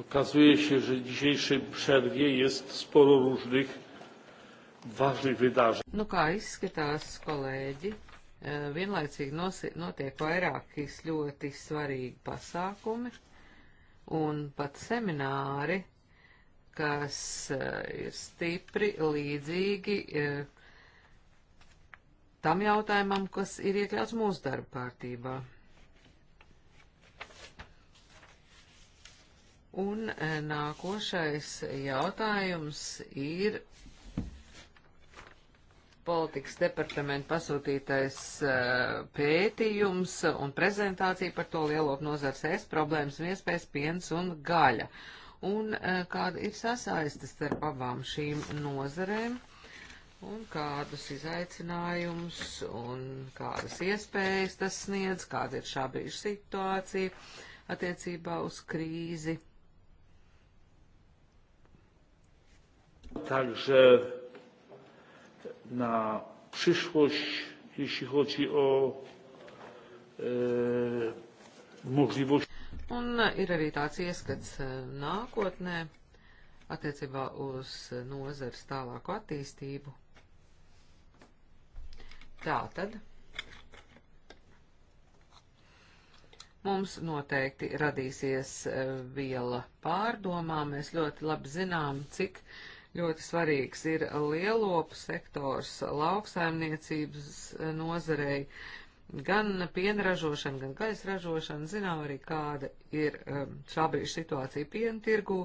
Okazuje się, że w dzisiejszej przerwie jest sporo różnych ważnych wydarzeń. Nu kā izskatās, kolēģi, e, vienlaicīgi nosi, notiek vairākas ļoti svarīgi pasākumi un pat semināri, kas e, ir stipri līdzīgi e, tam jautājumam, kas ir iekļauts mūsu darba kārtībā. Un e, nākošais jautājums ir politikas departamenta pasūtītais e, pētījums un prezentācija par to lielop nozars es problēmas un iespējas piens un gaļa. Un e, kāda ir sasaistas starp abām šīm nozarēm un kādus izaicinājumus un kādas iespējas tas sniedz, kāda ir šā brīža situācija attiecībā uz krīzi Także na przyszłość, jeśli chodzi o e, możliwości. Un ir arī tāds ieskats e, nākotnē attiecībā uz nozares tālāku attīstību. Tā tad mums noteikti radīsies e, viela pārdomām. Mēs ļoti labi zinām, cik uh, Ļoti svarīgs ir lielopu sektors lauksaimniecības eh, nozarei, gan pienražošana, gan gaisa ražošana. Zinām arī, kāda ir ehm, šā brīža situācija piena tirgū,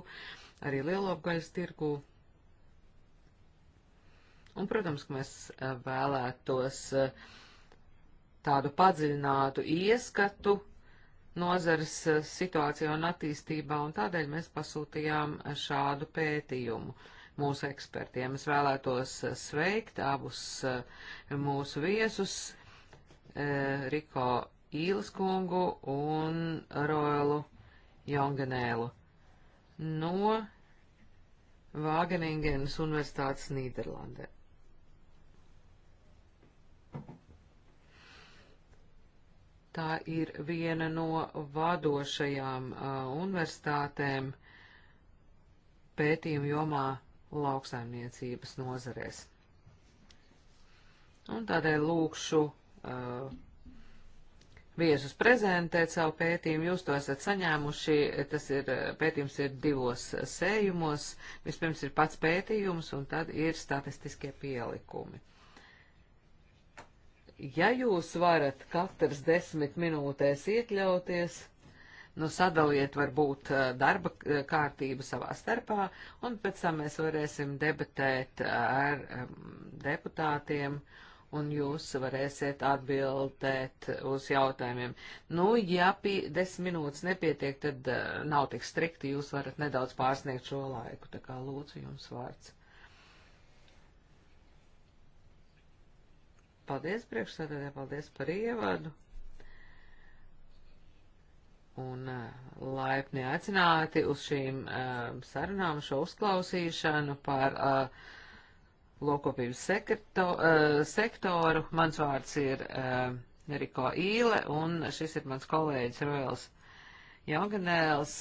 arī lielopu gaisa tirgū. Un, protams, ka mēs eh, vēlētos eh, tādu padziļinātu ieskatu nozares situācijā un attīstībā, un tādēļ mēs pasūtījām šādu pētījumu. Uh, mūsu ekspertiem. Es vēlētos eh, sveikt abus eh, mūsu viesus, eh, Riko Īles kungu un Roelu Jonganēlu no Vāgeningenas Universitātes Nīderlandē. Tā ir viena no vadošajām uh, universitātēm pētījuma jomā lauksaimniecības nozarēs. Un tādēļ lūkšu uh, viesus prezentēt savu pētījumu. Jūs to esat saņēmuši, tas ir, uh, pētījums ir divos sējumos. Vispirms ir pats pētījums un tad ir statistiskie pielikumi. Ja jūs varat katrs desmit minūtēs iekļauties, nu sadaliet varbūt eh, darba eh, kārtību savā starpā, un pēc tam mēs varēsim debatēt eh, ar deputātiem, un jūs varēsiet atbildēt uz jautājumiem. Nu, ja pie desmit minūtes nepietiek, tad nav tik strikti, jūs varat nedaudz pārsniegt šo laiku, tā kā lūdzu jums vārds. Paldies priekšsēdētāji, paldies par ievadu un laipni aicināti uz šīm sarunām šo uzklausīšanu par lokopības sekreto, sektoru. Mans vārds ir Riko Īle, un šis ir mans kolēģis Royals Jonganēls,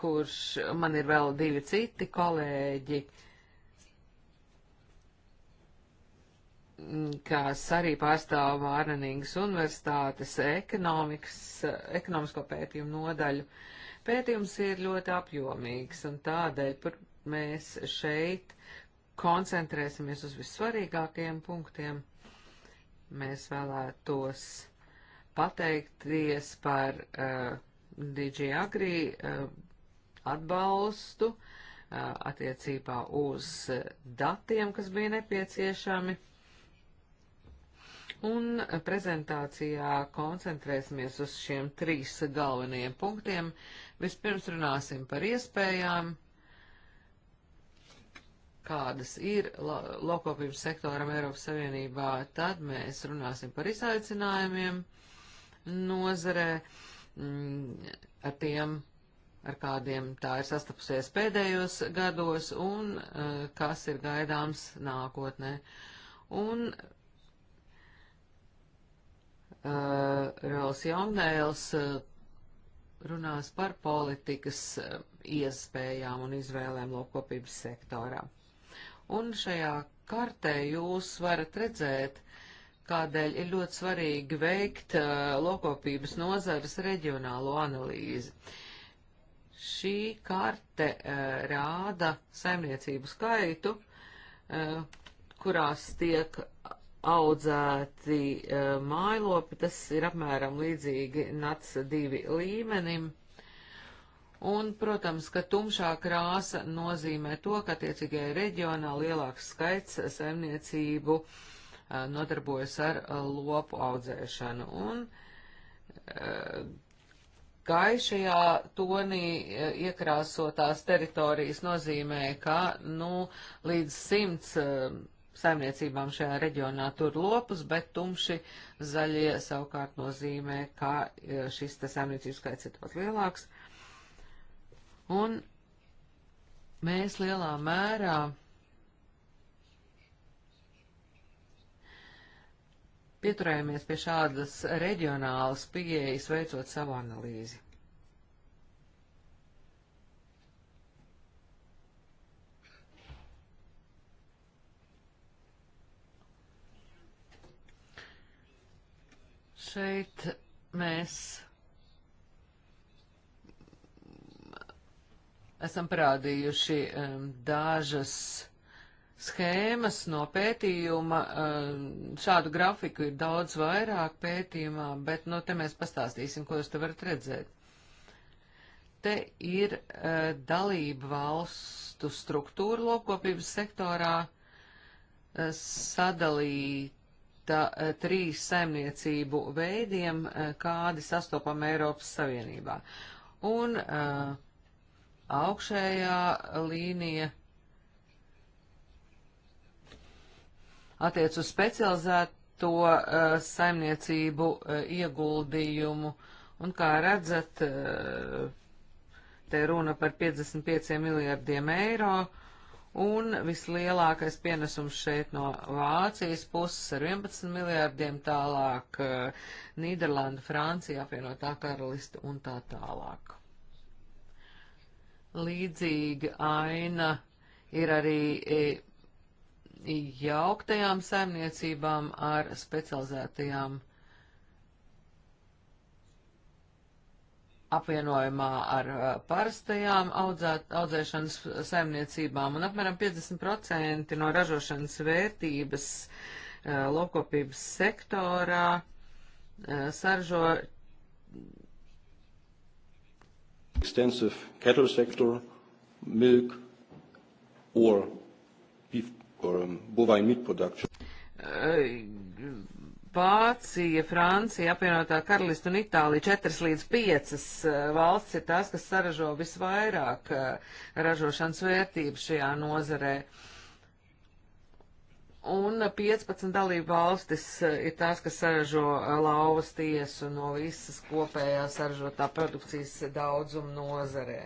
kurš man ir vēl divi citi kolēģi kas arī pārstāv Vārnenīgas universitātes ekonomisko pētījumu nodaļu. Pētījums ir ļoti apjomīgs, un tādēļ mēs šeit koncentrēsimies uz vissvarīgākajiem punktiem. Mēs vēlētos pateikties par uh, eh, DJ Agri uh, atbalstu uh, attiecībā uz datiem, kas bija nepieciešami. Un prezentācijā koncentrēsimies uz šiem trīs galvenajiem punktiem. Vispirms runāsim par iespējām, kādas ir lokopības sektoram Eiropas Savienībā, tad mēs runāsim par izaicinājumiem nozarē, mm, ar tiem, ar kādiem tā ir sastapusies pēdējos gados un eh, kas ir gaidāms nākotnē. Un uh, eh, Rauls Jaunēls uh, eh, runās par politikas uh, iespējām un izvēlēm lopkopības sektorā. Un šajā kartē jūs varat redzēt, kādēļ ir ļoti svarīgi veikt uh, lokopības nozares reģionālo analīzi. Šī karte uh, rāda saimniecību skaitu, uh, kurās tiek audzēti uh, mājlopi, tas ir apmēram līdzīgi NAC 2 līmenim. Un, protams, ka tumšā krāsa nozīmē to, ka attiecīgajā reģionā lielāks skaits saimniecību uh, nodarbojas ar uh, lopu audzēšanu. Un gaišajā tonī iekrāsotās teritorijas nozīmē, ka, nu, līdz simts saimniecībām šajā reģionā tur lopus, bet tumši zaļie savukārt nozīmē, ka e, šis te saimniecības skaits ir pat lielāks. Un mēs lielā mērā pieturējamies pie šādas reģionālas pieejas, veicot savu analīzi. šeit mēs esam parādījuši um, dažas schēmas no pētījuma. Um, šādu grafiku ir daudz vairāk pētījumā, bet no nu, te mēs pastāstīsim, ko jūs te varat redzēt. Te ir uh, dalība valstu struktūra lopkopības sektorā uh, sadalīta klāta e, trīs saimniecību veidiem, e, kādi sastopam Eiropas Savienībā. Un e, augšējā līnija attiec uz specializēto saimniecību ieguldījumu, un kā redzat, te runa par 55 miljardiem eiro Un vislielākais pienesums šeit no Vācijas puses ar 11 miljārdiem, tālāk eh, Nīderlanda, Francija, apvienotā karalista un tā tālāk. Līdzīga aina ir arī eh, jauktajām saimniecībām ar specializētajām saimniecībām apvienojumā ar uh, parastajām audzēt, audzēšanas saimniecībām un apmēram 50% no ražošanas vērtības uh, lokopības sektorā uh, saržo extensive cattle sector, milk or beef or um, bovine meat production. Uh, Vācija, Francija, apvienotā karalista un Itālija, četras līdz piecas eh, valsts ir tās, kas saražo visvairāk eh, ražošanas vērtības šajā nozarē. Un 15 dalību valstis eh, ir tās, kas saražo lauvas tiesu no visas kopējā saražotā produkcijas daudzuma nozarē.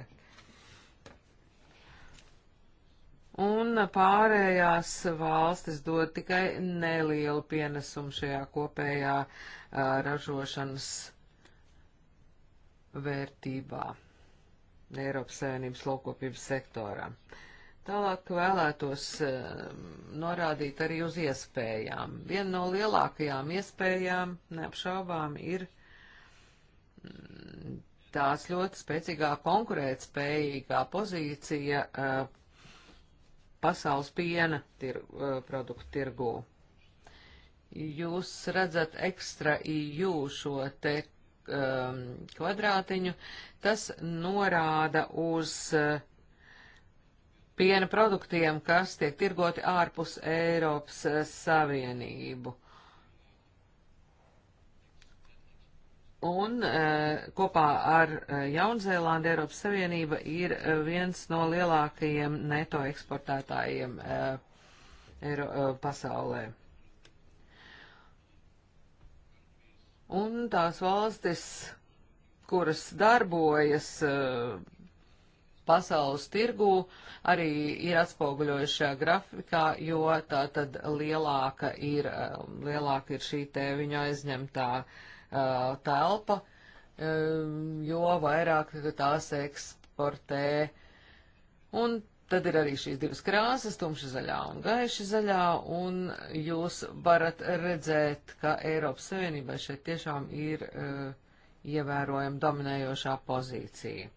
un pārējās valstis dod tikai nelielu pienesumu šajā kopējā uh, ražošanas vērtībā Eiropas Savienības lokopības sektorā. Tālāk vēlētos uh, norādīt arī uz iespējām. Viena no lielākajām iespējām, neapšaubām, ir tās ļoti spēcīgā konkurētspējīgā pozīcija uh, pasaules piena tir, uh, produktu tirgū. Jūs redzat ekstra EU šo te um, kvadrātiņu, tas norāda uz uh, piena produktiem, kas tiek tirgoti ārpus Eiropas uh, Savienību. Un e, kopā ar e, Jaunzēlandi Eiropas Savienība ir e, viens no lielākajiem neto eksportētājiem Eiro, pasaulē. Un tās valstis, kuras darbojas pasaules tirgū, arī ir atspoguļojuši šajā grafikā, jo tā tad lielāka ir, lielāka ir šī te viņu aizņemtā uh, telpa, jo vairāk tās eksportē. Un Tad ir arī šīs divas krāsas, tumši zaļā un gaiši zaļā, un jūs varat redzēt, ka Eiropas Savienībai šeit tiešām ir uh, ievērojama dominējošā pozīcija.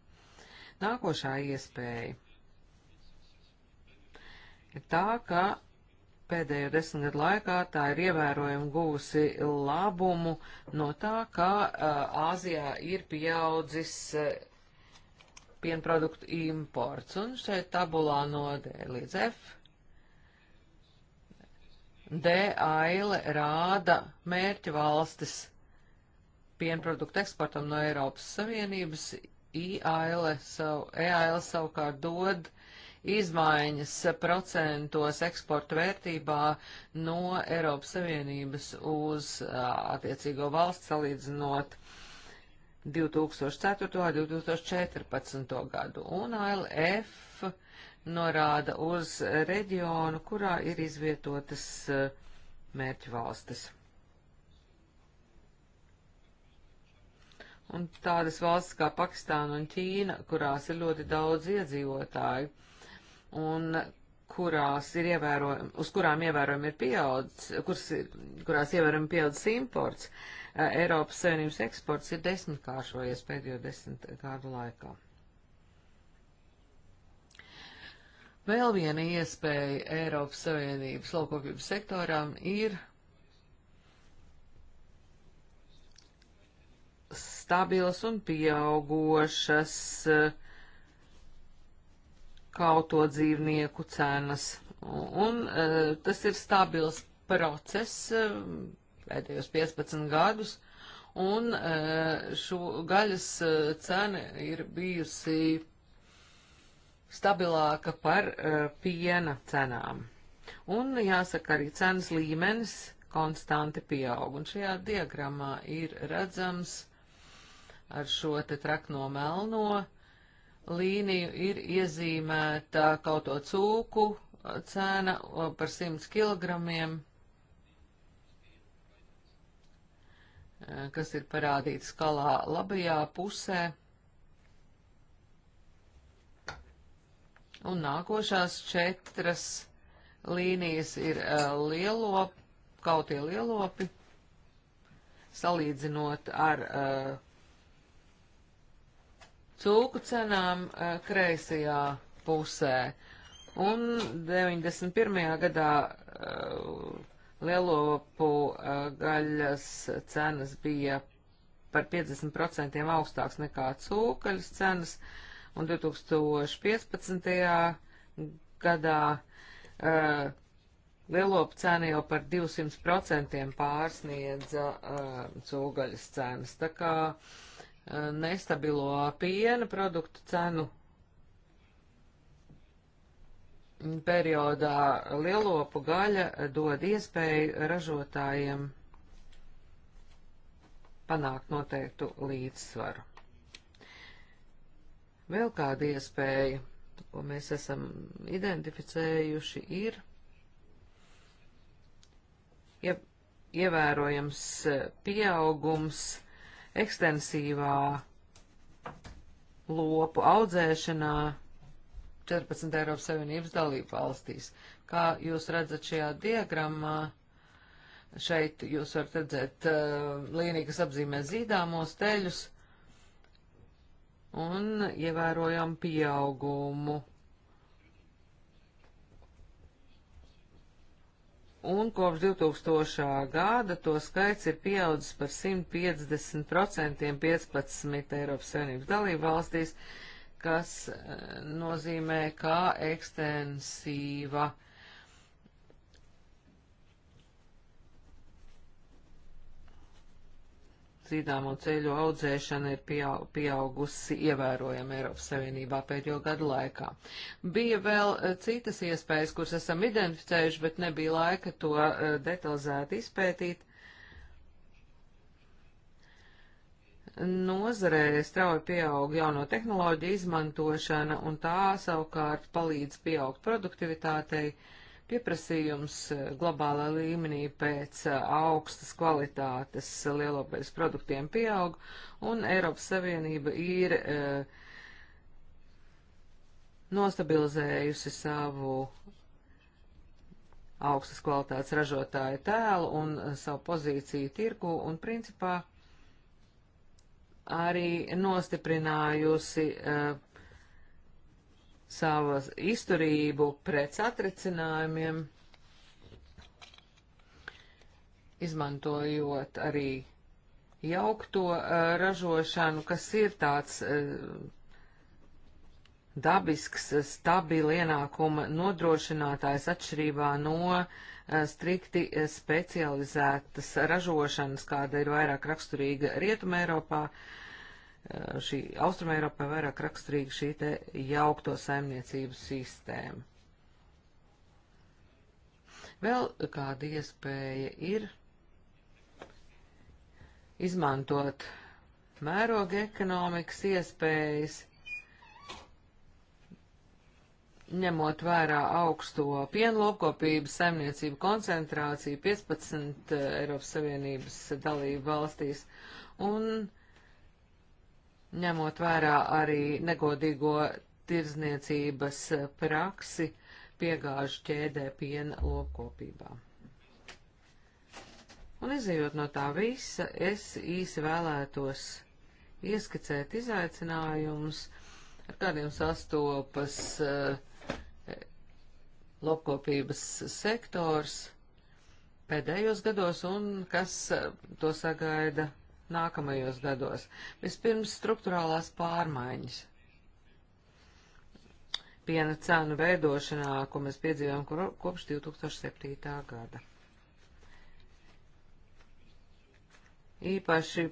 Nākošā iespēja ir tā, ka pēdējo desmit gadu laikā tā ir ievērojami guvusi labumu no tā, ka uh, Āzijā ir pieaudzis uh, pienproduktu imports. Un šeit tabulā no D līdz F. D aile rāda mērķu valstis pienproduktu eksportam no Eiropas Savienības. I aile savu, e aile savukārt dod uh, izmaiņas procentos eksporta vērtībā no Eiropas Savienības uz attiecīgo valsts salīdzinot 2004. un 2014. gadu. Un ALF norāda uz reģionu, kurā ir izvietotas mērķu valstis. un tādas valstis kā Pakistāna un Ķīna, kurās ir ļoti daudz iedzīvotāju, un kurās ir ievērojami, uz kurām ievērojami ir pieaudzis, kuras, kurās ievērojami pieaudzis imports, eh, Eiropas Savienības eksports ir desmitkāršojies pēdējo desmit gadu laikā. Vēl viena iespēja Eiropas Savienības laukopības sektorām ir stabils un pieaugošas uh, kauto dzīvnieku cenas. Un, un e, tas ir stabils process e, pēdējos 15 gadus, un e, šo gaļas cena ir bijusi stabilāka par piena cenām. Un jāsaka arī cenas līmenis konstanti pieaug, un šajā diagramā ir redzams ar šo te trakno melno, uh, līniju ir iezīmēta kaut to cūku cena par 100 kg, e, kas ir parādīts skalā labajā pusē. Un nākošās četras līnijas ir e, lielo, kautie lielopi, salīdzinot ar uh, cūku cenām kreisajā pusē. Un 91. gadā lielopu gaļas cenas bija par 50% augstāks nekā cūkaļas cenas, un 2015. gadā uh, lielopu cena jau par 200% pārsniedza uh, cūgaļas cenas. Tā kā uh, nestabilo piena produktu cenu periodā lielopu gaļa dod iespēju ražotājiem panākt noteiktu līdzsvaru. Vēl kāda iespēja, ko mēs esam identificējuši, ir ja ievērojams pieaugums ekstensīvā lopu audzēšanā 14 Eiropas Savienības dalību valstīs. Kā jūs redzat šajā diagrammā, šeit jūs varat redzēt uh, līniju, kas apzīmē zīdāmos teļus un ievērojam pieaugumu un kopš 2000. gada to skaits ir pieaudzis par 150% 15 Eiropas Savienības dalību valstīs, kas eh, nozīmē, kā ekstensīva uh, dzīdāmo ceļu audzēšana ir pieaug, pieaugusi ievērojami Eiropas Savienībā pēdējo gadu laikā. Bija vēl e, citas iespējas, kuras esam identificējuši, bet nebija laika to e, detalizēti izpētīt. Nozarē strauji pieaug jauno tehnoloģiju izmantošana, un tā savukārt palīdz pieaugt produktivitātei. Uh, Pieprasījums eh, globālā līmenī pēc eh, augstas kvalitātes lielopēļas produktiem pieaug, un Eiropas Savienība ir uh, nostabilizējusi savu augstas kvalitātes ražotāju tēlu un savu pozīciju tirgu un principā arī nostiprinājusi uh, savas izturību pret satricinājumiem, izmantojot arī jaukto uh, ražošanu, kas ir tāds uh, dabisks, stabili ienākuma nodrošinātājs atšķirībā no uh, strikti specializētas ražošanas, kāda ir vairāk raksturīga Rietuma Eiropā, uh, Eh, šī Austrumēropā vairāk raksturīga šī te jaukto saimniecību sistēma. Vēl kāda iespēja ir izmantot mēroga ekonomikas iespējas, ņemot vērā augsto pienlopkopības saimniecību koncentrāciju 15 eh, Eiropas Savienības dalību valstīs un uh, ņemot vērā arī negodīgo tirzniecības praksi piegāžu ķēdē piena lopkopībā. Un izējot no tā visa, es īsi vēlētos ieskicēt izaicinājumus, ar kādiem sastopas uh, lopkopības sektors pēdējos gados un kas uh, to sagaida nākamajos gados. Vispirms struktūrālās pārmaiņas. Piena cenu veidošanā, ko mēs piedzīvām kopš 2007. gada. Īpaši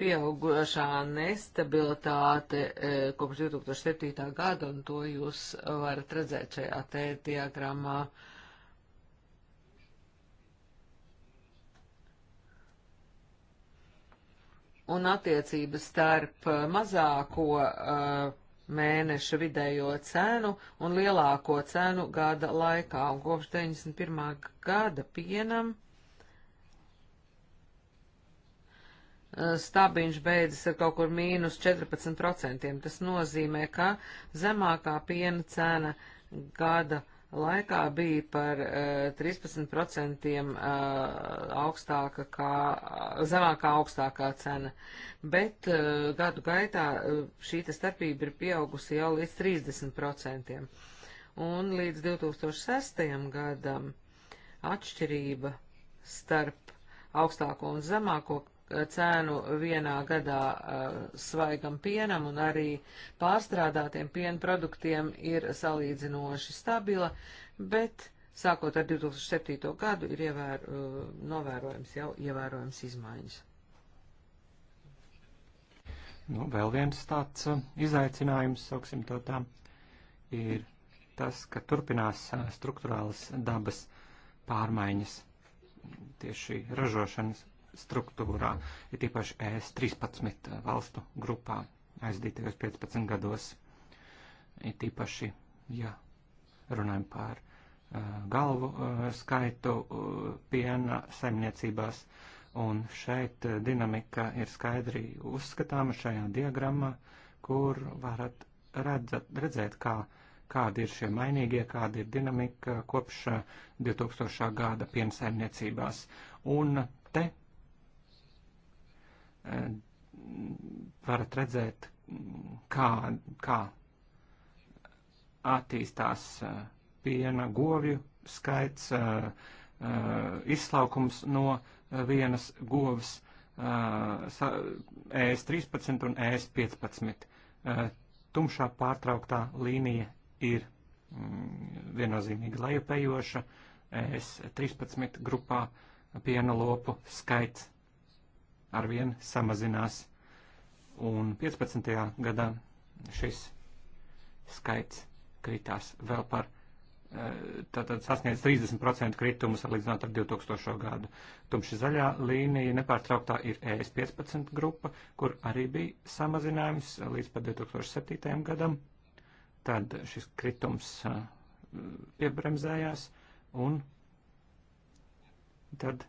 pieaugušā nestabilitāte e, kopš 2007. gada, un to jūs varat redzēt šajā te diagramā. Uh, un attiecības starp eh, mazāko uh, mēneša vidējo cenu un lielāko cenu gada laikā. Un kopš 91. gada pienam eh, stabiņš beidzas ar kaut kur mīnus 14%. Tas nozīmē, ka zemākā piena cena gada laikā laikā bija par uh, 13% uh, augstāka kā, zemākā augstākā cena, bet uh, gadu gaitā uh, šī starpība ir pieaugusi jau līdz 30%. Un līdz 2006. gadam atšķirība starp augstāko un zemāko cēnu vienā gadā uh, svaigam pienam un arī pārstrādātiem piena produktiem ir salīdzinoši stabila, bet sākot ar 2007. gadu ir ievēr, uh, novērojams jau ievērojams izmaiņas. Nu, vēl viens tāds uh, izaicinājums, sauksim to tā, ir tas, ka turpinās struktūrālas dabas pārmaiņas tieši ražošanas struktūrā, ir tīpaši ES 13 valstu grupā aizdītajos 15 gados. Ir tīpaši, ja runājam par uh, galvu uh, skaitu uh, piena saimniecībās, un šeit uh, dinamika ir skaidri uzskatāma šajā diagrammā, kur varat redzat, redzēt, kā kādi ir šie mainīgie, kāda ir dinamika kopš 2000. Uh, gada piensaimniecībās. Un te Eh, varat redzēt, kā, kā attīstās eh, piena govju skaits, eh, izslaukums no vienas govs ES13 e un ES15. Tumšā pārtrauktā līnija ir mm, viennozīmīgi lejupējoša ES13 grupā piena lopu skaits arvien samazinās, un 15. gadā šis skaits kritās vēl par eh, tātad sasniedz 30% kritumu salīdzinot ar 2000. gadu. Tumši zaļā līnija nepārtrauktā ir ES15 grupa, kur arī bija samazinājums līdz pat 2007. gadam. Tad šis kritums eh, piebremzējās un tad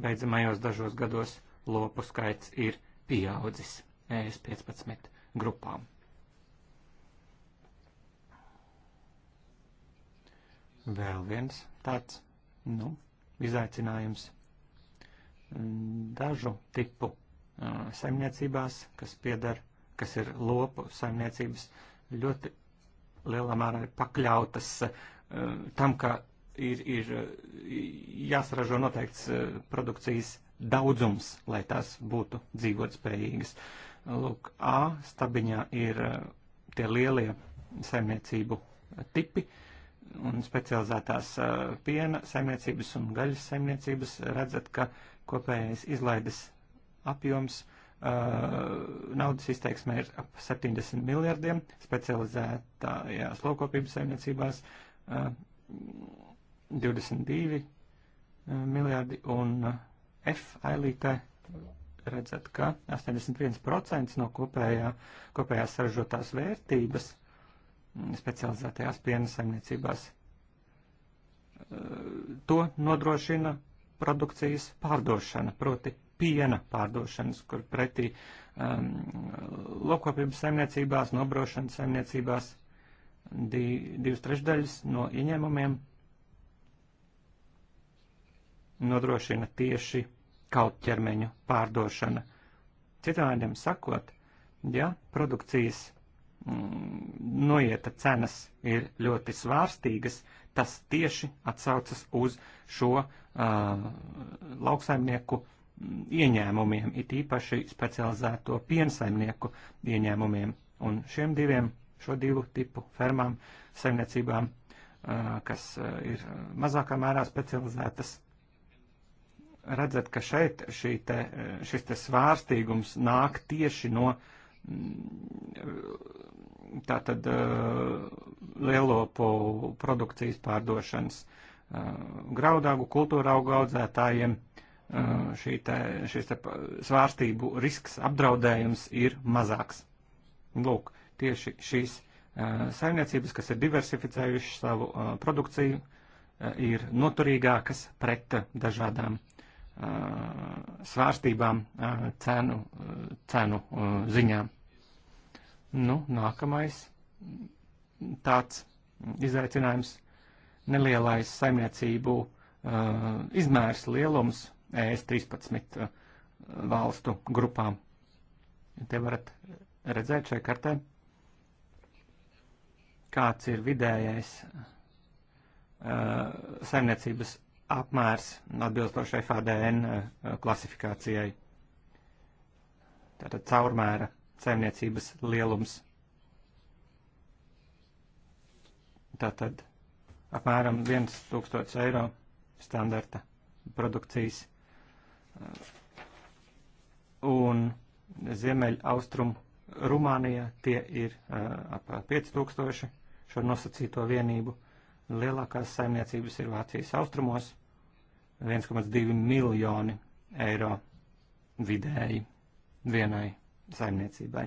beidzamajos dažos gados lopu skaits ir pieaudzis ES 15 grupām. Vēl viens tāds, nu, izaicinājums dažu tipu saimniecībās, kas piedara, kas ir lopu saimniecības, ļoti lielā mērā ir pakļautas tam, ka ir, ir jāsaražo noteikts produkcijas daudzums, lai tās būtu dzīvotspējīgas. Lūk, A stabiņā ir eh, tie lielie saimniecību tipi un specializētās eh, piena saimniecības un gaļas saimniecības. Redzat, ka kopējais izlaides apjoms eh, naudas izteiksmē ir ap 70 miljardiem specializētājās lokopības saimniecībās. 22 miljardi un uh, F ailītē redzat, ka 81% no kopējā, kopējās saražotās vērtības specializētajās piena saimniecībās eh, to nodrošina produkcijas pārdošana, proti piena pārdošanas, kur pretī um, ehm, lokopības saimniecībās, nobrošanas saimniecībās di, divas trešdaļas no ieņēmumiem nodrošina tieši kaut ķermeņu pārdošana. Citādiem sakot, ja produkcijas mm, noieta cenas ir ļoti svārstīgas, tas tieši atsaucas uz šo uh, lauksaimnieku mm, ieņēmumiem, it īpaši specializēto piensaimnieku ieņēmumiem. Un šiem diviem, šo divu tipu fermām, saimniecībām, uh, kas ir mazākā mērā specializētas, redzat, ka šeit te, šis te svārstīgums nāk tieši no mm, tātad eh, lielopu produkcijas pārdošanas eh, graudaugu kultūra augu audzētājiem. Eh, šī te, šis te svārstību risks apdraudējums ir mazāks. Lūk, tieši šīs saimniecības, kas ir diversificējušas savu produkciju, ir noturīgākas pret dažādām uh, svārstībām cenu, cenu ziņā. Nu, nākamais tāds izaicinājums - nelielais saimniecību izmērs lielums ES 13 valstu grupām. Te varat redzēt šajā kartē, kāds ir vidējais saimniecības apmērs atbilstoši FADN eh, klasifikācijai. Tātad caurmēra saimniecības lielums. Tātad apmēram 1000 eiro standarta produkcijas. Eh, un ziemeļa austrum Rumānijā tie ir eh, ap 5000 šo nosacīto vienību Lielākās saimniecības ir Vācijas austrumos - 1,2 miljoni eiro vidēji vienai saimniecībai.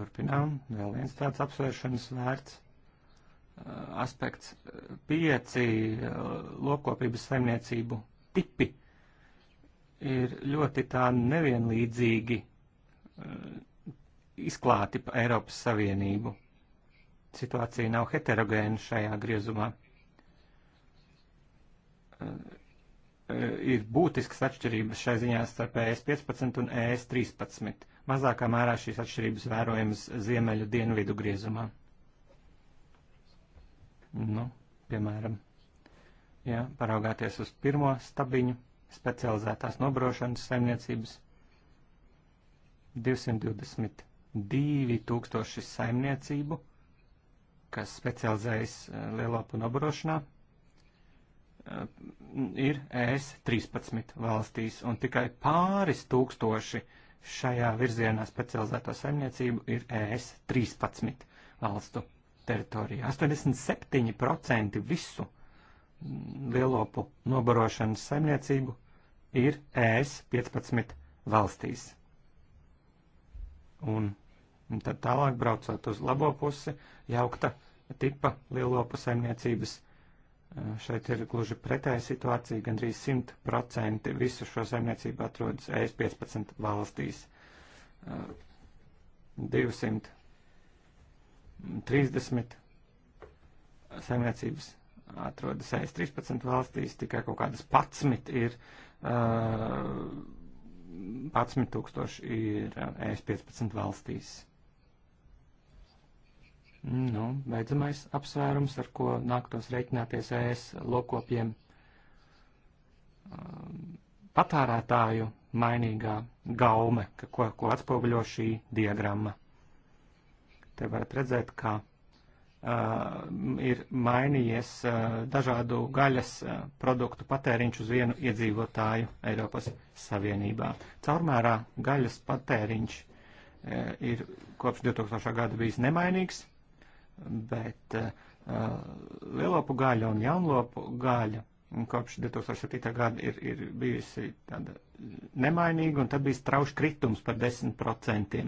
Turpinām. Vēl viens tāds apsvēršanas vērts uh, aspekts - pieci uh, lokopības saimniecību tipi ir ļoti tā nevienlīdzīgi eh, izklāti pa Eiropas Savienību. Situācija nav heterogēna šajā griezumā. Eh, eh, ir būtiskas atšķirības šai ziņā starp ES 15 un ES 13. Mazākā mērā šīs atšķirības vērojamas ziemeļu dienvidu griezumā. Nu, piemēram, ja paraugāties uz pirmo stabiņu specializētās nobrošanas saimniecības. 222 tūkstoši saimniecību, kas specializējas eh, lielopu nobrošanā, eh, ir ES 13 valstīs, un tikai pāris tūkstoši šajā virzienā specializēto saimniecību ir ES 13 valstu teritorija. 87% visu lielopu nobarošanas saimniecību ir ES 15 valstīs. Un tad tālāk braucot uz labo pusi, jaukta tipa lielopu saimniecības. Šeit ir gluži pretēja situācija, gandrīz 100% visu šo saimniecību atrodas ES 15 valstīs. 230 saimniecības atrodas aiz 13 valstīs, tikai kaut kādas 11 ir, uh, 11 tūkstoši ir aiz 15 valstīs. Nu, beidzamais apsvērums, ar ko nāktos reiķināties ēs lokopiem patārētāju mainīgā gaume, ko, ko atspoguļo šī diagramma. Te varat redzēt, ka Uh, ir mainījies uh, dažādu gaļas uh, produktu patēriņš uz vienu iedzīvotāju Eiropas Savienībā. Caurmērā gaļas patēriņš ir kopš 2000. gada bijis nemainīgs, bet lielopu gaļa un jaunlopu gaļa kopš 2007. gada ir, ir bijusi tāda nemainīga, un tad bija strauši kritums par 10%.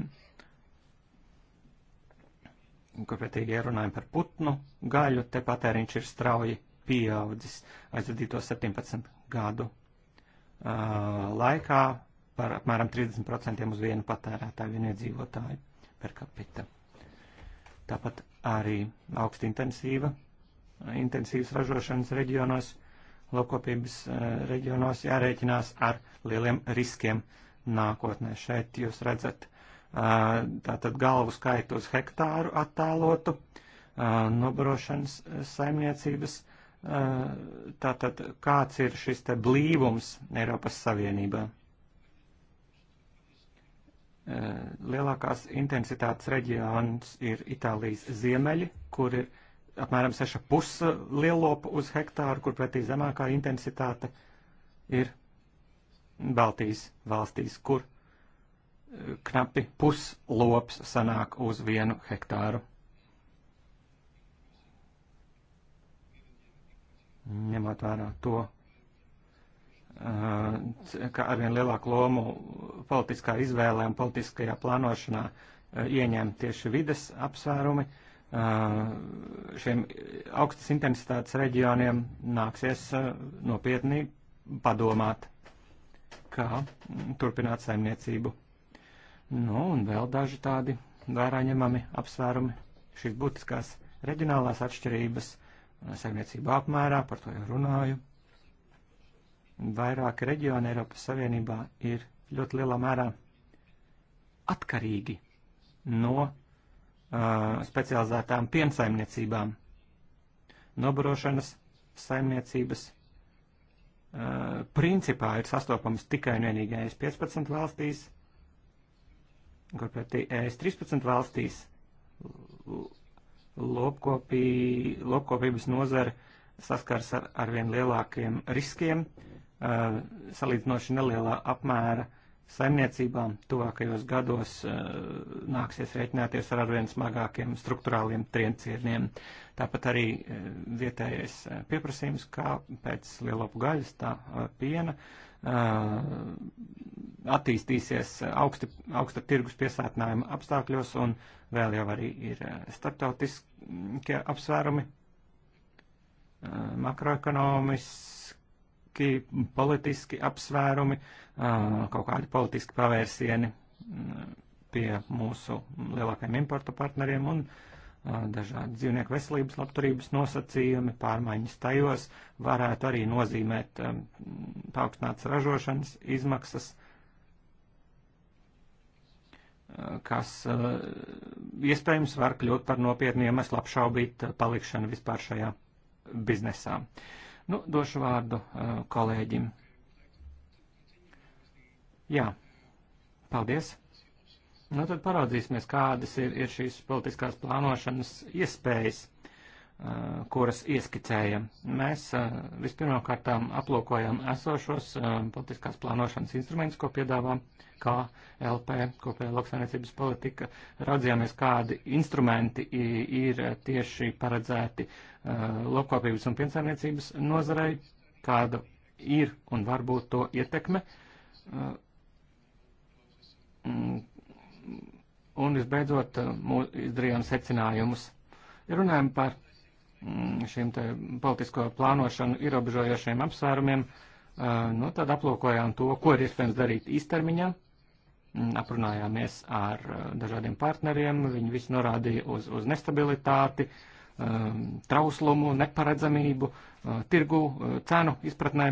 Kopētīgi runājam par putnu gaļu, te patēriņš ir strauji pieaudzis aizvadīto 17 gadu uh, laikā par apmēram 30% uz vienu patērētāju, vienu iedzīvotāju per capita. Tāpat arī augsti intensīva, intensīvas ražošanas reģionos, lokopības uh, reģionos jārēķinās ar lieliem riskiem nākotnē. Šeit jūs redzat tātad galvu skaitu uz hektāru attēlotu nobrošanas saimniecības. Tātad kāds ir šis te blīvums Eiropas Savienībā? Lielākās intensitātes reģions ir Itālijas ziemeļi, kur ir apmēram 6,5 lielopu uz hektāru, kur pretī zemākā intensitāte ir Baltijas valstīs, kur knapi puslops sanāk uz vienu hektāru. Ņemot vērā to, ka arvien lielāku lomu politiskā izvēlē un politiskajā plānošanā ieņem tieši vides apsvērumi, šiem augstas intensitātes reģioniem nāksies nopietni padomāt, kā turpināt saimniecību Nu, un vēl daži tādi vērā ņemami apsvērumi šīs būtiskās reģionālās atšķirības saimniecību apmērā, par to jau runāju. Vairāki reģioni Eiropas Savienībā ir ļoti lielā mērā atkarīgi no uh, specializētām piensaimniecībām, nobarošanas saimniecības uh, principā ir sastopams tikai un vienīgais 15 valstīs, kur pretī ES 13 valstīs lopkopī, lopkopības nozara saskars ar, ar vien lielākiem riskiem, uh, salīdzinoši nelielā apmēra saimniecībām tuvākajos gados uh, nāksies rēķināties ar arvien smagākiem struktūrāliem triencieniem. Tāpat arī uh, vietējais pieprasījums, kā pēc lielopu gaļas, tā piena, attīstīsies augsti, augsta tirgus piesātinājuma apstākļos un vēl jau arī ir eh, starptautiskie apsvērumi, eh, makroekonomiski, politiski apsvērumi, eh, kaut kādi politiski pavērsieni mm, pie mūsu lielākajiem importu partneriem un dažādi dzīvnieku veselības labturības nosacījumi, pārmaiņas tajos varētu arī nozīmēt paaugstināts ražošanas izmaksas kas eh, iespējams var kļūt par nopietnu iemeslu apšaubīt eh, palikšanu vispār šajā biznesā. Nu, došu vārdu eh, kolēģim. Jā, paldies. Nu, tad paraudzīsimies, kādas ir, ir šīs politiskās plānošanas iespējas kuras ieskicējam. Mēs vispirmkārtām aplūkojam esošos politiskās plānošanas instrumentus, ko piedāvā kā LP, kopējā lauksainiecības politika, raudzījāmies, kādi instrumenti ir tieši paredzēti uh, lopkopības un piensaimniecības nozarei, kāda ir un varbūt to ietekme. Uh, mm, un visbeidzot, uh, izdarījām secinājumus. Ja runājam par šīm mm, te politisko plānošanu ierobežojošiem apsvērumiem, nu, tad aplūkojām to, ko ir iespējams darīt īstermiņā, aprunājāmies ar eh, dažādiem partneriem, viņi visi norādīja uz, uz nestabilitāti, eh, trauslumu, neparedzamību, eh, tirgu, cenu izpratnē.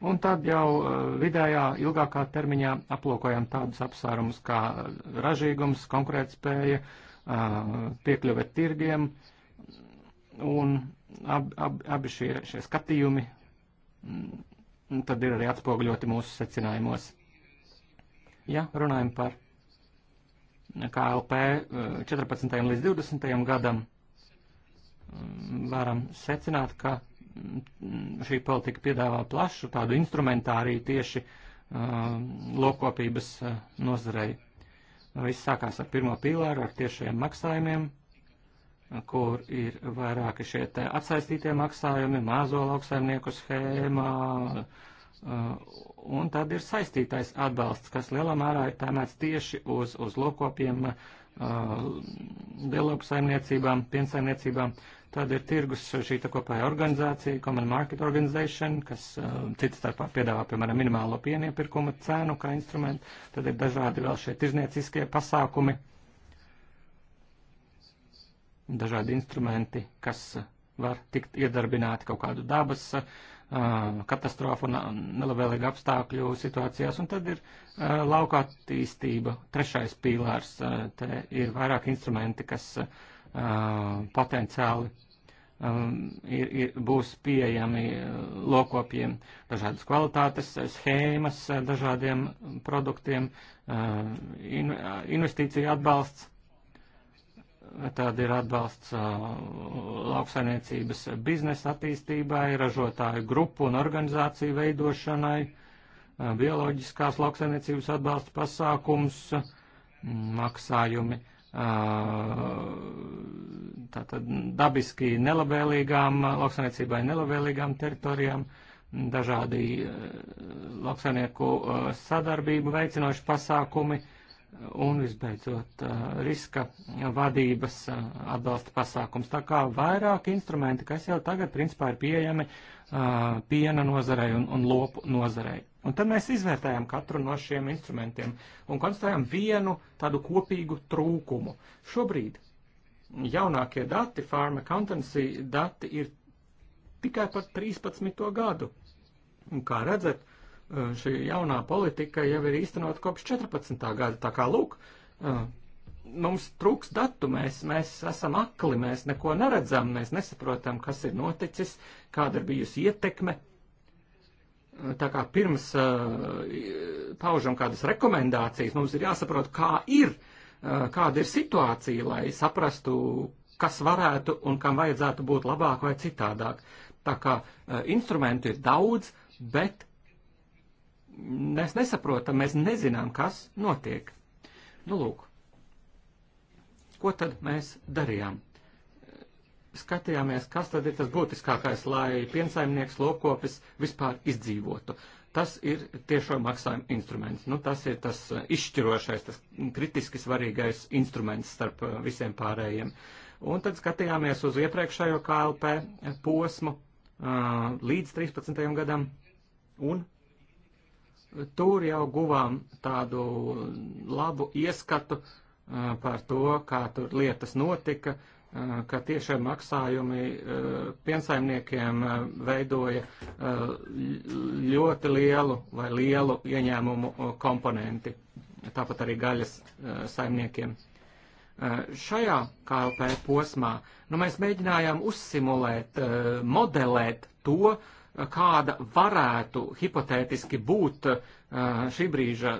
Un tad jau vidējā, ilgākā termiņā aplūkojam tādus apsvērumus kā ražīgums, konkurētspēja, piekļuve tirgiem, un ab, ab, abi šie, šie skatījumi mm, tad ir arī atspoguļoti mūsu secinājumos. Ja runājam par KLP 14. Eh, līdz 20. gadam, mm, varam secināt, ka mm, šī politika piedāvā plašu tādu instrumentāriju tieši eh, lokopības eh, nozarei. Viss sākās ar pirmo pīlāru, ar tiešiem maksājumiem, kur ir vairāki šie atsaistītie maksājumi, mazo lauksaimnieku schēmā Un tad ir saistītais atbalsts, kas lielā mērā ir tēmēts tieši uz, uz lokopiem, uh, dielopu saimniecībām, piensaimniecībām. Tad ir tirgus šī kopējā organizācija, Common Market Organization, kas uh, cits starpā piedāvā, piemēram, minimālo pieniepirkuma cenu kā instrumentu. Tad ir dažādi vēl šie tirznieciskie pasākumi, dažādi instrumenti, kas uh, var tikt iedarbināti kaut kādu dabas. Uh, katastrofu un nelabvēlīgu apstākļu situācijās. Un tad ir lauka attīstība, trešais pīlārs. Te ir vairāk instrumenti, kas potenciāli um, ir, ir, būs pieejami lokopiem dažādas kvalitātes, schēmas dažādiem produktiem, investīcija atbalsts Tāda ir atbalsts lauksainiecības biznesa attīstībai, ražotāju grupu un organizāciju veidošanai, bioloģiskās lauksainiecības atbalsta pasākums, maksājumi tātad dabiski nelabvēlīgām, lauksainiecībai nelabvēlīgām teritorijām, dažādi lauksainieku sadarbību veicinoši pasākumi un visbeidzot riska vadības atbalsta pasākums. Tā kā vairāk instrumenti, kas jau tagad principā ir pieejami piena nozarei un, un lopu nozarei. Un tad mēs izvērtējam katru no šiem instrumentiem un konstatējam vienu tādu kopīgu trūkumu. Šobrīd jaunākie dati, farm accountancy dati ir tikai par 13. gadu. Un kā redzat, Eh, šī jaunā politika jau ir īstenot kopš 14. gada. Tā kā lūk, eh, mums trūks datu, mēs, mēs esam akli, mēs neko neredzam, mēs nesaprotam, kas ir noticis, kāda ir bijusi ietekme. Eh, tā kā pirms paužam kādas rekomendācijas, mums ir jāsaprot, kā ir, kāda ir situācija, lai saprastu, kas varētu un kam vajadzētu būt labāk vai citādāk. Tā kā instrumentu ir daudz, bet mēs nesaprotam, mēs nezinām, kas notiek. Nu, lūk, ko tad mēs darījām? Skatījāmies, kas tad ir tas būtiskākais, lai piensaimnieks, lopkopis vispār izdzīvotu. Tas ir tiešo maksājumu instruments. Nu, tas ir tas uh, izšķirošais, tas kritiski svarīgais instruments starp uh, visiem pārējiem. Un tad skatījāmies uz iepriekšējo KLP posmu uh, līdz 13. gadam un Tur jau guvām tādu labu ieskatu par to, kā tur lietas notika, ka tiešie maksājumi piensaimniekiem veidoja ļoti lielu vai lielu ieņēmumu komponenti, tāpat arī gaļas saimniekiem. Šajā KLP posmā nu, mēs mēģinājām uzsimulēt, modelēt to, kāda varētu hipotētiski būt uh, šī brīža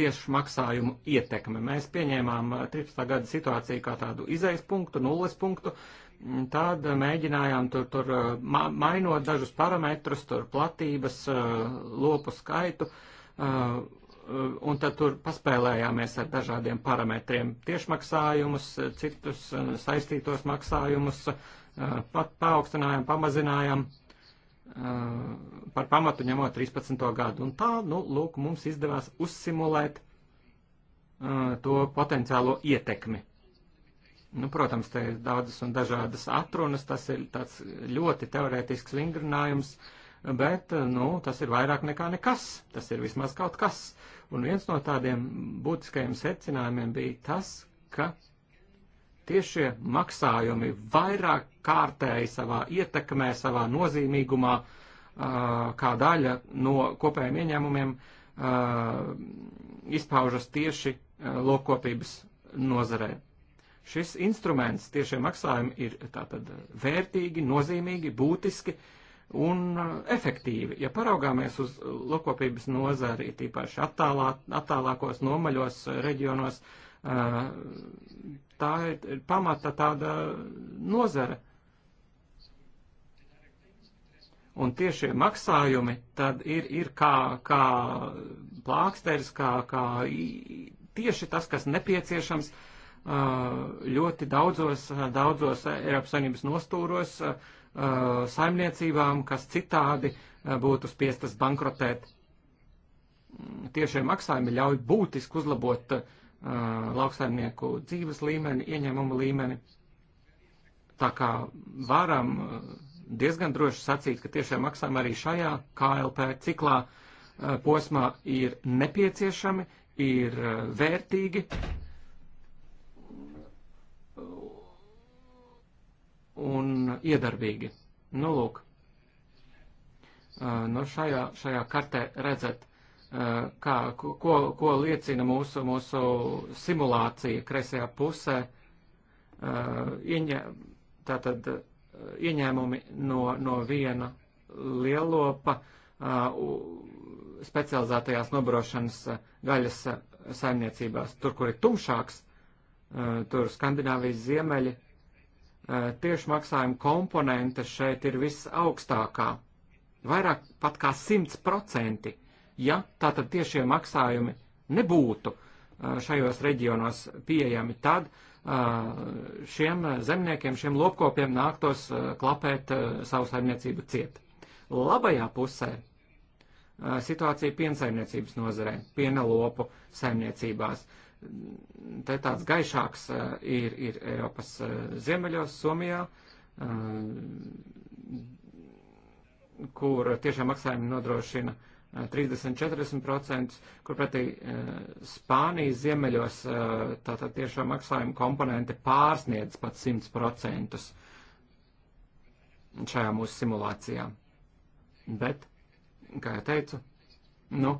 tiešu maksājumu ietekme. Mēs pieņēmām 13. Uh, gada situāciju kā tādu izejas punktu, nulles punktu, mm, tad mēģinājām tur, tur uh, ma mainot dažus parametrus, tur platības, lopu skaitu, un tad tur paspēlējāmies ar dažādiem parametriem - tiešmaksājumus, citus saistītos maksājumus, pat paaugstinājām, pamazinājām. Pa par pamatu ņemot 13. gadu. Un tā, nu, lūk, mums izdevās uzsimulēt uh, to potenciālo ietekmi. Nu, protams, te ir daudzas un dažādas atrunas, tas ir tāds ļoti teorētisks vingrinājums, bet, nu, tas ir vairāk nekā nekas, tas ir vismaz kaut kas. Un viens no tādiem būtiskajiem secinājumiem bija tas, ka uh, tiešie maksājumi vairāk kārtēji savā ietekmē, savā nozīmīgumā, kā daļa no kopējiem ieņēmumiem, izpaužas tieši lokopības nozarē. Šis instruments tiešie maksājumi ir tātad vērtīgi, nozīmīgi, būtiski un efektīvi. Ja paraugāmies uz lokopības nozari, tīpaši attālā, attālākos nomaļos reģionos, uh, Tā ir pamata tāda nozara. Un tiešie maksājumi tad ir, ir kā, kā plāksteris, kā, kā tieši tas, kas nepieciešams ļoti daudzos, daudzos Eiropas Savienības nostūros saimniecībām, kas citādi būtu spiestas bankrotēt. Tiešie maksājumi ļauj būtiski uzlabot uh, lauksaimnieku dzīves līmeni, ieņēmumu līmeni. Tā kā varam diezgan droši sacīt, ka tiešām maksājumi arī šajā KLP ciklā posmā ir nepieciešami, ir vērtīgi. Un iedarbīgi. Nu, lūk, no nu, šajā, šajā kartē redzat Eh, kā, ko, ko liecina mūsu, mūsu simulācija kreisajā pusē, eh, ieņē, tātad eh, ieņēmumi no, no viena lielopa specializētajās nobrošanas gaļas saimniecībās. Tur, kur ir tumšāks, tur Skandināvijas ziemeļi, tieši maksājuma komponente šeit ir visaugstākā, vairāk pat kā 100% ja tātad tiešie maksājumi nebūtu šajos reģionos pieejami, tad šiem zemniekiem, šiem lopkopiem nāktos klapēt savu saimniecību ciet. Labajā pusē situācija piensaimniecības nozarē, piena lopu saimniecībās. Te tāds gaišāks ir, ir Eiropas ziemeļos, Somijā, kur tiešām maksājumi nodrošina 30-40%, kur pretī Spānijas ziemeļos tātad tiešo maksājumu komponente pārsniedz pat 100% šajā mūsu simulācijā. Bet, kā jau teicu, nu,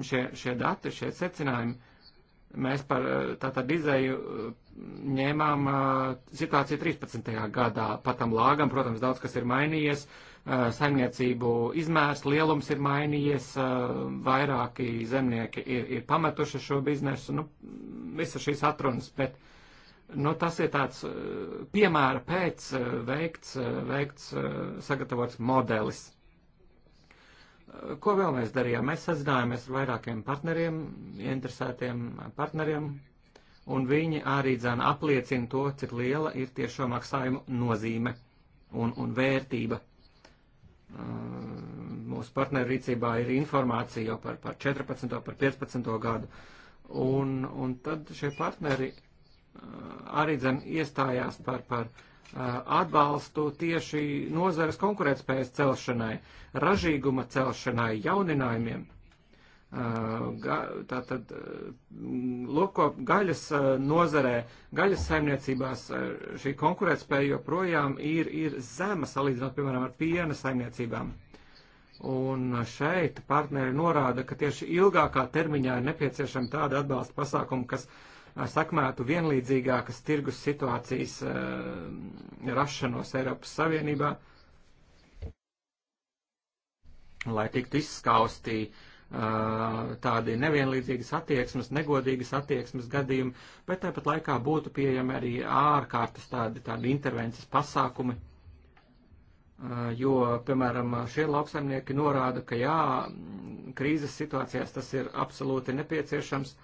šie, šie dati, šie secinājumi, mēs par tātad izēju ņēmām situāciju 13. gadā, patam lāgam, protams, daudz kas ir mainījies, uh, saimniecību izmērs, lielums ir mainījies, vairāki zemnieki ir, ir pametuši šo biznesu, nu, visa šīs atrunas, bet nu, tas ir tāds piemēra pēc veikts, veikts sagatavots modelis. Ko vēl mēs darījām? Mēs sazinājāmies ar vairākiem partneriem, interesētiem partneriem, un viņi arī dzēna apliecina to, cik liela ir tiešo maksājumu nozīme un, un vērtība mūsu partneru rīcībā ir informācija jau par, par 14. par 15. gadu. Un, un tad šie partneri arī dzem iestājās par, par atbalstu tieši nozares konkurētspējas celšanai, ražīguma celšanai, jauninājumiem tātad loko gaļas nozarē, gaļas saimniecībās šī konkurētspēja joprojām ir, ir zema salīdzinot, piemēram, ar piena saimniecībām. Un šeit partneri norāda, ka tieši ilgākā termiņā ir nepieciešama tāda atbalsta pasākuma, kas sakmētu vienlīdzīgākas tirgus situācijas rašanos Eiropas Savienībā, lai tiktu izskausti uh, tādi nevienlīdzīgas attieksmes, negodīgas attieksmes gadījumi, bet tāpat laikā būtu pieejami arī ārkārtas tādi, tādi intervences pasākumi, jo, piemēram, šie lauksaimnieki norāda, ka jā, krīzes situācijās tas ir absolūti nepieciešams,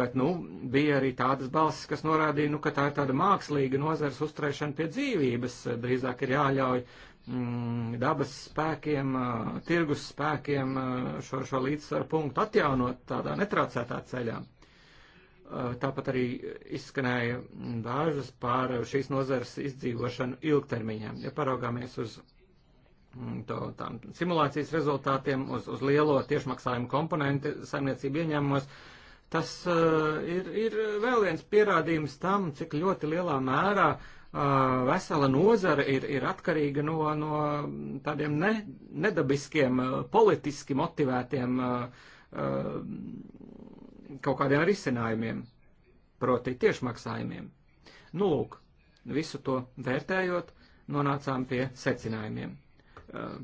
bet, nu, bija arī tādas balsis, kas norādīja, nu, ka tā ir tāda mākslīga nozars uzturēšana pie dzīvības, drīzāk ir jāļauj uh, Mm, dabas spēkiem, tirgus spēkiem šo, šo līdzsvaru punktu atjaunot tādā netraucētā ceļā. Tāpat arī izskanēja bāžas par šīs nozares izdzīvošanu ilgtermiņā. Ja paraugāmies uz mm, to, tām simulācijas rezultātiem, uz, uz lielo tiešmaksājumu komponentu saimniecību ieņēmumos, tas uh, ir, ir vēl viens pierādījums tam, cik ļoti lielā mērā uh, vesela nozara ir, ir atkarīga no, no tādiem ne, nedabiskiem, politiski motivētiem kaut kādiem risinājumiem, proti tiešmaksājumiem. Nu, lūk, visu to vērtējot, nonācām pie secinājumiem.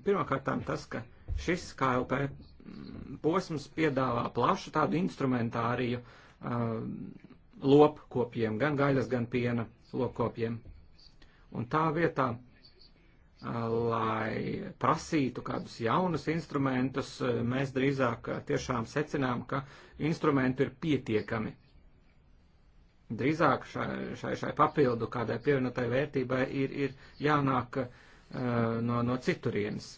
Pirmkārt, tas, ka šis KLP mm, posms piedāvā plašu tādu instrumentāriju lopkopiem, gan gaļas, gan piena lopkopiem. Un tā vietā, lai prasītu kādus jaunus instrumentus, mēs drīzāk tiešām secinām, ka instrumentu ir pietiekami. Drīzāk šai, šai, šai papildu kādai pievienotai vērtībai ir, ir jānāk uh, no, no citurienes.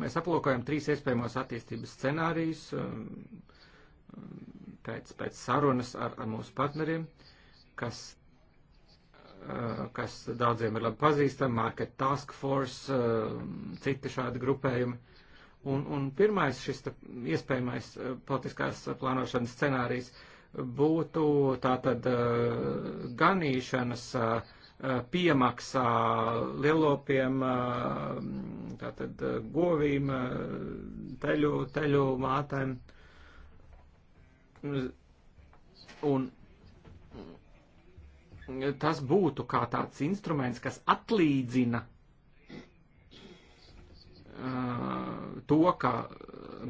Mēs aplūkojam trīs iespējamos attīstības scenārijus pēc, pēc sarunas ar, ar mūsu partneriem, kas Eh, kas daudziem ir labi pazīstama, Market Task Force, eh, citi šādi grupējumi. Un, un pirmais šis tā, iespējamais eh, politiskās plānošanas scenārijs būtu tātad ganīšanas piemaksā lielopiem, tātad govīm, teļu, teļu mātēm. Un tas būtu kā tāds instruments, kas atlīdzina uh, to, ka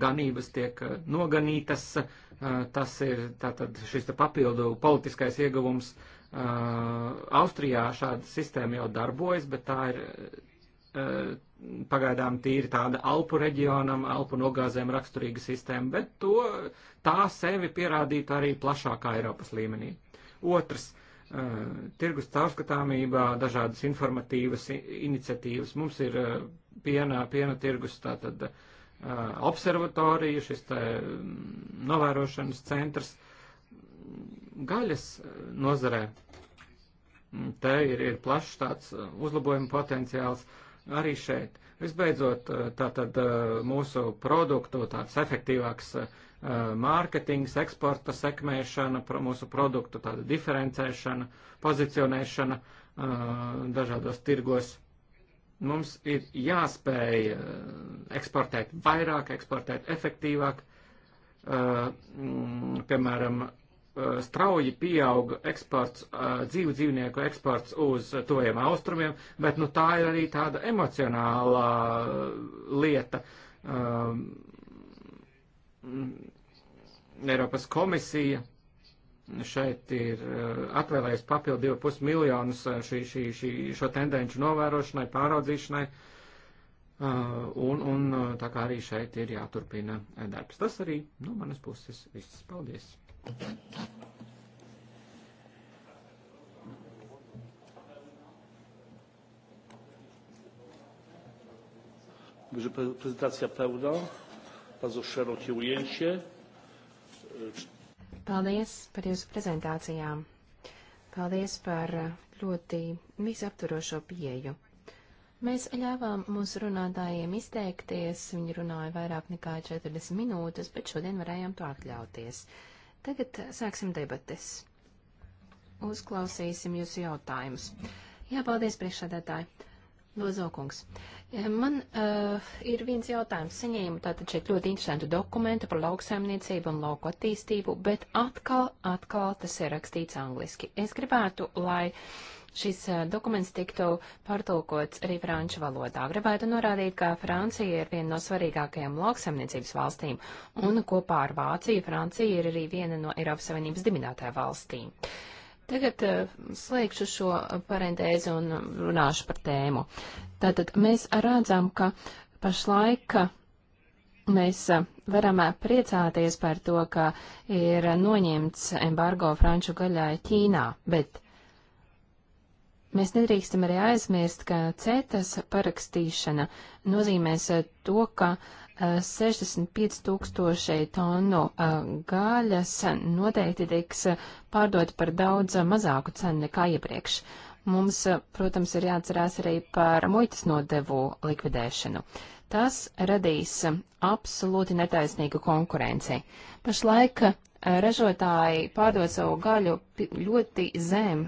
ganības tiek noganītas, uh, tas ir tātad šis te papildu politiskais ieguvums. Uh, Austrijā šāda sistēma jau darbojas, bet tā ir pagaidām tīri tāda Alpu reģionam, Alpu nogāzēm raksturīga sistēma, bet to tā sevi pierādītu arī plašākā Eiropas līmenī. Otrs, uh, Eh, tirgus caurskatāmībā, dažādas informatīvas iniciatīvas. Mums ir eh, piena, piena tirgus tātad eh, observatorija, šis tā mm, novērošanas centrs gaļas nozarē. Mm, te ir, ir plašs tāds uzlabojuma potenciāls arī šeit. Visbeidzot, tātad mūsu produktu tāds efektīvāks Uh, mārketings, eksporta sekmēšana, mūsu produktu tāda diferencēšana, pozicionēšana uh, dažādos tirgos. Mums ir jāspēj uh, eksportēt vairāk, eksportēt efektīvāk. Mm, piemēram, strauji pieauga eksports, dzīvu dzīvnieku eksports uz tojiem austrumiem, bet nu, tā ir arī tāda emocionālā lieta. Um, Mm, Eiropas komisija šeit ir eh, atvēlējusi papildu 2,5 miljonus eh, šī, šī, šī, šo tendenču novērošanai, pāraudzīšanai. Eh, un, un tā kā arī šeit ir jāturpina darbs. Tas arī no nu, manas puses viss. Paldies! Że prezentacja pełna bardzo szerokie ujęcie. Paldies par jūsu prezentācijām. Paldies par ļoti visapturošo pieju. Mēs ļāvām mūsu runātājiem izteikties, viņi runāja vairāk nekā 40 minūtes, bet šodien varējām to atļauties. Tagad sāksim debates. Uzklausīsim jūsu jautājumus. Jā, paldies priekšsēdētāji. Lozokungs. Eh, man uh, ir viens jautājums. Saņēmu tātad šeit ļoti interesantu dokumentu par lauksaimniecību un lauku attīstību, bet atkal, atkal tas ir rakstīts angliski. Es gribētu, lai šis uh, dokuments tiktu pārtulkots arī franču valodā. Gribētu norādīt, ka Francija ir viena no svarīgākajām lauksaimniecības valstīm, un kopā ar Vāciju Francija ir arī viena no Eiropas Savienības dibinātāja valstīm. Uh, Tagad eh, slēgšu šo parentēzi un eh, runāšu par tēmu. Tātad mēs redzam, ka pašlaik eh, mēs varam priecāties par to, ka ir noņemts embargo franču gaļai Ķīnā, bet mēs nedrīkstam arī aizmirst, ka cetas parakstīšana nozīmēs to, ka 65 tūkstoši tonu gaļas noteikti tiks pārdot par daudz mazāku cenu nekā iepriekš. Mums, protams, ir jāatcerās arī par muitas nodevu likvidēšanu. Tas radīs absolūti netaisnīgu konkurenci. Pašlaik ražotāji pārdod savu gaļu ļoti zem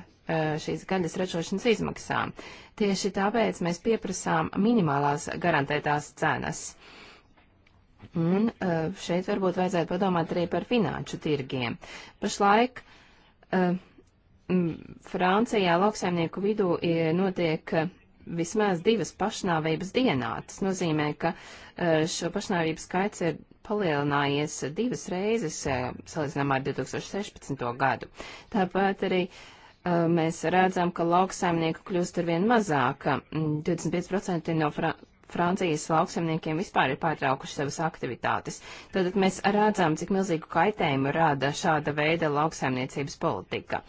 šīs gaļas ražošanas izmaksām. Tieši tāpēc mēs pieprasām minimālās garantētās cenas. Uh, Un eh, šeit varbūt vajadzētu padomāt arī par finanšu tirgiem. Pašlaik eh, Francijā lauksaimnieku vidū notiek eh, vismaz divas pašnāvības dienā. Tas nozīmē, ka šo pašnāvību skaits ir palielinājies divas reizes salīdzinām ar 2016. gadu. Tāpat arī mēs redzam, ka lauksaimnieku kļūst arvien mazāk. 25% mm, no Fran Francijas lauksemniekiem vispār ir pārtraukuši savas aktivitātes. Tad mēs redzam, cik milzīgu kaitējumu rada šāda veida lauksaimniecības politika.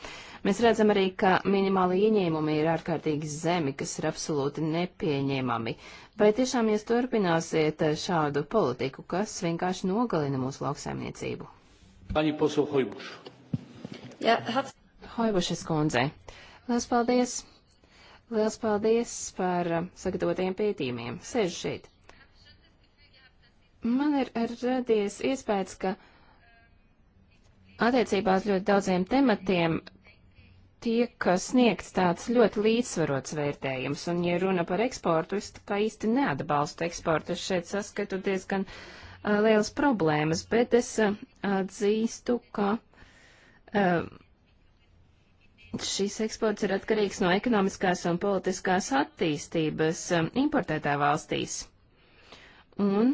Mēs redzam arī, ka minimāli ieņēmumi ir ārkārtīgi zemi, kas ir absolūti nepieņēmami. Vai tiešām jūs turpināsiet šādu politiku, kas vienkārši nogalina mūsu lauksaimniecību? Pani posūl Hojbušu. Jā, ja, Hojbušas kundze. Lielas paldies! Liels paldies par uh, sagatavotajiem pētījumiem. Sēžu šeit. Man ir radies iespējas, ka attiecībās ļoti daudziem tematiem tiek sniegts tāds ļoti līdzsvarots vērtējums, un, ja runa par eksportu, es tā kā īsti neatbalstu eksportu, es šeit saskatu diezgan uh, lielas problēmas, bet es uh, atzīstu, ka uh, Šis eksports ir atkarīgs no ekonomiskās un politiskās attīstības um, importētā valstīs. Un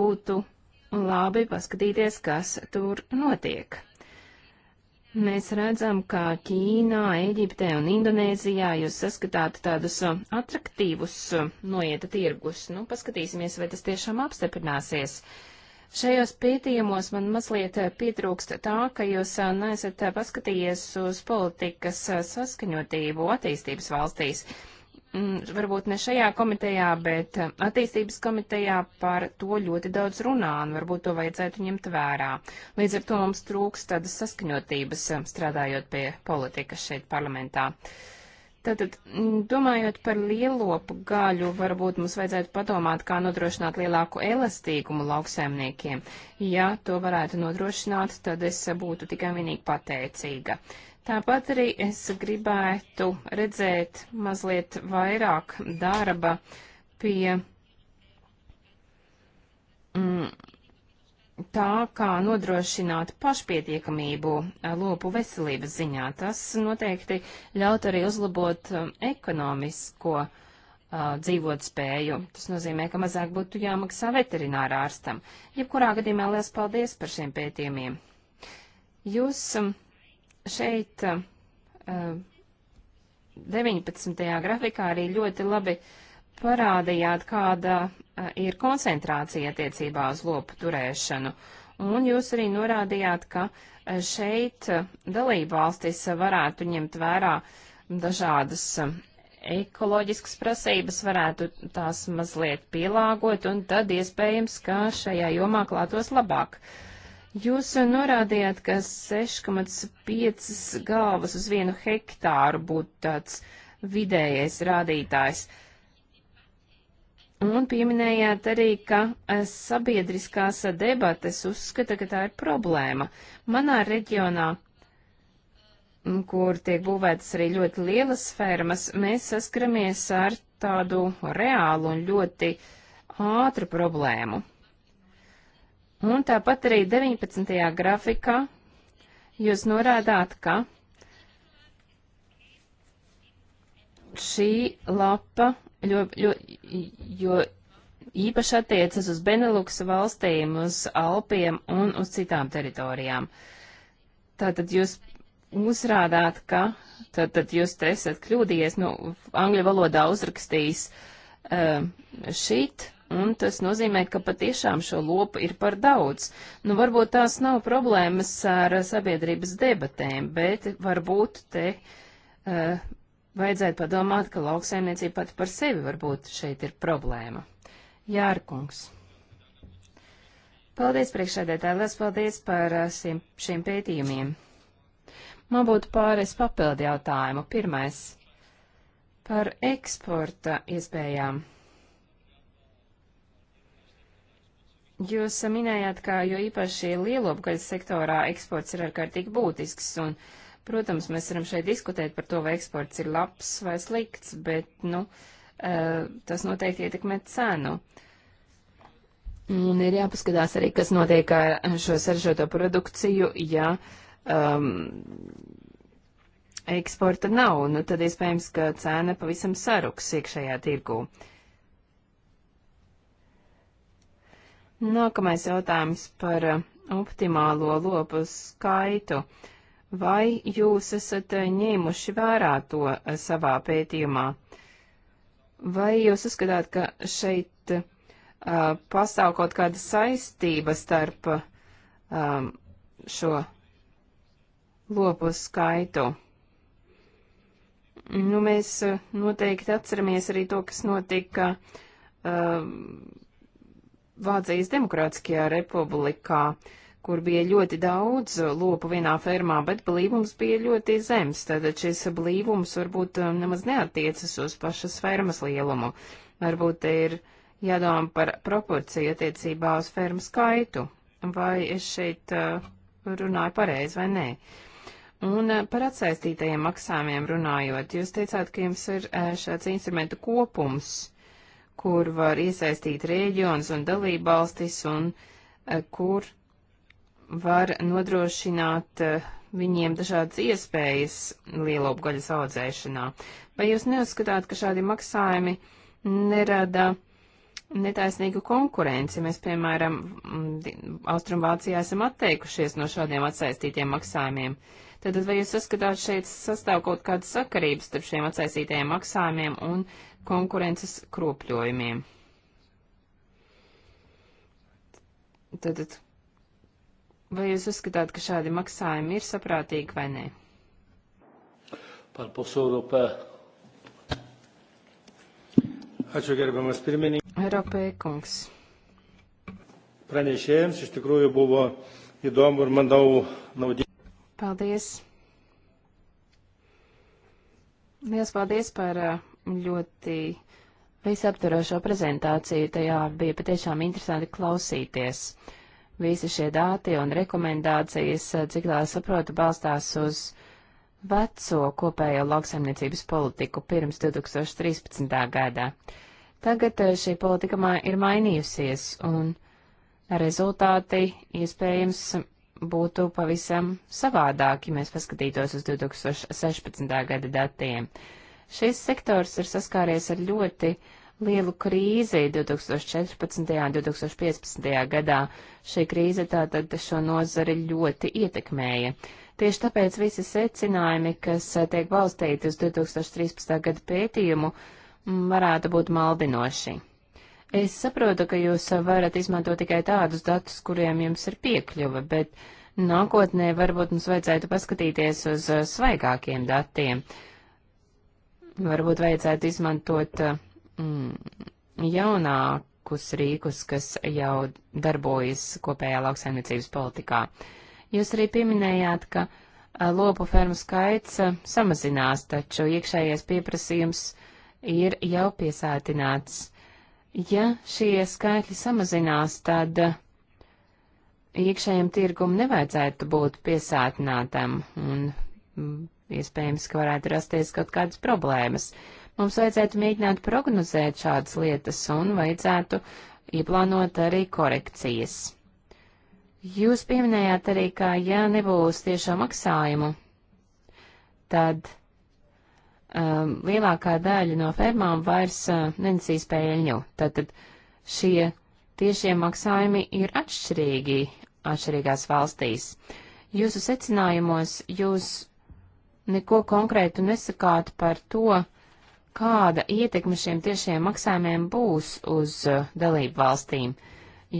būtu labi paskatīties, kas tur notiek. Mēs redzam, ka Ķīnā, Eģiptē un Indonēzijā jūs saskatāt tādus um, atraktīvus um, noieta tirgus. Nu, paskatīsimies, vai tas tiešām apstiprināsies. Uh, Šajos pētījumos man mazliet eh, pietrūkst tā, ka jūs eh, neesat eh, paskatījies uz politikas saskaņotību attīstības valstīs. Mm, varbūt ne šajā komitejā, bet attīstības komitejā par to ļoti daudz runā, un varbūt to vajadzētu ņemt vērā. Līdz ar to mums trūks tādas saskaņotības, strādājot pie politikas šeit parlamentā. Uh, Tātad, domājot par lielopu gaļu, varbūt mums vajadzētu padomāt, kā nodrošināt lielāku elastīgumu lauksaimniekiem. Ja to varētu nodrošināt, tad es būtu tikai vienīgi pateicīga. Tāpat arī es gribētu redzēt mazliet vairāk darba pie mm, tā, kā nodrošināt pašpietiekamību eh, lopu veselības ziņā. Tas noteikti ļaut arī uzlabot eh, ekonomisko uh, eh, dzīvot spēju. Tas nozīmē, ka mazāk būtu jāmaksā veterinārā ārstam. Jebkurā gadījumā liels paldies par šiem pētījumiem. Jūs mm, šeit uh, 19. grafikā arī ļoti labi uh, parādījāt, kāda ir koncentrācija attiecībā uz lopu turēšanu. Un jūs arī norādījāt, ka šeit dalībvalstis varētu ņemt vērā dažādas ekoloģiskas prasības, varētu tās mazliet pielāgot, un tad iespējams, ka šajā jomā klātos labāk. Jūs norādījāt, ka 6,5 galvas uz vienu hektāru būtu tāds vidējais rādītājs. Uh, Un pieminējāt arī, ka eh, sabiedriskās eh, debates uzskata, ka tā ir problēma. Manā reģionā, kur tiek būvētas arī ļoti lielas fermas, mēs saskaramies ar tādu reālu un ļoti ātru problēmu. Un tāpat arī 19. grafikā jūs norādāt, ka šī lapa, jo, jo, jo īpaši attiecas uz Beneluksa valstīm, uz Alpiem un uz citām teritorijām. Tātad jūs uzrādāt, ka tātad jūs te esat kļūdījies, nu, angļu valodā uzrakstījis uh, šit, un tas nozīmē, ka patiešām šo lopu ir par daudz. Nu, varbūt tās nav problēmas ar sabiedrības debatēm, bet varbūt te uh, vajadzētu padomāt, ka lauksaimniecība pati par sevi varbūt šeit ir problēma. Jārkungs. Paldies priekšsēdētāji, liels paldies par eh, šiem, šiem pētījumiem. Man būtu pāris papildi jautājumu. Pirmais - par eksporta iespējām. Jūs minējāt, ka jo īpaši lielopgaļas sektorā eksports ir ārkārtīgi būtisks, un uh, Protams, mēs varam šeit diskutēt par to, vai eksports ir labs vai slikts, bet, nu, eh, tas noteikti ietekmē cenu. Un ir jāpaskatās arī, kas notiek ar šo saržoto produkciju, ja um, eksporta nav, nu tad iespējams, ka cena pavisam saruks iekšējā tirgū. Nākamais jautājums par eh, optimālo lopu skaitu. Uh, Vai jūs esat eh, ņēmuši vērā to eh, savā pētījumā? Vai jūs uzskatāt, ka šeit uh, pastāv kaut kāda saistība starp um, šo lopu skaitu? Nu, mēs noteikti atceramies arī to, kas notika uh, Vācijas Demokrātiskajā republikā. Uh, kur bija ļoti daudz uh, lopu vienā fermā, bet blīvums bija ļoti zems, tātad šis blīvums varbūt um, nemaz neatiecas uz pašas fermas lielumu. Varbūt te ir jādomā par proporciju attiecībā uz fermu skaitu, vai es šeit uh, runāju pareizi vai nē. Un uh, par atsaistītajiem maksājumiem runājot, jūs teicāt, ka jums ir šāds instrumentu kopums, kur var iesaistīt reģions un dalībvalstis un kur var nodrošināt eh, viņiem dažādas iespējas lielopgaļas audzēšanā. Vai jūs neuzskatāt, ka šādi maksājumi nerada netaisnīgu konkurenci? Mēs, piemēram, Austrumvācijā esam atteikušies no šādiem atsaistītiem maksājumiem. Tad vai jūs saskatāt šeit sastāv kaut kāda sakarības starp šiem atsaistītajiem maksājumiem un konkurences kropļojumiem? Tad, tad Vai jūs uzskatāt, ka šādi maksājumi ir saprātīgi vai nē? Par pusūrupē. Ačiū gerbiamas pirmininkas. Eiropēja kungs. Pranešējums iš tikrųjų buvo įdomu ir manau naudīgi. Paldies. Liels paldies par eh, ļoti visaptvarošo prezentāciju. Tajā bija patiešām interesanti klausīties. Visi šie dati un rekomendācijas, eh, cik tā saprotu, balstās uz veco kopējo lauksaimniecības politiku pirms 2013. gadā. Tagad eh, šī politika mā ir mainījusies, un rezultāti iespējams būtu pavisam savādāki, ja mēs paskatītos uz 2016. gada datiem. Šis sektors ir saskāries ar ļoti uh, lielu krīzi 2014. un 2015. gadā. Šī krīze tātad šo nozari ļoti ietekmēja. Tieši tāpēc visi secinājumi, kas eh, tiek balstīti uz 2013. gada pētījumu, varētu būt maldinoši. Es saprotu, ka jūs varat izmantot tikai tādus datus, kuriem jums ir piekļuva, bet nākotnē varbūt mums vajadzētu paskatīties uz eh, svaigākiem datiem. Varbūt vajadzētu izmantot eh, mm, jaunākus rīkus, kas jau darbojas kopējā lauksaimniecības politikā. Jūs arī pieminējāt, ka eh, lopu fermu skaits eh, samazinās, taču iekšējais pieprasījums ir jau piesātināts. Ja šie skaitļi samazinās, tad eh, iekšējiem tirgum nevajadzētu būt piesātinātam un mm, iespējams, ka varētu rasties kaut kādas problēmas. Mums vajadzētu mēģināt prognozēt šādas lietas un vajadzētu ieplānot arī korekcijas. Jūs pieminējāt arī, ka ja nebūs tiešo maksājumu, tad um, lielākā daļa no fermām vairs uh, nenesīs pēļņu. Tātad šie tiešie maksājumi ir atšķirīgi atšķirīgās valstīs. Jūsu secinājumos jūs neko konkrētu nesakāt par to, kāda ietekme šiem tiešiem maksājumiem būs uz uh, dalību valstīm,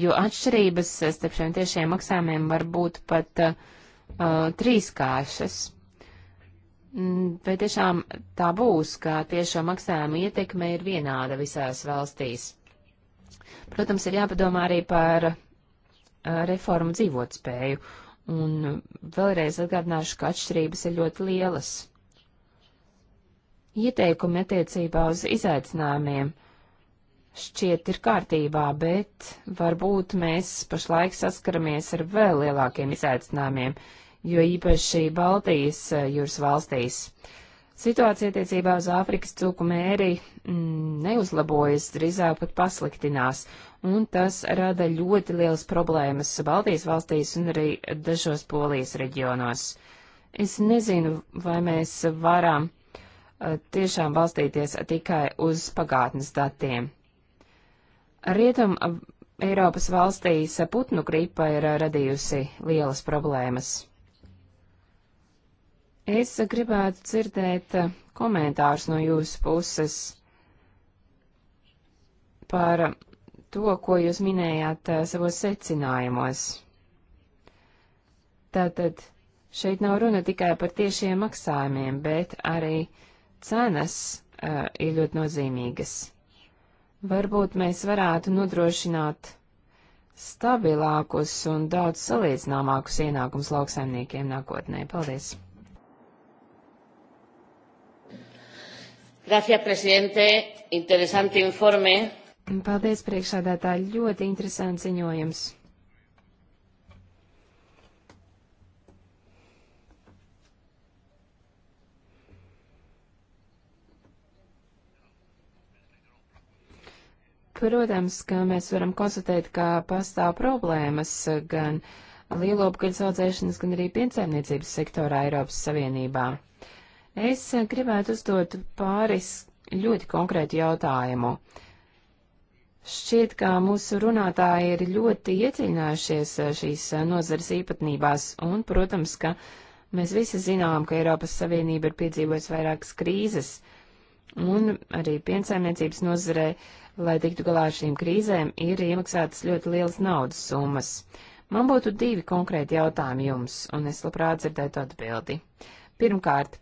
jo atšķirības uh, starp šiem tiešiem maksājumiem var būt pat uh, uh trīskāršas. Mm, vai tiešām tā būs, ka tiešo maksājumu ietekme ir vienāda visās valstīs? Protams, ir jāpadomā arī par uh, reformu dzīvotspēju. Un vēlreiz atgādināšu, ka atšķirības ir ļoti lielas. Ieteikumi attiecībā uz izaicinājumiem šķiet ir kārtībā, bet varbūt mēs pašlaik saskaramies ar vēl lielākiem izaicinājumiem, jo īpaši Baltijas eh, jūras valstīs. Situācija attiecībā uz Āfrikas cūku mēri mm, neuzlabojas, drīzāk pat pasliktinās, un tas rada ļoti liels problēmas Baltijas valstīs un arī dažos polijas reģionos. Es nezinu, vai mēs varam uh, Eh, tiešām balstīties tikai uz pagātnes datiem. Rietum eh, Eiropas valstīs eh, putnu gripa ir radījusi lielas problēmas. Es gribētu dzirdēt komentārus no jūsu puses par to, ko jūs minējāt savos secinājumos. Tātad šeit nav runa tikai par tiešiem maksājumiem, bet arī uh, cenas uh, ir ļoti nozīmīgas. Varbūt mēs varētu nodrošināt stabilākus un daudz salīdzināmākus ienākums lauksaimniekiem nākotnē. Paldies! Gracias, presidente. Interesanti informe. Paldies, priekšādātāji. Ļoti interesants ziņojums. Protams, ka mēs varam konstatēt, ka pastāv problēmas gan lielopgaļas audzēšanas, gan arī piensaimniecības sektorā Eiropas Savienībā. Es gribētu uzdot pāris ļoti konkrētu jautājumu. Šķiet, ka mūsu runātāji ir ļoti iedziļinājušies šīs nozares īpatnībās, un, protams, ka mēs visi zinām, ka Eiropas Savienība ir piedzīvojusi vairākas krīzes un arī piensaimniecības nozarei, lai tiktu galā ar šīm krīzēm, ir iemaksātas ļoti lielas naudas summas. Man būtu divi konkrēti jautājumi jums, un es labprāt dzirdētu atbildi. Pirmkārt,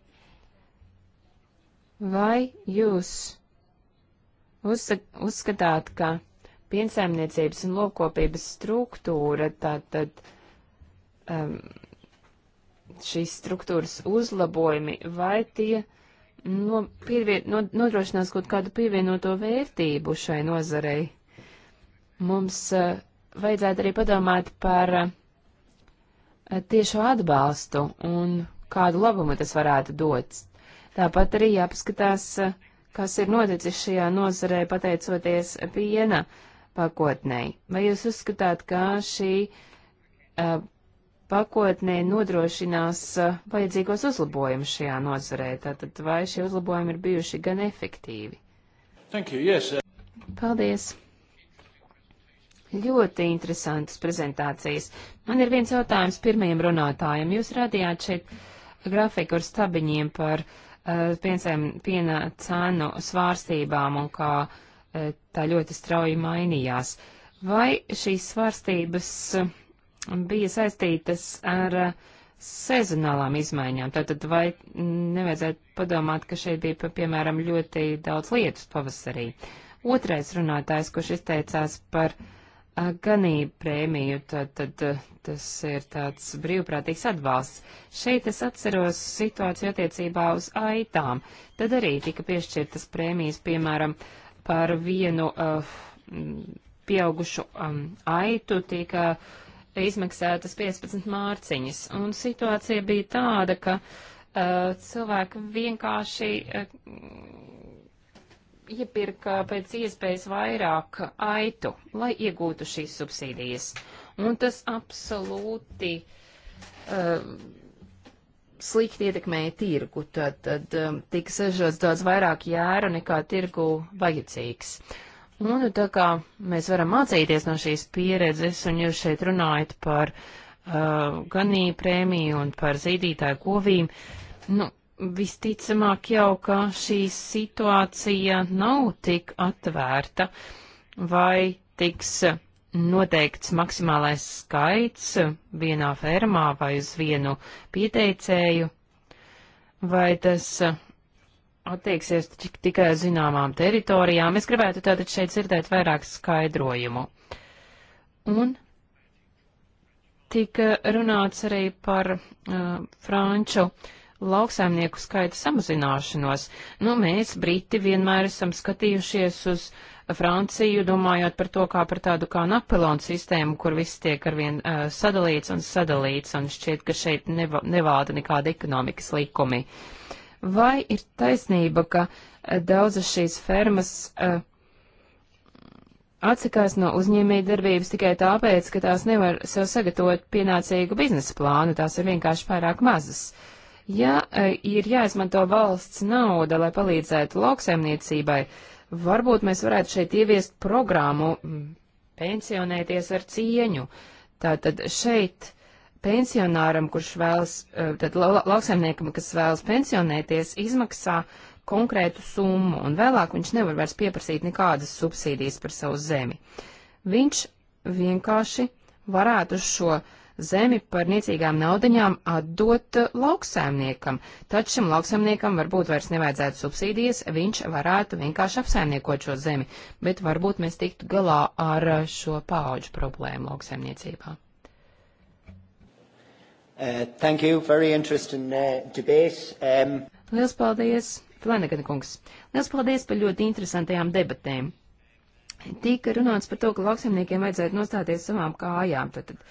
vai jūs uzskatāt, ka piensaimniecības un lopkopības struktūra, tātad um, šīs struktūras uzlabojumi, vai tie uh, no, pievien, no, nodrošinās kaut kādu pievienoto vērtību šai nozarei. Mums uh, vajadzētu arī padomāt par uh, eh, tiešu atbalstu un kādu labumu tas varētu dot. Tāpat arī jāpaskatās, uh, kas ir noticis šajā nozarē pateicoties piena pakotnei. Vai jūs uzskatāt, ka šī uh, pakotnē nodrošinās eh, vajadzīgos uzlabojumus šajā nozarē? Tātad vai šie uzlabojumi ir bijuši gan efektīvi? Thank you, yes. Uh, Paldies! Ļoti interesantas prezentācijas. Man ir viens jautājums pirmajam runātājam. Jūs radījāt šeit grafiku ar stabiņiem par uh, piensēm, piena cenu svārstībām un kā uh, tā ļoti strauji mainījās. Vai šīs svārstības uh, bija saistītas ar uh, sezonālām izmaiņām. Tātad vai nevajadzētu padomāt, ka šeit bija, piemēram, ļoti daudz lietus pavasarī. Otrais runātājs, kurš izteicās par uh, ganību prēmiju, tad, tad uh, tas ir tāds brīvprātīgs atbalsts. Šeit es atceros situāciju attiecībā uz aitām. Tad arī tika piešķirtas prēmijas, piemēram, par vienu uh, pieaugušu um, aitu tika uh, izmaksētas 15 mārciņas. Un situācija bija tāda, ka uh, cilvēki vienkārši uh, iepirka pēc iespējas vairāk aitu, lai iegūtu šīs subsīdijas. Un tas absolūti uh, slikti ietekmēja tirgu, tad, tad um, tika sažots daudz vairāk jēra nekā tirgu vajadzīgs. Uh, Un nu, tā kā mēs varam mācīties no šīs pieredzes, un jūs šeit runājat par uh, ganīju prēmiju un par zīdītāju govīm, nu, visticamāk jau, ka šī situācija nav tik atvērta, vai tiks noteikts maksimālais skaits vienā fermā vai uz vienu pieteicēju, vai tas attieksies tikai uz zināmām teritorijām. Es gribētu tātad šeit dzirdēt vairāk skaidrojumu. Un tika runāts arī par uh, franču lauksaimnieku skaita samazināšanos. Nu, mēs, Briti, vienmēr esam skatījušies uz Franciju, domājot par to kā par tādu kā Napoleonu sistēmu, kur viss tiek arvien uh, sadalīts un sadalīts, un šķiet, ka šeit neva, nevāda nekāda ekonomikas likumi. Uh, Vai ir taisnība, ka eh, daudzas šīs fermas uh, atsakās no uzņēmēja darbības tikai tāpēc, ka tās nevar sev sagatavot pienācīgu biznesa plānu, tās ir vienkārši pārāk mazas. Ja eh, ir jāizmanto valsts nauda, lai palīdzētu lauksaimniecībai, varbūt mēs varētu šeit ieviest programmu mm, pensionēties ar cieņu. Tātad šeit pensionāram, kurš vēlas, eh, tad la, lauksaimniekam, kas vēlas pensionēties, izmaksā konkrētu summu, un vēlāk viņš nevar vairs pieprasīt nekādas subsīdijas par savu zemi. Viņš vienkārši varētu šo zemi par niecīgām naudaņām atdot lauksaimniekam, taču šim lauksaimniekam varbūt vairs nevajadzētu subsīdijas, viņš varētu vienkārši apsaimniekot šo zemi, bet varbūt mēs tiktu galā ar šo paauģu problēmu lauksaimniecībā. Uh, thank you. Very interesting uh, debate. Um... Liels paldies, Flanagana kungs. Liels paldies par ļoti interesantajām debatēm. Tika runāts par to, ka lauksaimniekiem vajadzētu nostāties savām kājām. Tātad,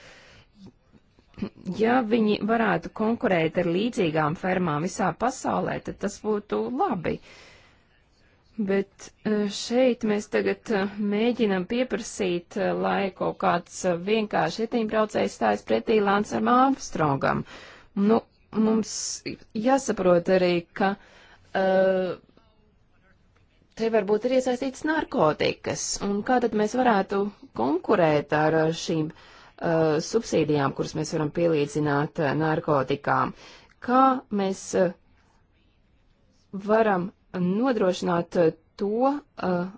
ja viņi varētu konkurēt ar līdzīgām fermām visā pasaulē, tad tas būtu labi. Uh, Bet eh, šeit mēs tagad eh, mēģinam pieprasīt, eh, lai kaut kāds vienkārši riteņbraucējs stājas pretī Lansam Armstrongam. Nu, mums jāsaprot arī, ka uh, te varbūt ir iesaistīts narkotikas, un kā tad mēs varētu konkurēt ar šīm uh, subsīdijām, kuras mēs varam pielīdzināt narkotikām? Kā mēs uh, varam nodrošināt eh, to, eh,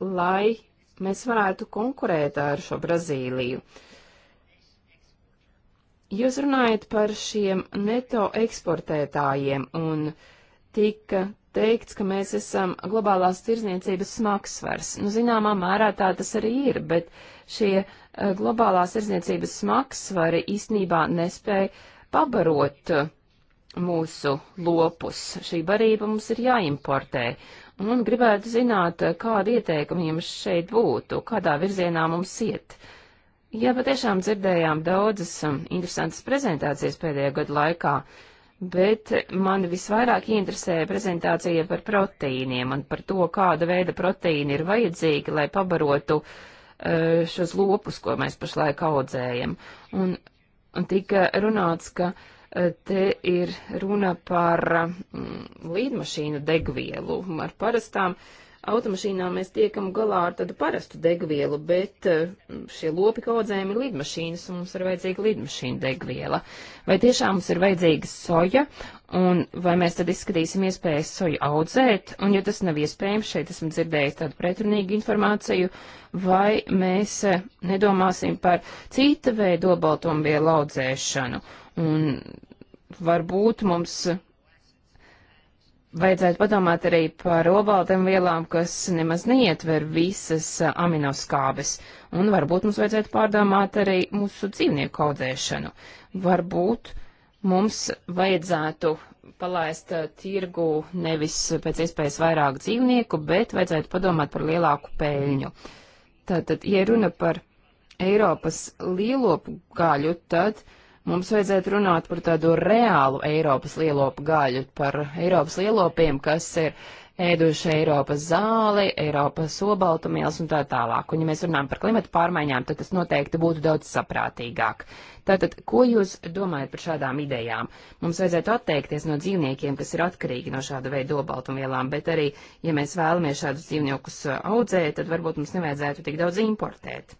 lai mēs varētu konkurēt ar šo Brazīliju. Jūs runājat par šiem neto eksportētājiem un tika teikts, ka mēs esam globālās tirzniecības smagsvars. Nu, zināmā mērā tā tas arī ir, bet šie eh, globālās tirzniecības smagsvari īstenībā nespēja pabarot mūsu lopus. Šī barība mums ir jāimportē. Un gribētu zināt, kādi ieteikumi jums šeit būtu, kādā virzienā mums iet. Jā, patiešām dzirdējām daudzas um, interesantas prezentācijas pēdējo gadu laikā, bet mani visvairāk interesēja prezentācija par proteīniem un par to, kāda veida proteīni ir vajadzīgi, lai pabarotu uh, šos lopus, ko mēs pašlaik audzējam. Un, un tika runāts, ka uh, te ir runa par mm, līdmašīnu degvielu. Ar parastām automašīnām mēs tiekam galā ar tādu parastu degvielu, bet mm, šie lopi kaudzējumi ir līdmašīnas un mums ir vajadzīga līdmašīna degviela. Vai tiešām mums ir vajadzīga soja un vai mēs tad izskatīsim iespējas soju audzēt? Un ja tas nav iespējams, šeit esmu dzirdējis tādu pretrunīgu informāciju, vai mēs eh, nedomāsim par cita veida obaltumvielu audzēšanu? Un varbūt mums vajadzētu padomāt arī par olbaltiem vielām, kas nemaz neietver visas aminoskābes. Un varbūt mums vajadzētu pārdomāt arī mūsu dzīvnieku audzēšanu. Varbūt mums vajadzētu palaist tirgu nevis pēc iespējas vairāk dzīvnieku, bet vajadzētu padomāt par lielāku pēļņu. Tātad, ja runa par Eiropas lielopu gaļu, tad uh, Mums vajadzētu runāt par tādu reālu Eiropas lielopu gaļu, par Eiropas lielopiem, kas ir ēduši Eiropas zāli, Eiropas obaltumielas un tā tālāk. Un ja mēs runājam par klimatu pārmaiņām, tad tas noteikti būtu daudz saprātīgāk. Tātad, ko jūs domājat par šādām idejām? Mums vajadzētu atteikties no dzīvniekiem, kas ir atkarīgi no šāda veida obaltumvielām, bet arī, ja mēs vēlamies šādus dzīvniekus uh, audzēt, tad varbūt mums nevajadzētu tik daudz importēt.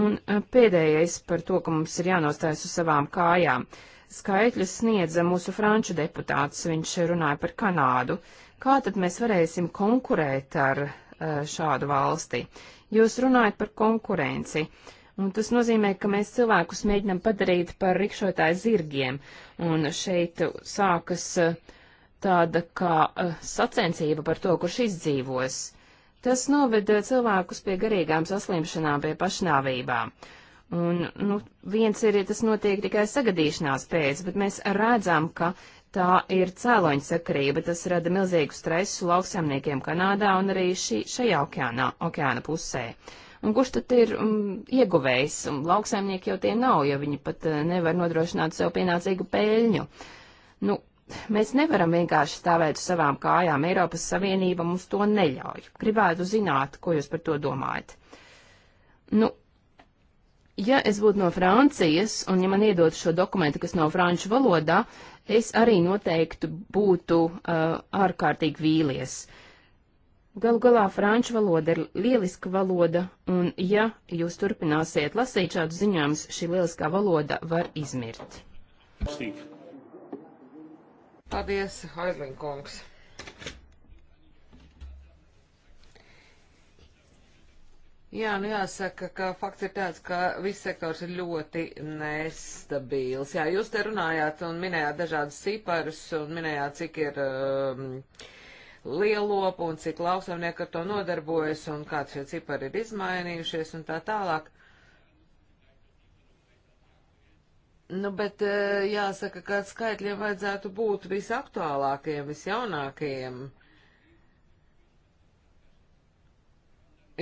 Un eh, pēdējais par to, ka mums ir jānostājas uz savām kājām. Skaitļus sniedza mūsu franču deputāts, viņš runāja par Kanādu. Kā tad mēs varēsim konkurēt ar eh, šādu valsti? Jūs runājat par konkurenci. Un tas nozīmē, ka mēs cilvēkus mēģinam padarīt par rikšotāju zirgiem. Un šeit sākas eh, tāda kā sacensība par to, kurš izdzīvos. Tas noveda eh, cilvēkus pie garīgām saslimšanām, pie pašnāvībām. Un, nu, viens ir, tas notiek tikai sagadīšanās pēc, bet mēs redzam, ka tā ir cēloņa sakarība, tas rada milzīgu stresu lauksaimniekiem Kanādā un arī šī, šajā okeāna, okeāna pusē. Un kurš tad ir um, ieguvējs? Um, lauksaimnieki jau tie nav, jo viņi pat uh, nevar nodrošināt sev pienācīgu peļņu. Nu, Mēs nevaram vienkārši stāvēt uz savām kājām. Eiropas Savienība mums to neļauj. Gribētu zināt, ko jūs par to domājat. Nu, ja es būtu no Francijas, un ja man iedotu šo dokumentu, kas nav franču valodā, es arī noteikti būtu uh, ārkārtīgi vīlies. Galu galā franču valoda ir lieliska valoda, un ja jūs turpināsiet lasīt šādus ziņojumus, šī lieliskā valoda var izmirt. Stīk. Paldies, Haizlinkungs. Jā, nu jāsaka, ka fakts ir tāds, ka viss sektors ir ļoti nestabils. Jā, jūs te runājāt un minējāt dažādas ciparus un minējāt, cik ir um, lielopu un cik lauksaimnieki ar to nodarbojas un kāds šie cipari ir izmainījušies un tā tālāk. Nu, bet e, jāsaka, ka skaitļiem vajadzētu būt visaktuālākajiem, visjaunākajiem.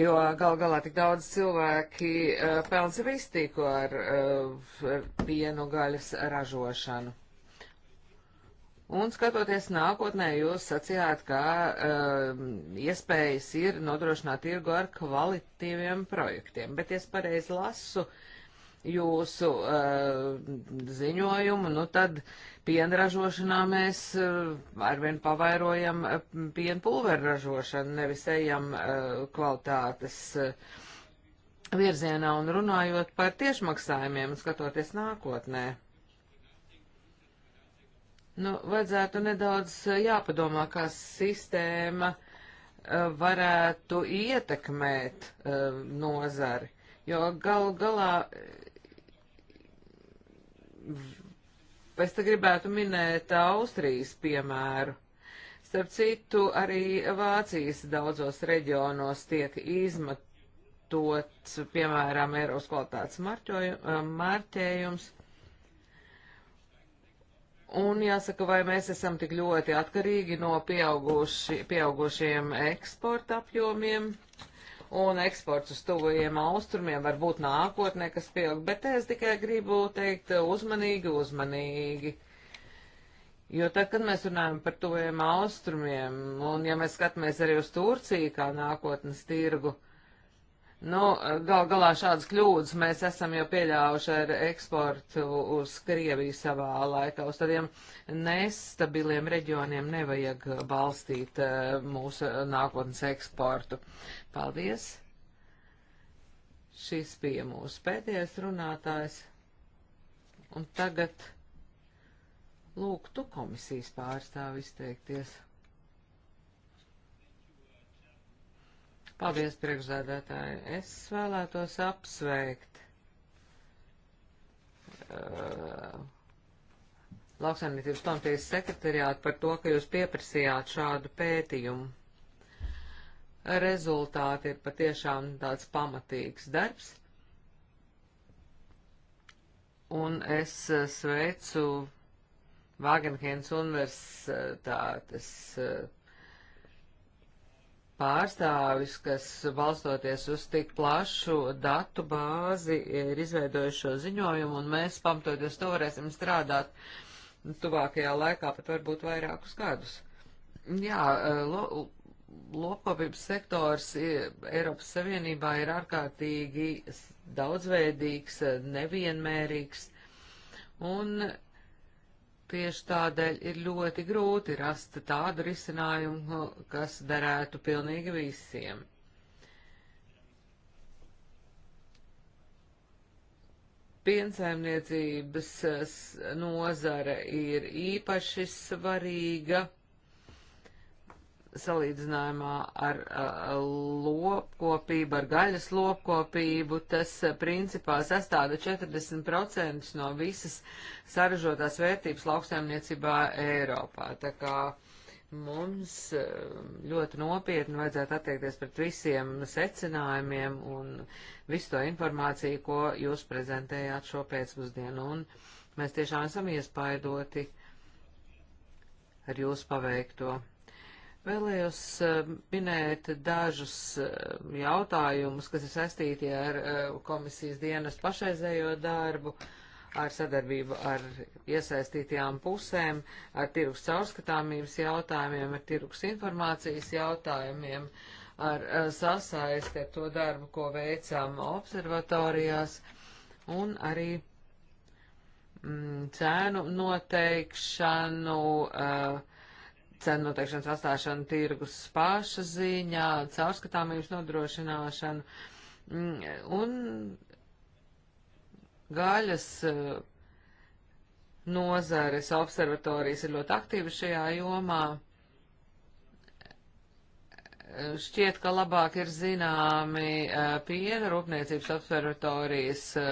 Jo gal galā tik daudz cilvēki uh, pelna sev iztīko ar uh, pienu gaļas ražošanu. Un skatoties nākotnē, jūs sacījāt, ka uh, iespējas ir nodrošināt tirgu ar kvalitīviem projektiem. Bet, ja es pareizi lasu, uh, jūsu uh, ziņojumu, nu tad pienražošanā mēs uh, arvien pavairojam uh, eh, pienpulveru ražošanu, nevis ejam uh, kvalitātes uh, virzienā un runājot par tiešmaksājumiem un skatoties nākotnē. Nu, vajadzētu nedaudz jāpadomā, kā sistēma uh, varētu ietekmēt uh, nozari, jo gal galā uh, Es te gribētu minēt Austrijas piemēru. Starp citu, arī Vācijas daudzos reģionos tiek izmantots, piemēram, Eiropas kvalitātes eh, marķējums. Un jāsaka, vai mēs esam tik ļoti atkarīgi no pieauguši, pieaugušiem eksporta apjomiem, un eksports uz tuvajiem austrumiem var būt nākotnē, kas pieaug, bet es tikai gribu teikt uzmanīgi, uzmanīgi. Jo tad, kad mēs runājam par tuvajiem austrumiem, un ja mēs skatāmies arī uz Turciju kā nākotnes tirgu, nu, gal galā šādas kļūdas mēs esam jau pieļāvuši ar eksportu uz Krieviju savā laikā. Uz tādiem nestabiliem reģioniem nevajag balstīt eh, mūsu nākotnes eksportu. Uh, Paldies! Šis bija mūsu pēdējais runātājs. Un tagad lūgtu komisijas pārstāvi izteikties. Paldies, priekšzēdētāji. Es vēlētos apsveikt uh, lauksaimniecības komitejas sekretariātu par to, ka jūs pieprasījāt šādu pētījumu rezultāti ir patiešām tāds pamatīgs darbs. Un es eh, sveicu Vāgenhēns universitātes eh, pārstāvis, kas balstoties uz tik plašu datu bāzi ir izveidojuši šo ziņojumu, un mēs pamatoties to varēsim strādāt tuvākajā laikā, pat varbūt vairākus gadus. Jā, eh, lopkopības sektors Eiropas Savienībā ir ārkārtīgi daudzveidīgs, nevienmērīgs, un tieši tādēļ ir ļoti grūti rast tādu risinājumu, kas derētu pilnīgi visiem. Piensaimniecības nozara ir īpaši svarīga salīdzinājumā ar uh, lopkopību, ar gaļas lopkopību, tas principā sastāda 40% no visas saražotās vērtības lauksaimniecībā Eiropā. Tā kā mums ļoti nopietni vajadzētu attiekties pret visiem secinājumiem un visu to informāciju, ko jūs prezentējāt šo pēcpusdienu. Un mēs tiešām esam iespaidoti ar jūsu paveikto. Vēlējos eh, minēt dažus eh, jautājumus, kas ir saistīti ar eh, komisijas dienas pašreizējo darbu, ar sadarbību ar iesaistītajām pusēm, ar tirgus caurskatāmības jautājumiem, ar tirgus informācijas jautājumiem, ar sasaisti ar to darbu, ko veicām observatorijās, un arī mm, cēnu noteikšanu, uh, cenu noteikšanas atstāšanu tirgus paša ziņā, caurskatāmības nodrošināšanu mm, un gaļas eh, nozares observatorijas ir ļoti aktīvas šajā jomā. Eh, šķiet, ka labāk ir zināmi eh, piena rūpniecības observatorijas uh,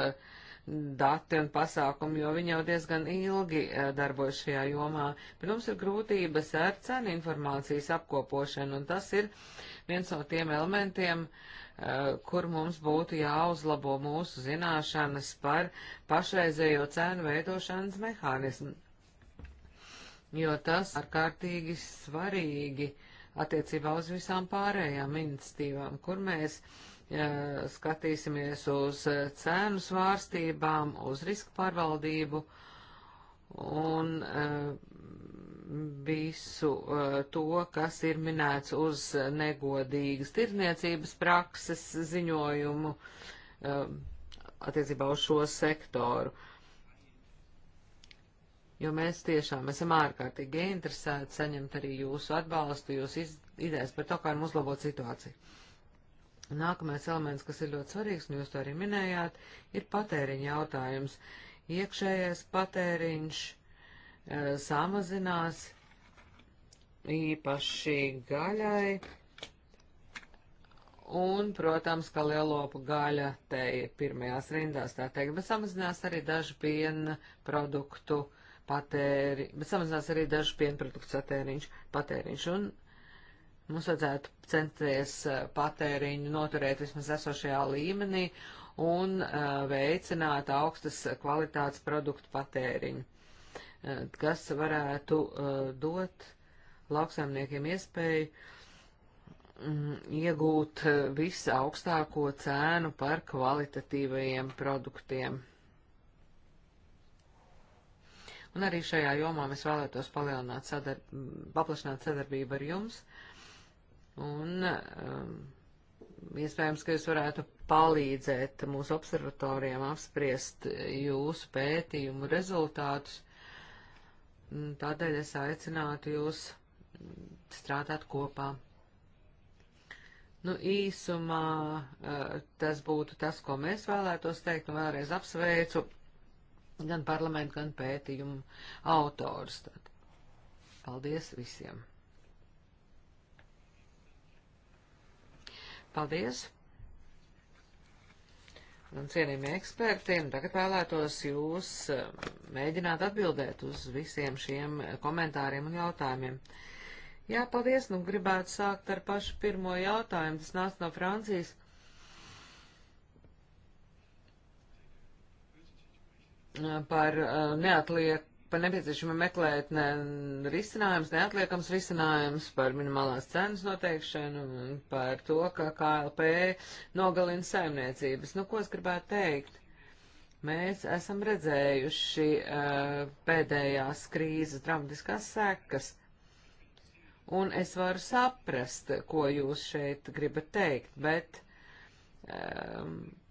dati un pasākumi, jo viņi jau diezgan ilgi e, darbojas šajā jomā, bet mums ir grūtības ar cenu informācijas apkopošanu, un tas ir viens no tiem elementiem, e, kur mums būtu jāuzlabo mūsu zināšanas par pašreizējo cenu veidošanas mehānismu, jo tas ārkārtīgi svarīgi attiecībā uz visām pārējām iniciatīvām, kur mēs uh, skatīsimies uz cēnu svārstībām, uz risku pārvaldību un eh, visu eh, to, kas ir minēts uz negodīgas tirdzniecības prakses ziņojumu eh, attiecībā uz šo sektoru. Jo mēs tiešām esam ārkārtīgi interesēti saņemt arī jūsu atbalstu, jūsu idejas par to, kā ir uzlabot situāciju. Nākamais elements, kas ir ļoti svarīgs, un jūs to arī minējāt, ir patēriņa jautājums. Iekšējais patēriņš e, samazinās īpaši gaļai, un, protams, ka lielopu gaļa te ir pirmajās rindās, tā teikt, bet samazinās arī daži piena produktu patēri, bet samazinās arī daži piena produktu patēriņš, patēriņš un patēriņš Mums vajadzētu censties patēriņu noturēt vismaz esošajā līmenī un veicināt augstas kvalitātes produktu patēriņu, kas varētu dot lauksaimniekiem iespēju mm, iegūt visaugstāko cēnu par kvalitatīvajiem produktiem. Un arī šajā jomā mēs vēlētos palielināt sadar paplašināt sadarbību ar jums. Uh, Un um, iespējams, ka jūs varētu palīdzēt mūsu observatorijām apspriest jūsu pētījumu rezultātus. Tādēļ es aicinātu jūs strādāt kopā. Nu, īsumā uh, tas būtu tas, ko mēs vēlētos teikt, un vēlreiz apsveicu gan parlamentu, gan pētījumu autors. Tad. Paldies visiem! Paldies! Un cienījamie ekspertiem, tagad vēlētos jūs um, mēģināt atbildēt uz visiem šiem komentāriem un jautājumiem. Jā, paldies, nu gribētu sākt ar pašu pirmo jautājumu, tas nāca no Francijas. par uh, neatliek par nepieciešamību meklēt ne risinājums, neatliekams risinājums par minimālās cenas noteikšanu un par to, ka KLP nogalina saimniecības. Nu, ko es gribētu teikt? Mēs esam redzējuši uh, pēdējās krīzes dramatiskās sekas, un es varu saprast, ko jūs šeit gribat teikt, bet um, uh,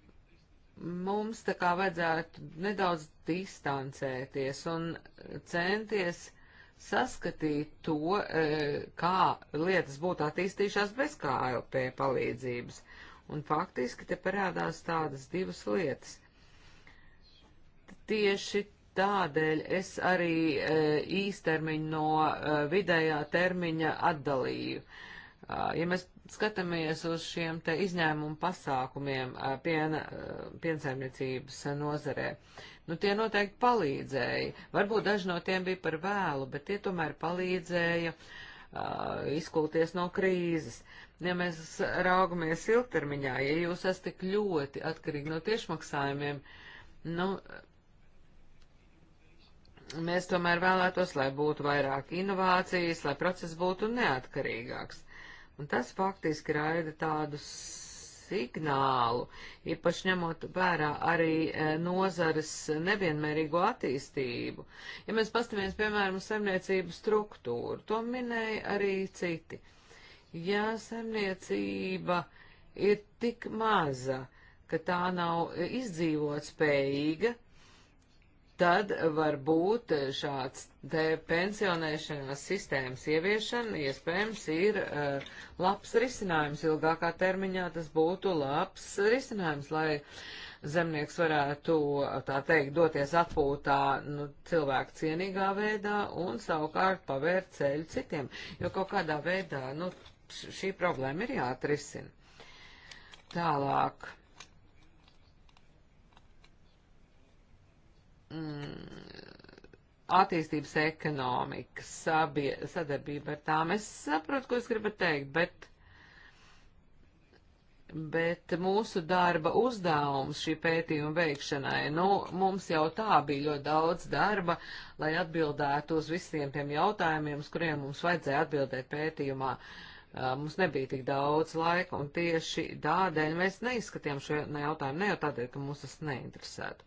mums tā kā vajadzētu nedaudz distancēties un centies saskatīt to, e, kā lietas būtu attīstījušās bez KLP palīdzības. Un faktiski te parādās tādas divas lietas. Tieši tādēļ es arī e, īstermiņu no e, vidējā termiņa atdalīju. Ja mēs skatāmies uz šiem te izņēmumu pasākumiem piena, piensaimniecības nozarē, nu tie noteikti palīdzēja. Varbūt daži no tiem bija par vēlu, bet tie tomēr palīdzēja uh, izkulties no krīzes. Ja mēs raugamies ilgtermiņā, ja jūs esat tik ļoti atkarīgi no tiešmaksājumiem, nu, mēs tomēr vēlētos, lai būtu vairāk inovācijas, lai process būtu neatkarīgāks. Un tas faktiski raida tādu signālu, īpaši ņemot vērā arī e, nozares nevienmērīgo attīstību. Ja mēs pastamies, piemēram, saimniecību struktūru, to minēja arī citi. Ja saimniecība ir tik maza, ka tā nav izdzīvot spējīga, tad varbūt šāds te pensionēšanās sistēmas ieviešana iespējams ir uh, labs risinājums. Ilgākā termiņā tas būtu labs risinājums, lai zemnieks varētu, tā teikt, doties atpūtā nu, cilvēku cienīgā veidā un savukārt pavērt ceļu citiem, jo kaut kādā veidā nu, šī problēma ir jāatrisina. Tālāk mm, attīstības ekonomikas sabie, sadarbība ar tām. Es saprotu, ko jūs gribat teikt, bet, bet mūsu darba uzdevums šī pētījuma veikšanai, nu, mums jau tā bija ļoti daudz darba, lai atbildētu uz visiem tiem jautājumiem, uz kuriem mums vajadzēja atbildēt pētījumā. Uh, mums nebija tik daudz laika, un tieši tādēļ mēs neizskatījām šo jautājumu, ne jau tādēļ, ka mūs tas neinteresētu.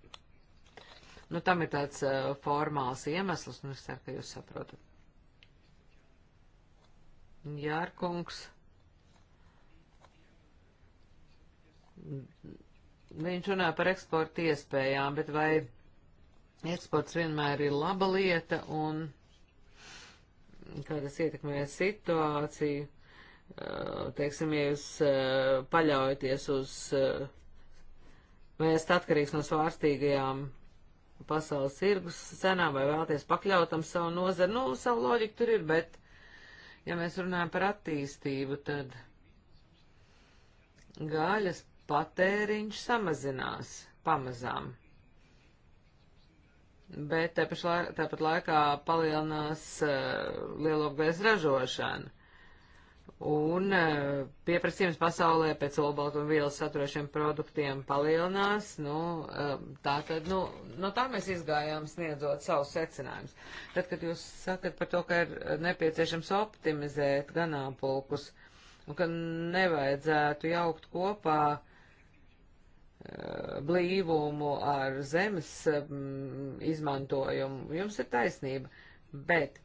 Nu, tam ir tāds uh, formāls iemesls, un es ceru, ka jūs saprotat. Jārkungs. Viņš runā par eksporta iespējām, bet vai eksports vienmēr ir laba lieta un kā tas ietekmē situāciju? Teiksim, ja jūs paļaujaties uz, vai esat atkarīgs no svārstīgajām pasaules tirgus cenām vai vēlties pakļautam savu nozaru. Nu, savu loģiku tur ir, bet, ja mēs runājam par attīstību, tad gāļas patēriņš samazinās pamazām. Bet tāpat laikā palielinās uh, eh, lielopgaļas ražošana un eh, pieprasījums pasaulē pēc olbaltuma vielas saturošiem produktiem palielinās, nu, eh, tā tad, nu, no tā mēs izgājām sniedzot savus secinājumus. Tad, kad jūs sakat par to, ka ir nepieciešams optimizēt ganāmpulkus, un ka nevajadzētu jaukt kopā eh, blīvumu ar zemes mm, izmantojumu, jums ir taisnība, bet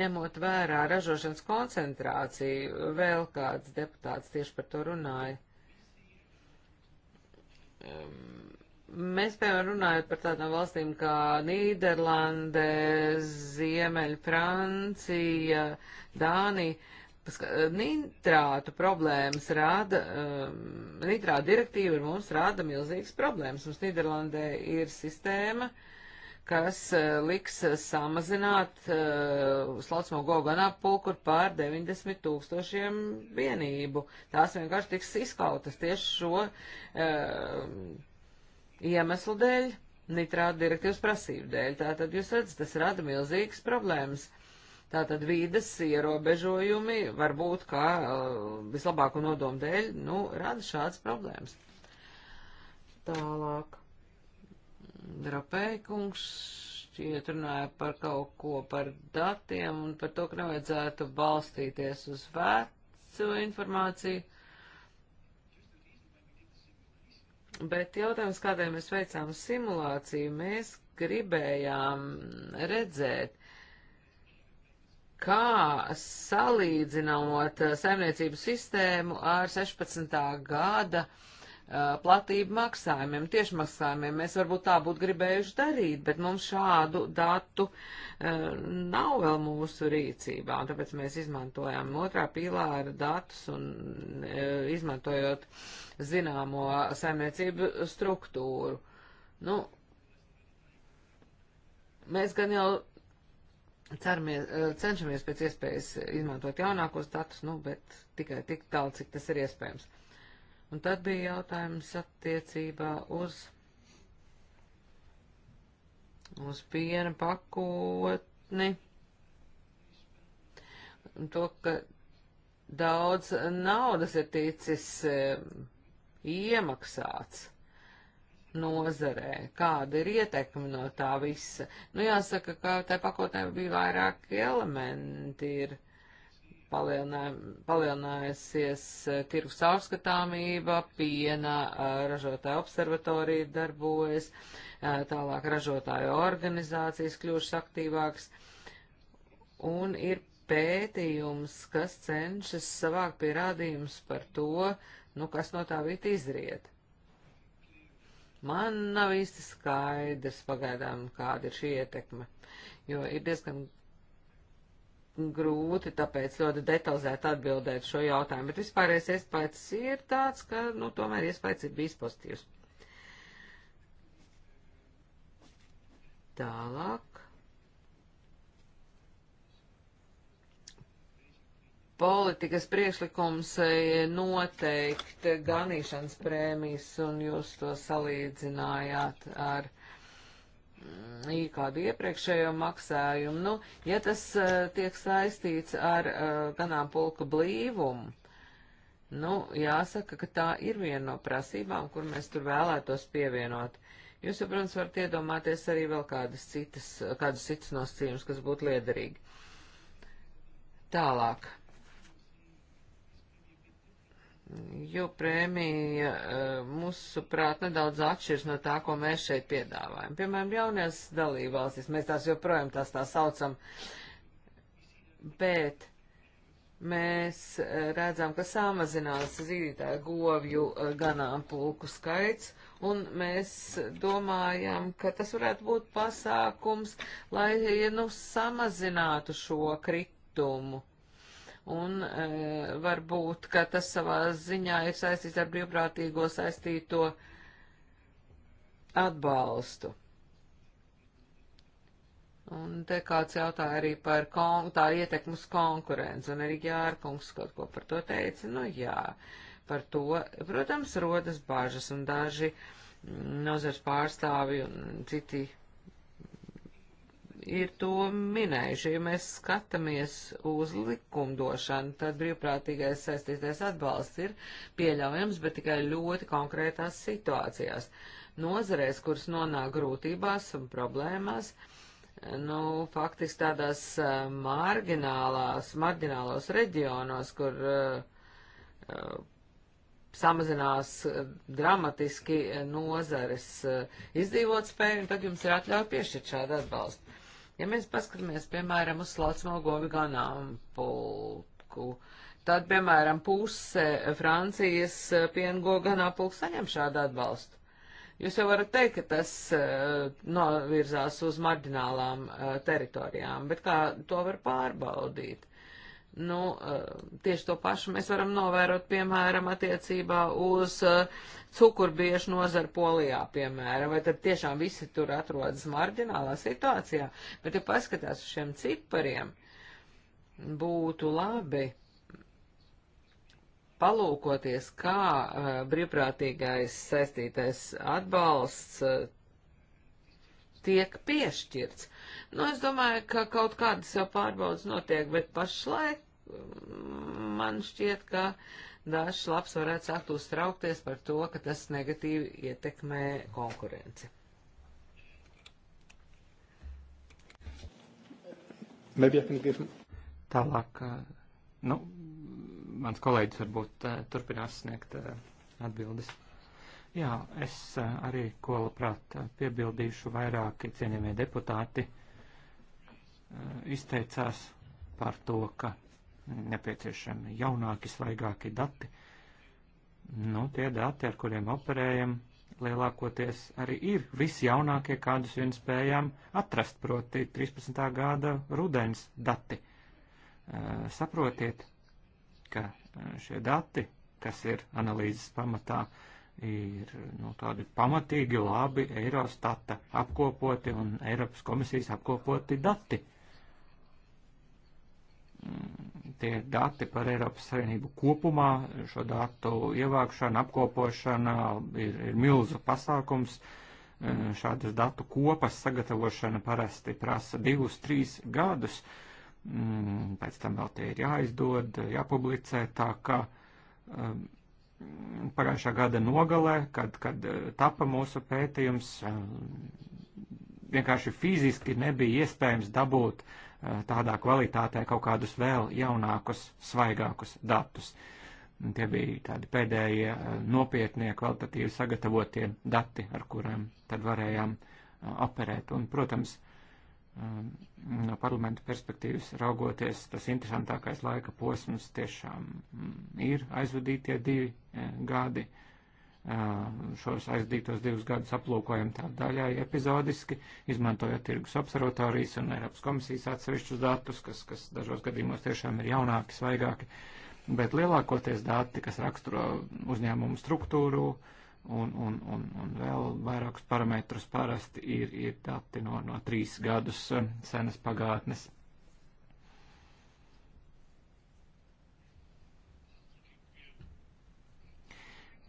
ņemot vērā ražošanas koncentrāciju, vēl kāds deputāts tieši par to runāja. Mēs, piemēram, runājot par tādām valstīm kā Nīderlande, Ziemeļ, Francija, Dānija, nitrātu problēmas rāda, um, nitrātu direktīva mums rāda milzīgas problēmas. Mums Nīderlandē ir sistēma, uh, kas eh, liks eh, samazināt uh, slaucamo goganā pulkur pār 90 tūkstošiem vienību. Tās vienkārši tiks izkautas tieši šo uh, iemeslu dēļ, nitrāta direktīvas prasību dēļ. Tātad jūs redzat, tas rada milzīgas problēmas. Tātad vīdes ierobežojumi varbūt kā uh, vislabāko nodomu dēļ, nu, rada šādas problēmas. Tālāk. Rapēkungs šķiet runāja par kaut ko par datiem un par to, ka nevajadzētu balstīties uz veco informāciju. Bet jautājums, kādēļ mēs veicām simulāciju, mēs gribējām redzēt, kā salīdzinot saimniecību sistēmu ar 16. gada uh, Uh, platību maksājumiem, tiešmaksājumiem. Mēs varbūt tā būtu gribējuši darīt, bet mums šādu datu uh, nav vēl mūsu rīcībā, un tāpēc mēs izmantojām otrā pīlāra datus un uh, izmantojot zināmo saimniecību struktūru. Nu, mēs gan jau ceramies, uh, cenšamies pēc iespējas izmantot jaunākos datus, nu, bet tikai tik tālu, cik tas ir iespējams. Un tad bija jautājums attiecībā uz, uz piena pakotni. Un to, ka daudz naudas ir ticis e, iemaksāts nozarē, kāda ir ietekme no tā visa. Nu, jāsaka, ka tai pakotnē bija vairāki elementi. Ir palielinājusies eh, tirgus caurskatāmība, piena eh, ražotāja observatorija darbojas, eh, tālāk ražotāju organizācijas kļūšas aktīvāks, un ir pētījums, kas cenšas savākt pierādījumus par to, nu, kas no tā vīt izriet. Man nav īsti skaidrs pagaidām, kāda ir šī ietekme, jo ir diezgan grūti tāpēc ļoti detalizēt atbildēt šo jautājumu, bet vispārējais iespējas ir tāds, ka, nu, tomēr iespējas ir bijis pozitīvs. Tālāk. Politikas priekšlikums eh, noteikti ganīšanas prēmijas, un jūs to salīdzinājāt ar kādu iepriekšējo maksājumu, nu, ja tas uh, tiek saistīts ar uh, eh, ganāmpulka blīvumu, nu, jāsaka, ka tā ir viena no prasībām, kur mēs tur vēlētos pievienot. Jūs, jau, protams, varat iedomāties arī vēl kādas citas, kādus citus nosacījumus, kas būtu liederīgi. Tālāk jo prēmija e, mūsu prāt nedaudz atšķirs no tā, ko mēs šeit piedāvājam. Piemēram, jaunās dalībvalstis, mēs tās joprojām tās tā saucam, bet mēs e, redzam, ka samazinās zīdītāju govju e, ganāmpulku skaits, un mēs domājam, ka tas varētu būt pasākums, lai, nu, samazinātu šo kritumu Un e, varbūt, ka tas savā ziņā ir saistīts ar brīvprātīgo saistīto atbalstu. Un te kāds jautāja arī par kon, tā ietekmus konkurenci, un arī Jārkungs kaut ko par to teica. Nu jā, par to, protams, rodas bažas, un daži mm, nozars pārstāvi un citi ir to minējuši. Ja mēs skatāmies uz likumdošanu, tad brīvprātīgais saistītais atbalsts ir pieļaujams, bet tikai ļoti konkrētās situācijās. Nozarēs, kuras nonāk grūtībās un problēmās, nu, faktiski tādās eh, marginālās, marginālos reģionos, kur uh, samazinās dramatiski nozares izdzīvot spēju, un tad jums ir atļauj piešķirt šādu atbalstu. Ja mēs paskatāmies, piemēram, uz slācmalgovi ganāmpulku, tad, piemēram, puse Francijas piengo ganāmpulku saņem šādu atbalstu. Jūs jau varat teikt, ka tas eh, novirzās uz marģinālām eh, teritorijām, bet kā to var pārbaudīt? Nu, eh, tieši to pašu mēs varam novērot, piemēram, attiecībā uz eh, cukurbiešu nozaru polijā, piemēram, vai tad tiešām visi tur atrodas marģinālā situācijā, bet, ja paskatās uz šiem cipariem, būtu labi palūkoties, kā eh, brīvprātīgais saistītais atbalsts tiek piešķirts. Nu, es domāju, ka kaut kādas jau pārbaudas notiek, bet pašlaik mm, man šķiet, ka dažs labs varētu sākt uztraukties par to, ka tas negatīvi ietekmē konkurenci. Give... Tālāk, eh, nu, mans kolēģis varbūt eh, turpinās sniegt eh, atbildes. Jā, es eh, arī, ko labprāt, eh, piebildīšu vairāki cienījamie deputāti eh, izteicās par to, ka nepieciešami jaunāki, svaigāki dati. Nu, tie dati, ar kuriem operējam, lielākoties arī ir visjaunākie, kādus vien spējām atrast, proti 13. gada rudens dati. Saprotiet, ka šie dati, kas ir analīzes pamatā, uh, ir nu, tādi pamatīgi labi Eirostata apkopoti un Eiropas komisijas apkopoti dati. Mm, tie dati par Eiropas Savienību kopumā, šo datu ievākšana, apkopošana ir, ir milzu pasākums. Mm, šādas datu kopas sagatavošana parasti prasa divus, trīs gadus. Mm, pēc tam vēl tie ir jāizdod, jāpublicē tā, ka pagājušā gada nogalē, kad, kad e, tapa mūsu pētījums, e, vienkārši fiziski nebija iespējams dabūt e, tādā kvalitātē kaut kādus vēl jaunākus, svaigākus datus. Tie bija tādi pēdējie nopietnie, kvalitatīvi sagatavotie dati, ar kuriem tad varējām operēt. Un, protams, uh, Um, no parlamenta perspektīvas raugoties, tas interesantākais laika posms tiešām mm, ir aizvadītie divi eh, gadi. Uh, šos aizdītos divus gadus aplūkojam tā daļai epizodiski, izmantojot tirgus observatorijas un Eiropas komisijas atsevišķus datus, kas, kas dažos gadījumos tiešām ir jaunāki, svaigāki, bet lielākoties dati, kas raksturo uzņēmumu struktūru, uh, un, un, un, un vēl vairākus parametrus parasti ir, ir dati no, no trīs gadus eh, senas pagātnes.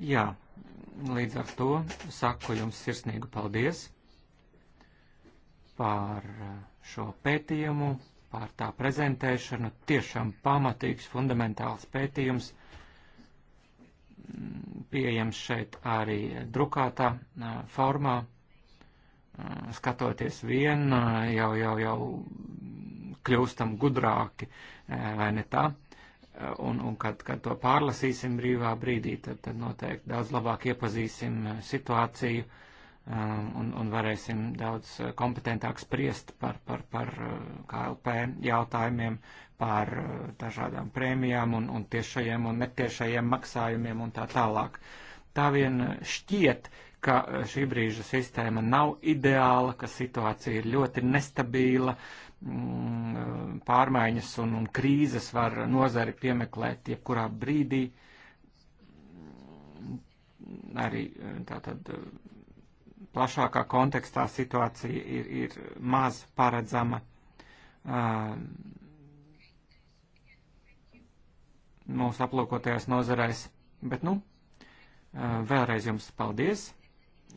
Jā, līdz ar to saku jums sirsnīgu paldies par eh, šo pētījumu, par tā prezentēšanu. Tiešām pamatīgs, fundamentāls pētījums pieejams šeit arī drukātā formā. Skatoties vien, jau, jau, jau kļūstam gudrāki, vai ne tā? Un, un kad, kad to pārlasīsim brīvā brīdī, tad, tad noteikti daudz labāk iepazīsim situāciju un, un varēsim daudz kompetentāk spriest par, par, par KLP jautājumiem, par eh, dažādām prēmijām un, un tiešajiem un netiešajiem maksājumiem un tā tālāk. Tā vien šķiet, ka eh, šī brīža sistēma nav ideāla, ka situācija ir ļoti nestabila, mm, eh, pārmaiņas un, un krīzes var nozari piemeklēt jebkurā brīdī. Arī tātad plašākā kontekstā situācija ir, ir maz paredzama. Um, mūsu aplūkotajās nozarēs. Bet, nu, vēlreiz jums paldies.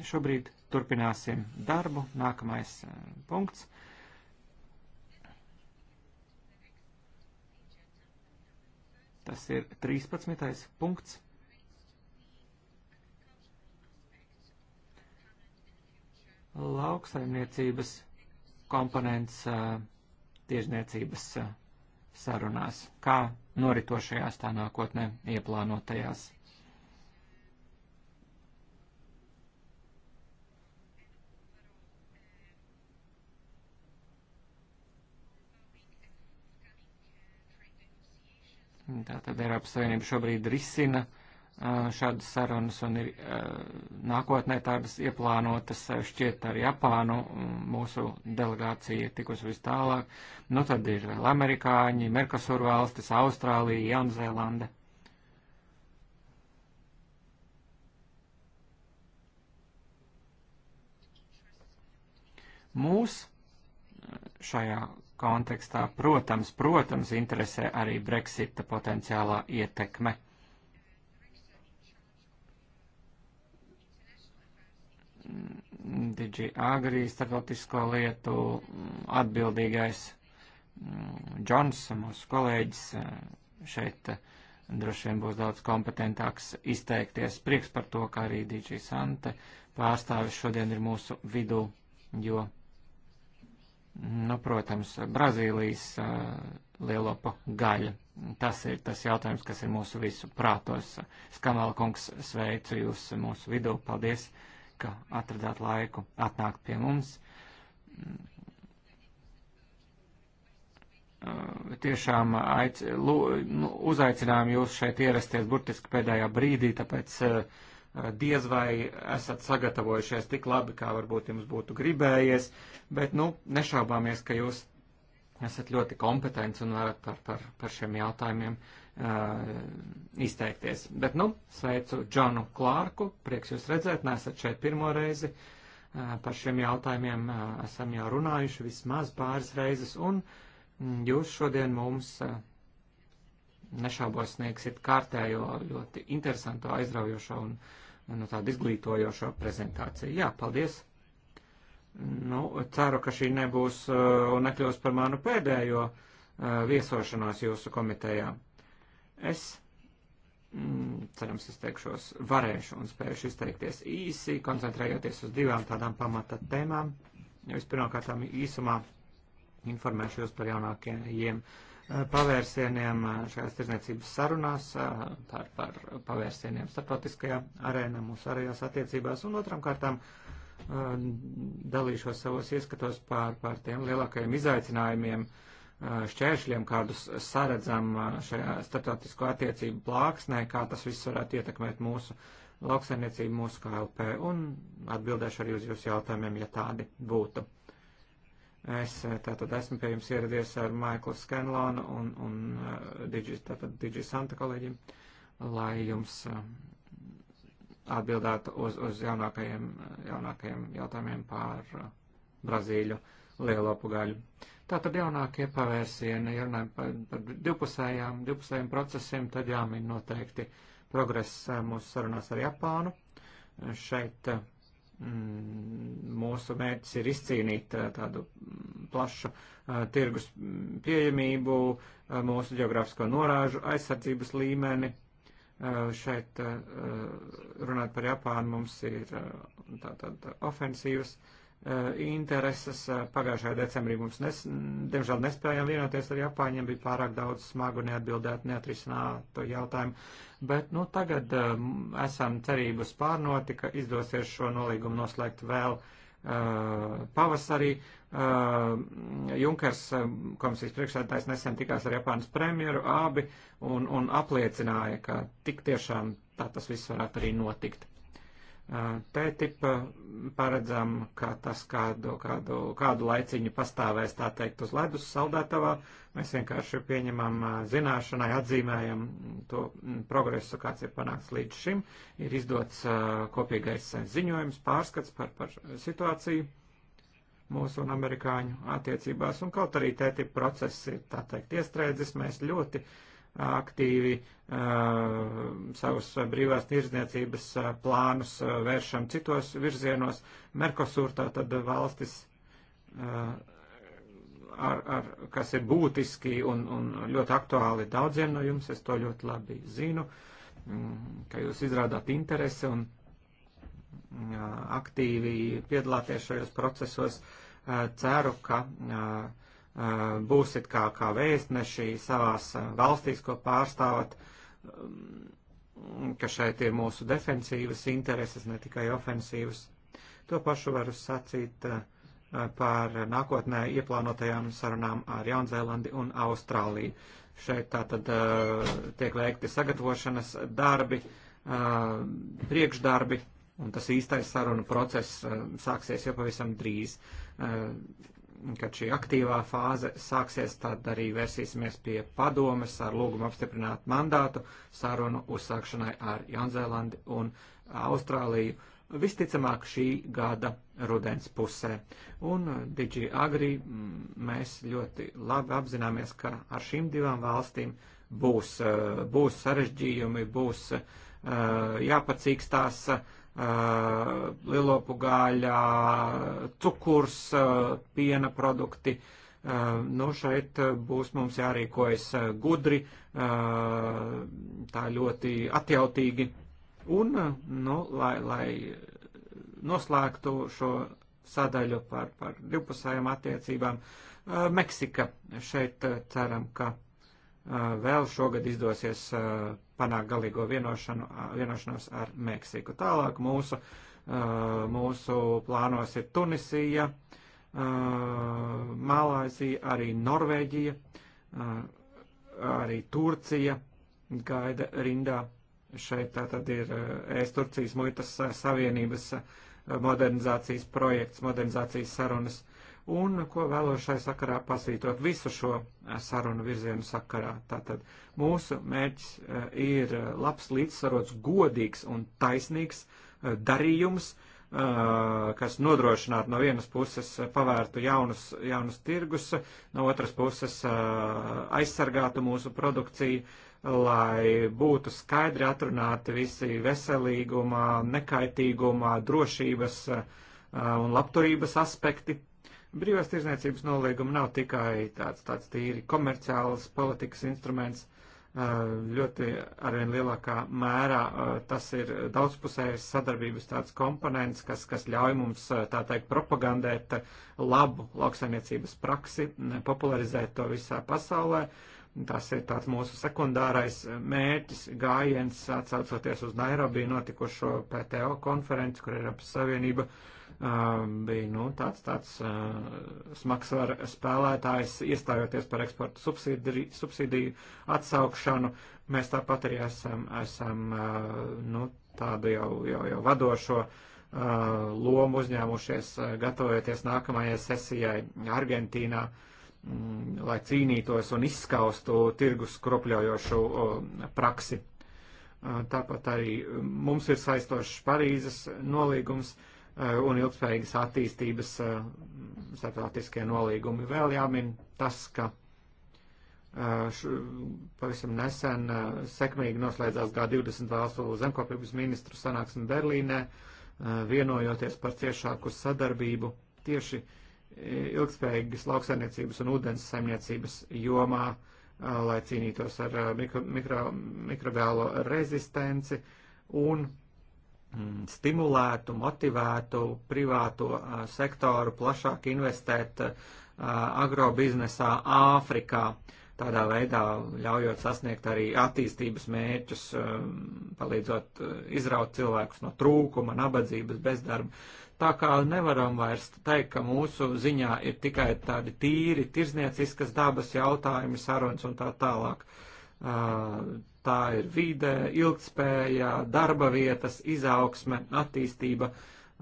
Šobrīd turpināsim darbu. Nākamais punkts. Tas ir 13. punkts. Lauksaimniecības komponents tiežniecības sarunās. Kā noritošajās tā nākotnē ieplānotajās. Tātad Eiropas Savienība šobrīd risina uh, šādas sarunas un ir nākotnē tādas ieplānotas šķiet ar Japānu. Mūsu delegācija tikus vis tālāk. Nu tad ir vēl amerikāņi, Merkasur valstis, Austrālija, Jaunzēlanda. Mūs šajā kontekstā, protams, protams, interesē arī Brexita potenciālā ietekme Digi Agri starptautisko lietu atbildīgais mm, Džons, mūsu kolēģis, eh, šeit eh, droši vien būs daudz kompetentāks izteikties. Prieks par to, ka arī Digi Sante pārstāvis šodien ir mūsu vidū, jo, nu, protams, Brazīlijas eh, lielopu gaļa. Tas ir tas jautājums, kas ir mūsu visu prātos. Skamala kungs, sveicu jūs mūsu vidū, paldies! Uh, ka atradāt laiku atnākt pie mums. Mm. Uh, tiešām aic, lū, nu, uzaicinājām jūs šeit ierasties burtiski pēdējā brīdī, tāpēc uh, diez vai esat sagatavojušies tik labi, kā varbūt jums būtu gribējies, bet nu, nešaubāmies, ka jūs esat ļoti kompetents un varat par, par, par šiem jautājumiem uh, Uh, izteikties. Bet, nu, sveicu Džonu Klārku, prieks jūs redzēt, nesat šeit pirmo reizi. Uh, par šiem jautājumiem uh, esam jau runājuši vismaz pāris reizes, un mm, jūs šodien mums nešaubos sniegsit kārtējo ļoti interesanto, aizraujošo un nu, tādu izglītojošo prezentāciju. Jā, paldies! Nu, ceru, ka šī nebūs un nekļūs par manu pēdējo viesošanos jūsu komitejā. Es mm, cerams, izteikšos, varēšu un spēšu izteikties īsi, koncentrējoties uz divām tādām pamata tēmām. Vispirmkārt, īsumā informēšu jūs par jaunākajiem eh, pavērsieniem eh, šajās tirzniecības sarunās, par, eh, par pavērsieniem starptautiskajā arēnā, mūsu arējās attiecībās, un otram kārtām dalīšos savos ieskatos par, par tiem lielākajiem izaicinājumiem, uh, šķēršļiem, kādus saredzam šajā starptautisko attiecību plāksnē, kā tas viss varētu ietekmēt mūsu lauksaimniecību, mūsu KLP, un atbildēšu arī uz jūsu jautājumiem, ja tādi būtu. Es tātad esmu pie jums ieradies ar Maiklu Skenlonu un, un Digi, tātad Digi Santa kolēģim, lai jums atbildētu uz, uz jaunākajiem, jaunākajiem jautājumiem par Brazīļu. Uh, lielopu gaļu. Tātad jaunākie pavērsieni, ja runājam par, par divpusējām, divpusējiem procesiem, tad jāmin noteikti progress eh, mūsu sarunās ar Japānu. Šeit eh, mm, mūsu mērķis ir izcīnīt eh, tādu mm, plašu tirgus mm, pieejamību, mūsu geogrāfisko norāžu aizsardzības līmeni. Šeit runāt par Japānu mums ir tātad tā, tā, ofensīvas. Tā, Eh, intereses. Eh, pagājušajā decembrī mums, nes, diemžēl, nespējām vienoties ar Japāņiem, bija pārāk daudz smagu neatbildētu, neatrisinātu jautājumu. Bet, nu, tagad um, esam cerības pārnoti, ka izdosies šo nolīgumu noslēgt vēl uh, pavasarī. Uh, Junkers, komisijas priekšsēdētājs, nesen tikās ar Japānas premjeru abi un, un apliecināja, ka tik tiešām tā tas viss varētu arī notikt. TTIP paredzam, ka tas kādu, kādu, kādu laiciņu pastāvēs, tā teikt, uz ledus saldētavā. Mēs vienkārši pieņemam zināšanai, atzīmējam to progresu, kāds ir panāks līdz šim. Ir izdots kopīgais ziņojums, pārskats par, par situāciju mūsu un amerikāņu attiecībās. Un kaut arī TTIP process ir, tā teikt, iestrēdzis, mēs ļoti uh, aktīvi savus brīvās tirzniecības plānus vēršam citos virzienos. Merkosur tātad valstis, ar, ar, kas ir būtiski un, un ļoti aktuāli daudziem no jums, es to ļoti labi zinu, mm, ka jūs izrādāt interesi un aktīvi piedalāties šajos procesos. Ceru, ka uh, būsit kā, kā vēstneši savās eh, valstīs, ko pārstāvat, um, ka šeit ir mūsu defensīvas intereses, ne tikai ofensīvas. To pašu varu sacīt eh, par nākotnē ieplānotajām sarunām ar Jaunzēlandi un Austrāliju. Šeit tātad eh, tiek veikti sagatavošanas darbi, priekšdarbi, un tas īstais sarunu process sāksies jau pavisam drīz kad šī aktīvā fāze sāksies, tad arī vērsīsimies pie padomes ar lūgumu apstiprināt mandātu sarunu uzsākšanai ar Jaunzēlandi un Austrāliju. Visticamāk šī gada rudens pusē. Un uh, Digi Agri mm, mēs ļoti labi apzināmies, ka ar šīm divām valstīm būs, uh, būs sarežģījumi, būs uh, jāpacīkstās Eh, lielopu gaļā, cukurs, eh, piena produkti. Eh, nu, šeit būs mums jārīkojas gudri, tā ļoti atjautīgi. Un, nu, lai, lai noslēgtu šo sadaļu par, par divpusējām attiecībām, Meksika šeit ceram, ka vēl šogad izdosies panākt galīgo vienošanos ar Meksiku. Tālāk mūsu, mūsu plānos ir Tunisija, Malāzija, arī Norvēģija, arī Turcija gaida rindā. Šeit tā tad ir Ēsturcijas muitas savienības modernizācijas projekts, modernizācijas sarunas. Uh, un ko vēlos šai sakarā pasvītot visu šo eh, sarunu virzienu sakarā. Tātad mūsu mērķis eh, ir eh, labs, līdzsvarots, godīgs un taisnīgs darījums, kas nodrošinātu no vienas puses pavērtu jaunus, jaunus tirgus, no otras puses aizsargātu mūsu produkciju, lai būtu skaidri atrunāti visi veselīgumā, nekaitīgumā, drošības un labturības aspekti Brīvās tirzniecības nolīguma nav tikai tāds, tāds tīri komerciāls politikas instruments, ļoti arvien lielākā mērā tas ir daudzpusējas sadarbības tāds komponents, kas, kas ļauj mums, tā teikt, propagandēt labu lauksaimniecības praksi, popularizēt to visā pasaulē. Tas ir tāds mūsu sekundārais mērķis, gājiens, atsaucoties uz Nairobi notikušo PTO konferenci, kur Eiropas Savienība uh, bija nu, tāds, tāds smagsvara spēlētājs, iestājoties par eksporta subsīdiju, subsīdiju atsaukšanu. Mēs tāpat arī esam, esam nu, tādu jau, jau, jau vadošo lomu uzņēmušies, gatavojoties nākamajai sesijai Argentīnā mm, lai cīnītos un izskaustu tirgus kropļojošu praksi. Tāpat arī mums ir saistošs Parīzes nolīgums, uh, Eh, un ilgspējīgas attīstības eh, starptautiskie nolīgumi. Vēl jāmin tas, ka eh, š, pavisam nesen sekmīgi noslēdzās G20 valstu zemkopības ministru sanāksme Berlīnē, vienojoties par ciešāku sadarbību tieši ilgspējīgas lauksaimniecības un ūdens saimniecības jomā, lai cīnītos ar mikro, mikro, mikrobiālo rezistenci un uh, Mm, stimulētu, motivētu privāto sektoru plašāk investēt agrobiznesā Āfrikā, tādā veidā ļaujot sasniegt arī attīstības mērķus, palīdzot izraut cilvēkus no trūkuma, nabadzības, bezdarba. Tā kā nevaram vairs teikt, ka mūsu ziņā ir tikai tādi tīri tirznieciskas dabas jautājumi, sarunas un tā tālāk. Uh, tā ir vide, ilgspēja, darba vietas, izaugsme, attīstība.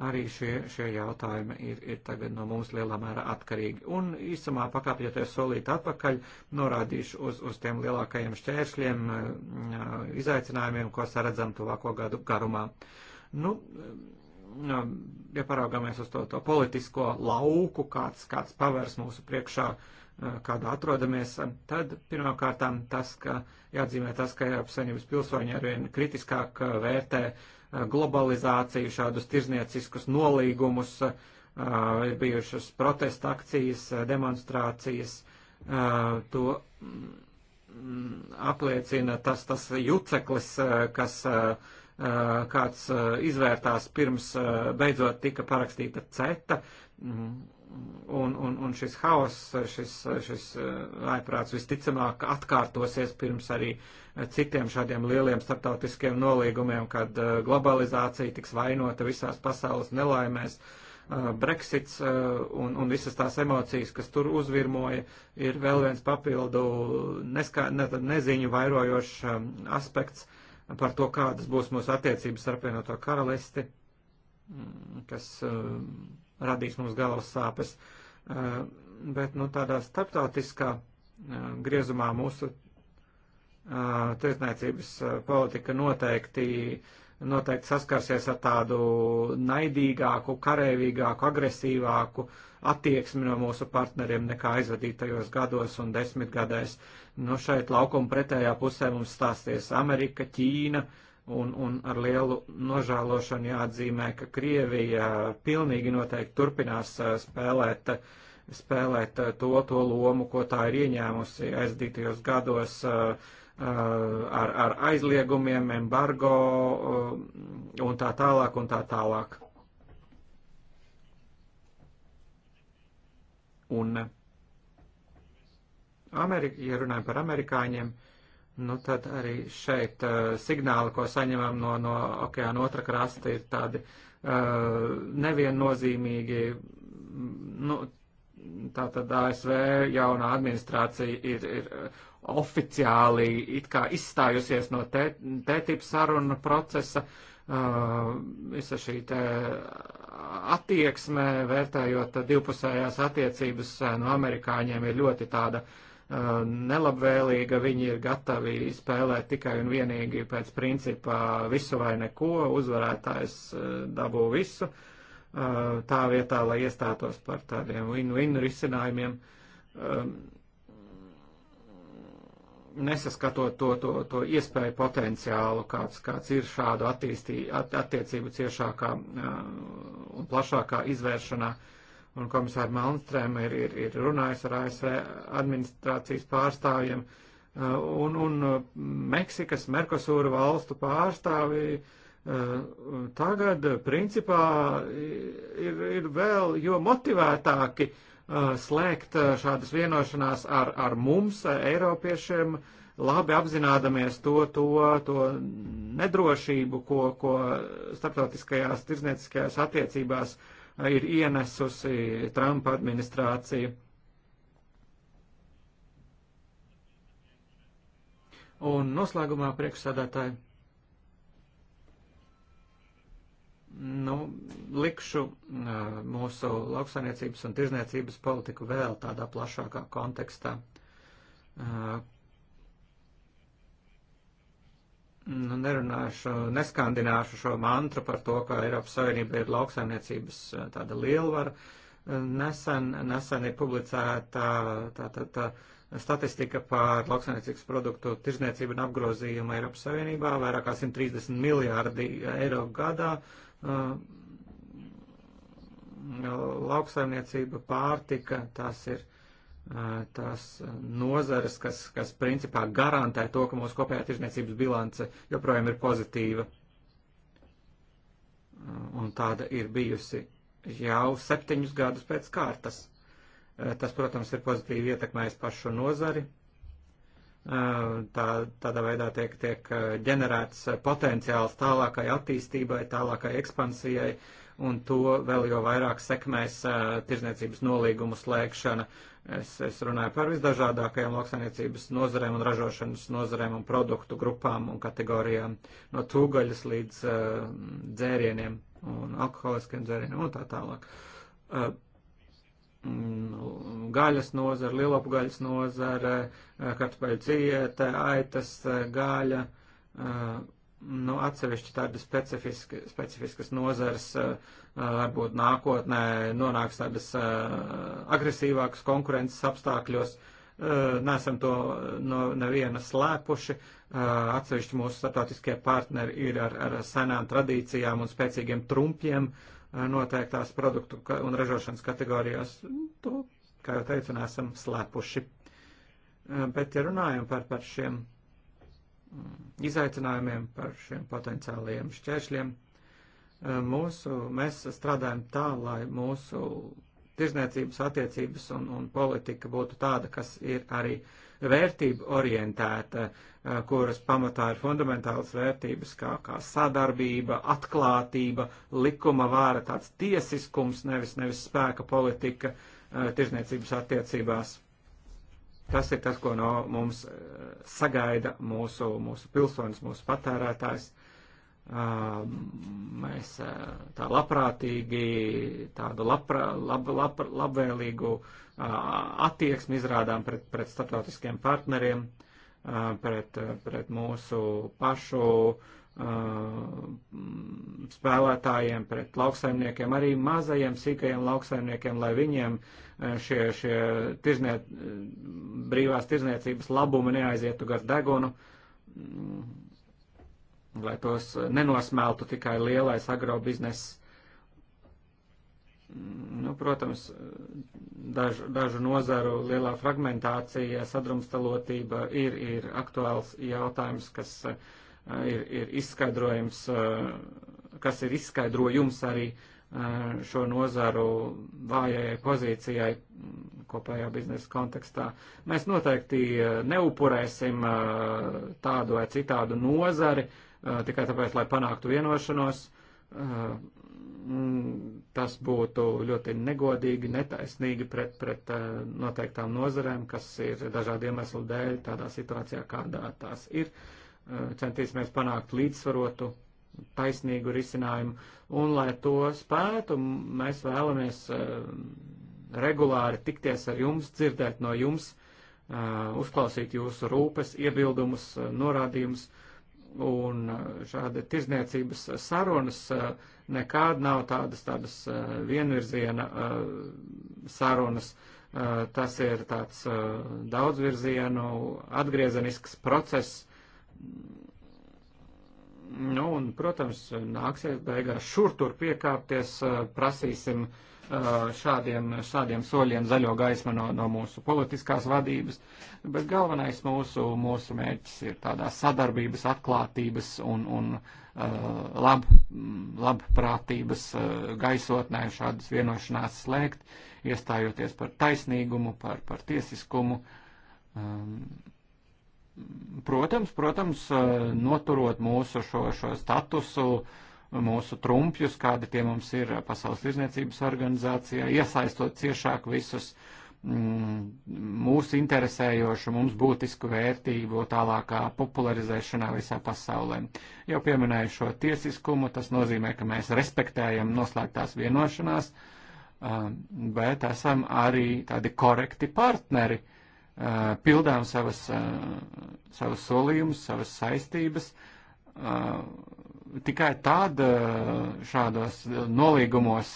Arī šie, šie jautājumi ir, ir tagad no mums lielā mērā atkarīgi. Un īsumā pakāpjoties solīt atpakaļ, norādīšu uz, uz tiem lielākajiem šķēršļiem, mm, izaicinājumiem, ko saredzam tuvāko gadu garumā. Nu, mm, ja paraugāmies uz to, to politisko lauku, kāds, kāds pavērs mūsu priekšā, uh, Eh, kādā atrodamies, tad pirmkārtām tas, ka jāatzīmē tas, ka Eiropas Savienības pilsoņi arvien kritiskāk eh, vērtē eh, globalizāciju, šādus tirznieciskus nolīgumus, ir bijušas protesta akcijas, demonstrācijas, to mm, apliecina tas, tas juceklis, kas kāds izvērtās pirms beidzot tika parakstīta ceta, mm, un, un, un šis haoss, šis, šis vaiprāts eh, visticamāk atkārtosies pirms arī eh, citiem šādiem lieliem starptautiskiem nolīgumiem, kad eh, globalizācija tiks vainota visās pasaules nelaimēs. Brexits un, un visas tās emocijas, kas tur uzvirmoja, ir vēl viens papildu neskā, ne, neziņu vairojošs aspekts par to, kādas būs mūsu attiecības ar apvienoto karalisti, mm, kas radīs mums galvas sāpes. Eh, bet nu, tādā starptautiskā eh, griezumā mūsu eh, tirsniecības politika noteikti, noteikti saskarsies ar tādu naidīgāku, karēvīgāku, agresīvāku attieksmi no mūsu partneriem nekā aizvadītajos gados un desmitgadēs. Nu, šeit laukuma pretējā pusē mums stāsties Amerika, Ķīna, uh, Un, un ar lielu nožēlošanu jāatzīmē, ka Krievija pilnīgi noteikti turpinās uh, spēlēt, uh, spēlēt uh, to, to lomu, ko tā ir ieņēmusi aizdītajos gados ar, ar aizliegumiem, embargo un tā tālāk un tā tālāk. Un Amerika, ja runājam par amerikāņiem, Nu, tad arī šeit uh, signāli, ko saņemam no, no okeāna otra krasta, ir tādi uh, neviennozīmīgi. Nu, tā tad ASV jaunā administrācija ir, ir uh, oficiāli it kā izstājusies no TTIP saruna procesa. Uh, visa šī te attieksme, vērtējot divpusējās attiecības uh, no amerikāņiem, ir ļoti tāda uh, Eh, nelabvēlīga, viņi ir gatavi spēlēt tikai un vienīgi pēc principa visu vai neko, uzvarētājs eh, dabū visu, eh, tā vietā, lai iestātos par tādiem win-win risinājumiem, nesaskatot to, to, to iespēju potenciālu, kāds, kāds ir šādu attīstī, att, attiecību ciešākā un plašākā izvēršanā. Uh, un komisāra Malmstrēma ir, ir, ir runājusi ar ASV administrācijas pārstāvjiem, uh, un, un uh, Meksikas, Merkosūra valstu pārstāvji uh, tagad principā ir, ir vēl jo motivētāki slēgt šādas vienošanās ar, ar mums, Eiropiešiem, labi apzinādamies to, to, to nedrošību, ko, ko starptautiskajās tirznieciskajās attiecībās uh, ir ienesusi Trumpa administrācija. Un noslēgumā priekšsādātāji, nu, likšu mūsu lauksainiecības un tirzniecības politiku vēl tādā plašākā kontekstā Nu, nerunāšu, neskandināšu šo mantru par to, ka Eiropas Savienība ir lauksaimniecības eh, tāda lielvara. Eh, nesen, nesen ir publicēta tā, tā, tā, statistika par lauksaimniecības produktu tirzniecību un apgrozījumu Eiropas Savienībā - vairāk kā 130 miljārdi eiro gadā. Eh, lauksaimniecība, pārtika, tās ir tās nozares, kas, kas principā garantē to, ka mūsu kopējā tirzniecības bilance joprojām ir pozitīva. Un tāda ir bijusi jau septiņus gadus pēc kārtas. Tas, protams, ir pozitīvi ietekmējis pašu nozari. Tā, tādā veidā tiek, tiek ģenerēts potenciāls tālākai attīstībai, tālākai ekspansijai, uh, un to vēl jo vairāk sekmēs tirzniecības nolīgumu slēgšana. Es, es runāju par visdažādākajām lauksainiecības nozarēm un ražošanas nozarēm un produktu grupām un kategorijām, no tūgaļas līdz uh, dzērieniem un alkoholiskiem dzērieniem un tā tālāk. Uh, gaļas nozara, lielopu gaļas nozara, kartupeļu cieta, aitas, gaļa, nu, atsevišķi tādi specifiski, specifiskas nozars eh, eh, varbūt nākotnē nonāks tādas eh, agresīvākas konkurences apstākļos. Nesam to no neviena slēpuši. Atsevišķi mūsu starptautiskie partneri ir ar, ar senām tradīcijām un spēcīgiem trumpiem noteiktās produktu un ražošanas kategorijās. To, kā jau teicu, nesam slēpuši. Bet, ja runājam par, par šiem izaicinājumiem, par šiem potenciālajiem šķēršļiem. Eh, mūsu, mēs strādājam tā, lai mūsu tirzniecības attiecības un, un politika būtu tāda, kas ir arī vērtību orientēta, eh, kuras pamatā ir fundamentālas vērtības kā, kā sadarbība, atklātība, likuma vāra, tāds tiesiskums, nevis, nevis spēka politika eh, tirzniecības attiecībās. Tas ir tas, ko no mums eh, sagaida mūsu, mūsu pilsonis, mūsu patērētājs. Mēs eh, tā labprātīgi, tādu labprā, lab, lab, labvēlīgu attieksmi izrādām pret, pret starptautiskiem partneriem, pret, pret mūsu pašu spēlētājiem, pret lauksaimniekiem, arī mazajiem, sīkajiem lauksaimniekiem, lai viņiem uh, šie, šie tirzniet, brīvās tirzniecības labumi neaizietu gar degunu, mm, lai tos nenosmeltu tikai lielais agrobizness. Mm, nu, protams, dažu, dažu nozaru lielā fragmentācija, sadrumstalotība ir, ir aktuāls jautājums, kas eh, ir, ir izskaidrojums, eh, kas ir izskaidrojums arī uh, Eh, šo nozaru vājajai pozīcijai kopējā biznesa kontekstā. Mēs noteikti eh, neupurēsim eh, tādu vai citādu nozari tikai tāpēc, lai panāktu vienošanos. Tas būtu ļoti negodīgi, netaisnīgi pret, pret noteiktām nozarēm, kas ir dažādu iemeslu dēļ tādā situācijā, kādā tās ir. Centīsimies panākt līdzsvarotu taisnīgu risinājumu. Un, lai to spētu, mēs vēlamies eh, regulāri tikties ar jums, dzirdēt no jums, eh, uzklausīt jūsu rūpes, iebildumus, eh, norādījumus. Un šāda tirzniecības sarunas nekād nav tādas, tādas vienvirziena sarunas. Tas ir tāds daudzvirzienu atgriezenisks process, Nu, un, protams, nāksies beigās šur tur piekāpties, prasīsim šādiem, šādiem soļiem zaļo gaismu no, no mūsu politiskās vadības, bet galvenais mūsu, mūsu mērķis ir tādā sadarbības, atklātības un, un lab, labprātības gaisotnē šādas vienošanās slēgt, iestājoties par taisnīgumu, par, par tiesiskumu. Um, Protams, protams, noturot mūsu šo, šo statusu, mūsu trumpjus, kādi tie mums ir Pasaules tirzniecības organizācijā, iesaistot ciešāk visus mm, mūsu interesējošu, mums būtisku vērtību tālākā popularizēšanā visā pasaulē. Jau pieminēju šo tiesiskumu, tas nozīmē, ka mēs respektējam noslēgtās vienošanās, bet esam arī tādi korekti partneri pildām savas, savas solījumus, savas saistības. Tikai tad šādos nolīgumos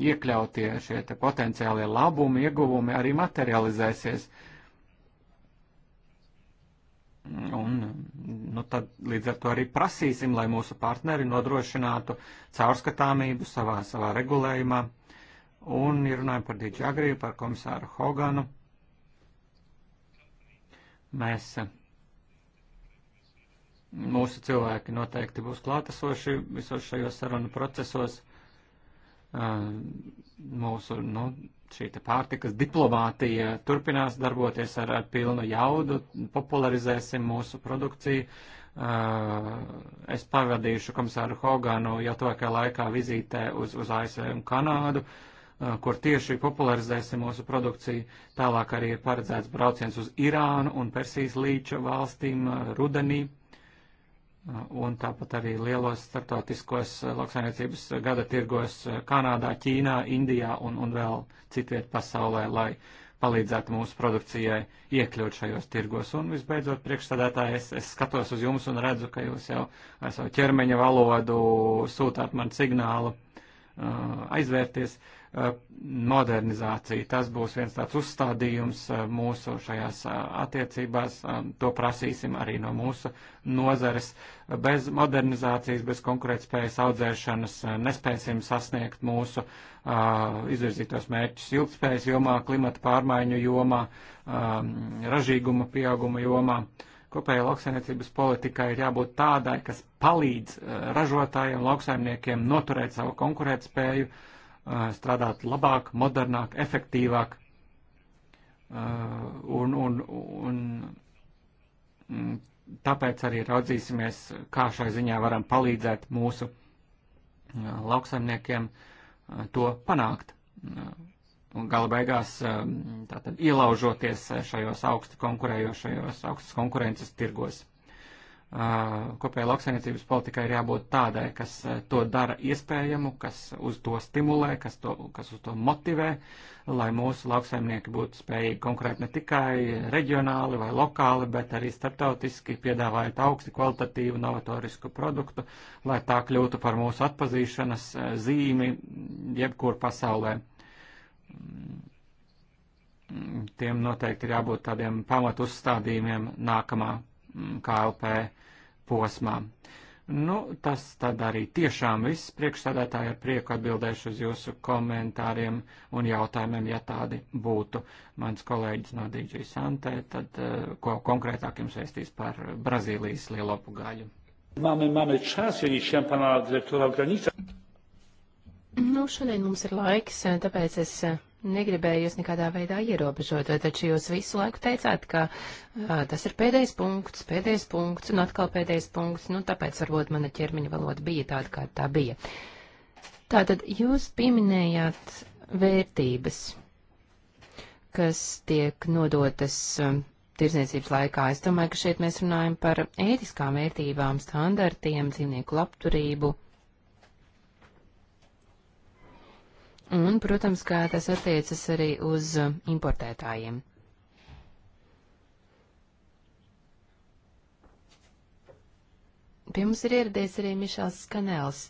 iekļautie šie potenciālie labumi, ieguvumi arī materializēsies. Un, nu, tad līdz ar to arī prasīsim, lai mūsu partneri nodrošinātu caurskatāmību savā, savā regulējumā. Un, ja runājam par Dīdžagriju, par komisāru Hoganu, Mēs, mūsu cilvēki noteikti būs klātesoši visos šajos sarunu procesos. Mūsu, nu, šī pārtikas diplomātija turpinās darboties ar, ar pilnu jaudu, popularizēsim mūsu produkciju. Es pavadīšu komisāru Hoganu jau tuvākajā laikā vizītē uz, uz ASV un Kanādu. Uh, Uh, kur tieši popularizēsim mūsu produkciju. Tālāk arī ir paredzēts brauciens uz Irānu un Persijas līča valstīm uh, rudenī. Uh, un tāpat arī lielos startautiskos lauksainiecības gada tirgos Kanādā, Ķīnā, Indijā un, un vēl citviet pasaulē, lai palīdzētu mūsu produkcijai iekļūt šajos tirgos. Un visbeidzot, priekšstādātāji, es, es skatos uz jums un redzu, ka jūs jau ar savu ķermeņa valodu sūtāt man signālu aizvērties. Uh, Eh, modernizāciju. Tas būs viens tāds uzstādījums eh, mūsu šajās eh, attiecībās. To prasīsim arī no mūsu nozares. Bez modernizācijas, bez konkurētspējas audzēšanas nespēsim sasniegt mūsu izvirzītos mērķus ilgspējas jomā, klimata pārmaiņu jomā, ražīguma pieauguma jomā kopējai lauksaimniecības politikai ir jābūt tādai, kas palīdz ražotājiem, lauksaimniekiem noturēt savu konkurētspēju, uh, strādāt labāk, modernāk, efektīvāk. Un, un, un tāpēc arī raudzīsimies, kā šai ziņā varam palīdzēt mūsu lauksaimniekiem to panākt. Un gala beigās tātad ielaužoties šajos augstu konkurējošajos, augstas konkurences tirgos kopējai lauksainiecības politikai ir jābūt tādai, kas to dara iespējamu, kas uz to stimulē, kas, to, kas uz to motivē, lai mūsu lauksaimnieki būtu spējīgi konkurēt ne tikai reģionāli vai lokāli, bet arī starptautiski piedāvājot augsti kvalitatīvu novatorisku produktu, lai tā kļūtu par mūsu atpazīšanas zīmi jebkur pasaulē tiem noteikti ir jābūt tādiem pamatu uzstādījumiem nākamā KLP posmā. Nu, tas tad arī tiešām viss. Priekšsādātāji ar prieku atbildēšu uz jūsu komentāriem un jautājumiem, ja tādi būtu. Mans kolēģis no DJ Santē, tad eh, ko konkrētāk jums vēstīs par Brazīlijas lielopu gaļu. Mamy, mamy čas, ja nišķiem panā direktora granica. Nu, šodien mums ir laiks, eh, tāpēc es eh, negribēju jūs nekādā veidā ierobežot, taču jūs visu laiku teicāt, ka uh, tas ir pēdējais punkts, pēdējais punkts un atkal pēdējais punkts, nu tāpēc varbūt mana ķermeņa valoda bija tāda, kā tā bija. Tātad jūs pieminējāt vērtības, kas tiek nodotas uh, tirdzniecības laikā. Es domāju, ka šeit mēs runājam par ētiskām vērtībām, standartiem, dzīvnieku labturību Un, protams, kā tas attiecas arī uz uh, importētājiem. Pie mums ir ieradies arī Mišels Skanēls.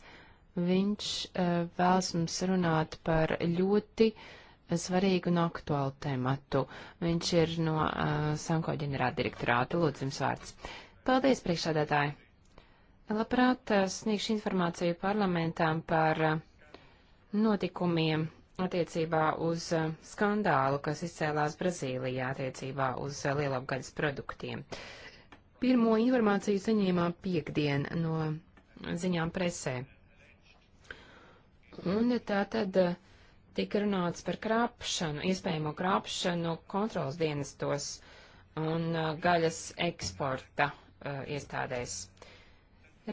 Viņš uh, vēlas mums runāt par ļoti uh, svarīgu un aktuālu tematu. Viņš ir no uh, Sanko ģenerāldirektorāta. Lūdzu, jums vārds. Paldies, priekšādātāji! Labprāt uh, sniegšu informāciju parlamentām par uh, notikumiem attiecībā uz eh, skandālu, kas izcēlās Brazīlijā attiecībā uz eh, lielapgaļas produktiem. Pirmo informāciju saņēmām piekdien no ziņām presē. Un tā tad eh, tika runāts par krāpšanu, iespējamo krāpšanu kontrols dienestos un gaļas eksporta uh, iestādēs.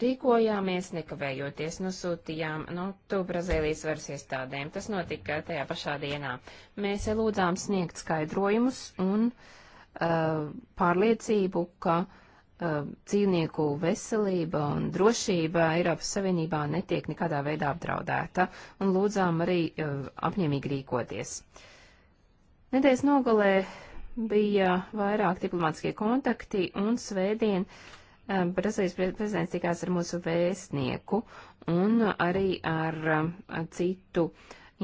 Rīkojāmies nekavējoties, nosūtījām notu nu, Brazīlijas varas iestādēm. Tas notika tajā pašā dienā. Mēs lūdzām sniegt skaidrojumus un uh, pārliecību, ka uh, dzīvnieku veselība un drošība Eiropas Savienībā netiek nekādā veidā apdraudēta, un lūdzām arī uh, apņēmīgi rīkoties. Nedēļas nogalē bija vairāk diplomātiskie kontakti, un svētdien uh, Ehm, Brazīlijas prezidents tikās ar mūsu vēstnieku un arī ar ehm, citu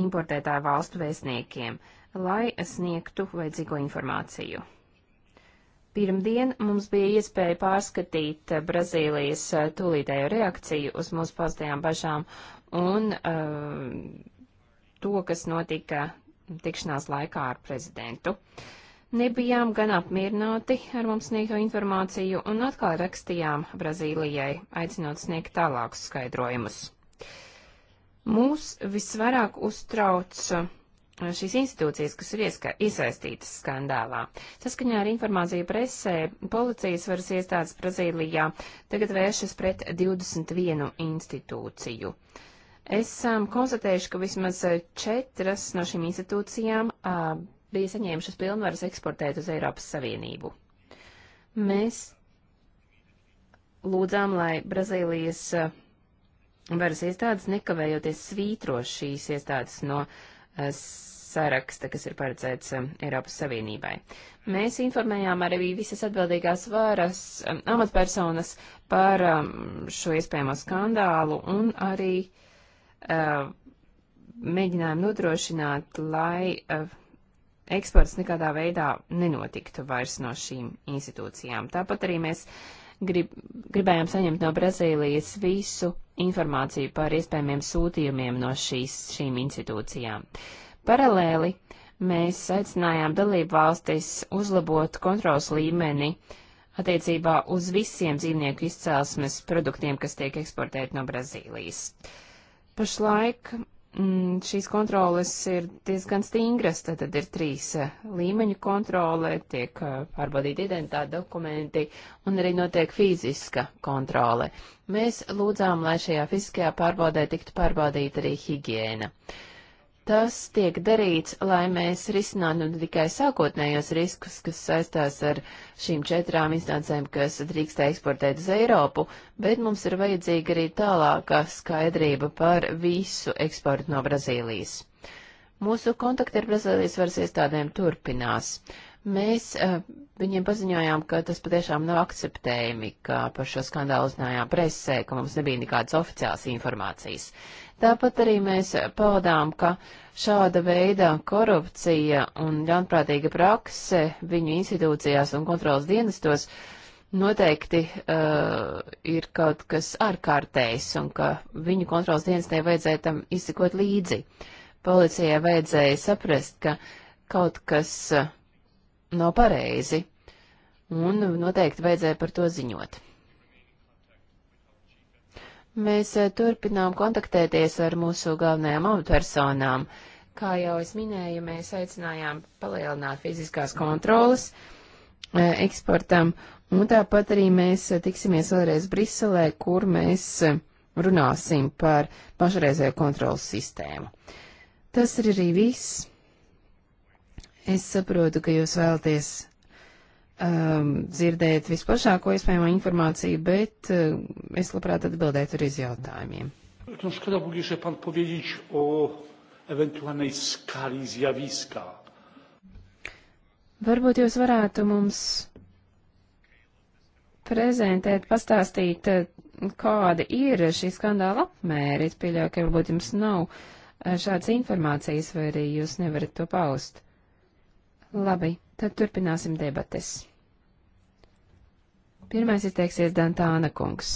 importētāju valstu vēstniekiem, lai sniegtu vajadzīgo informāciju. Pirmdien mums bija iespēja pārskatīt eh, Brazīlijas eh, tūlītējo reakciju uz mūsu paustajām bažām un uh, to, kas notika tikšanās laikā ar prezidentu. Uh, nebijām gan apmierināti ar mums sniegto informāciju un atkal rakstījām Brazīlijai, aicinot sniegt tālākus skaidrojumus. Mūs visvairāk uztrauc uh, šīs institūcijas, kas ir ieska, iesaistītas skandālā. Saskaņā ar informāciju presē, policijas varas iestādes Brazīlijā tagad vēršas pret 21 institūciju. Esam konstatējuši, ka vismaz četras no šīm institūcijām uh, bija saņēmušas pilnvaras eksportēt uz Eiropas Savienību. Mēs lūdzām, lai Brazīlijas uh, varas iestādes nekavējoties svītro šīs iestādes no uh, saraksta, kas ir paredzēts um, Eiropas Savienībai. Mēs informējām arī visas atbildīgās varas um, amatpersonas par um, šo iespējamo skandālu un arī uh, mēģinājām nodrošināt, lai eksports nekādā veidā nenotiktu vairs no šīm institūcijām. Tāpat arī mēs grib, gribējām saņemt no Brazīlijas visu informāciju par iespējamiem sūtījumiem no šīs, šīm institūcijām. Paralēli mēs aicinājām dalību valstis uzlabot kontrols līmeni attiecībā uz visiem dzīvnieku izcelsmes produktiem, kas tiek eksportēti no Brazīlijas. Pašlaik mm, šīs kontroles ir diezgan stingras, tad, tad ir trīs eh, līmeņu kontrole, tiek eh, pārbaudīti identitāti dokumenti un arī notiek fiziska kontrole. Mēs lūdzām, lai šajā fiziskajā pārbaudē tiktu pārbaudīta arī higiēna. Uh, Tas tiek darīts, lai mēs risinātu ne tikai sākotnējos riskus, kas saistās ar šīm četrām instancēm, kas drīkstē eksportēt uz Eiropu, bet mums ir vajadzīga arī tālākā skaidrība par visu eksportu no Brazīlijas. Mūsu kontakti ar Brazīlijas varas iestādēm turpinās. Mēs uh, viņiem paziņojām, ka tas patiešām nav akceptējami, ka par šo skandālu uzzinājām presē, ka mums nebija nekādas oficiālas informācijas. Tāpat arī mēs paudām, ka šāda veida korupcija un ļaunprātīga prakse viņu institūcijās un kontrolas dienestos noteikti uh, ir kaut kas ārkārtējs un ka viņu kontrolas dienestē vajadzēja tam izsekot līdzi. Policijai vajadzēja saprast, ka kaut kas uh, nav pareizi un noteikti vajadzēja par to ziņot. Mēs eh, turpinām kontaktēties ar mūsu galvenajām amatpersonām. Kā jau es minēju, mēs aicinājām palielināt fiziskās kontrolas eh, eksportam, un tāpat arī mēs eh, tiksimies vēlreiz Briselē, kur mēs runāsim par pašreizējo kontrolas sistēmu. Tas ir arī viss. Es saprotu, ka jūs vēlaties um, dzirdēt visplašāko iespējamo informāciju, bet uh, es labprāt atbildētu arī uz jautājumiem. No škoda byłoby jeszcze Pan powiedzieć o ewentualnej skali zjawiska. Varbūt jūs varētu mums prezentēt, pastāstīt, uh, kāda ir šī skandāla apmēri. Es pieļauju, ka varbūt jums nav uh, šādas informācijas, vai arī jūs nevarat to paust. Labi, tad turpināsim debates. Pirmais izteiksies Dantāna kungs.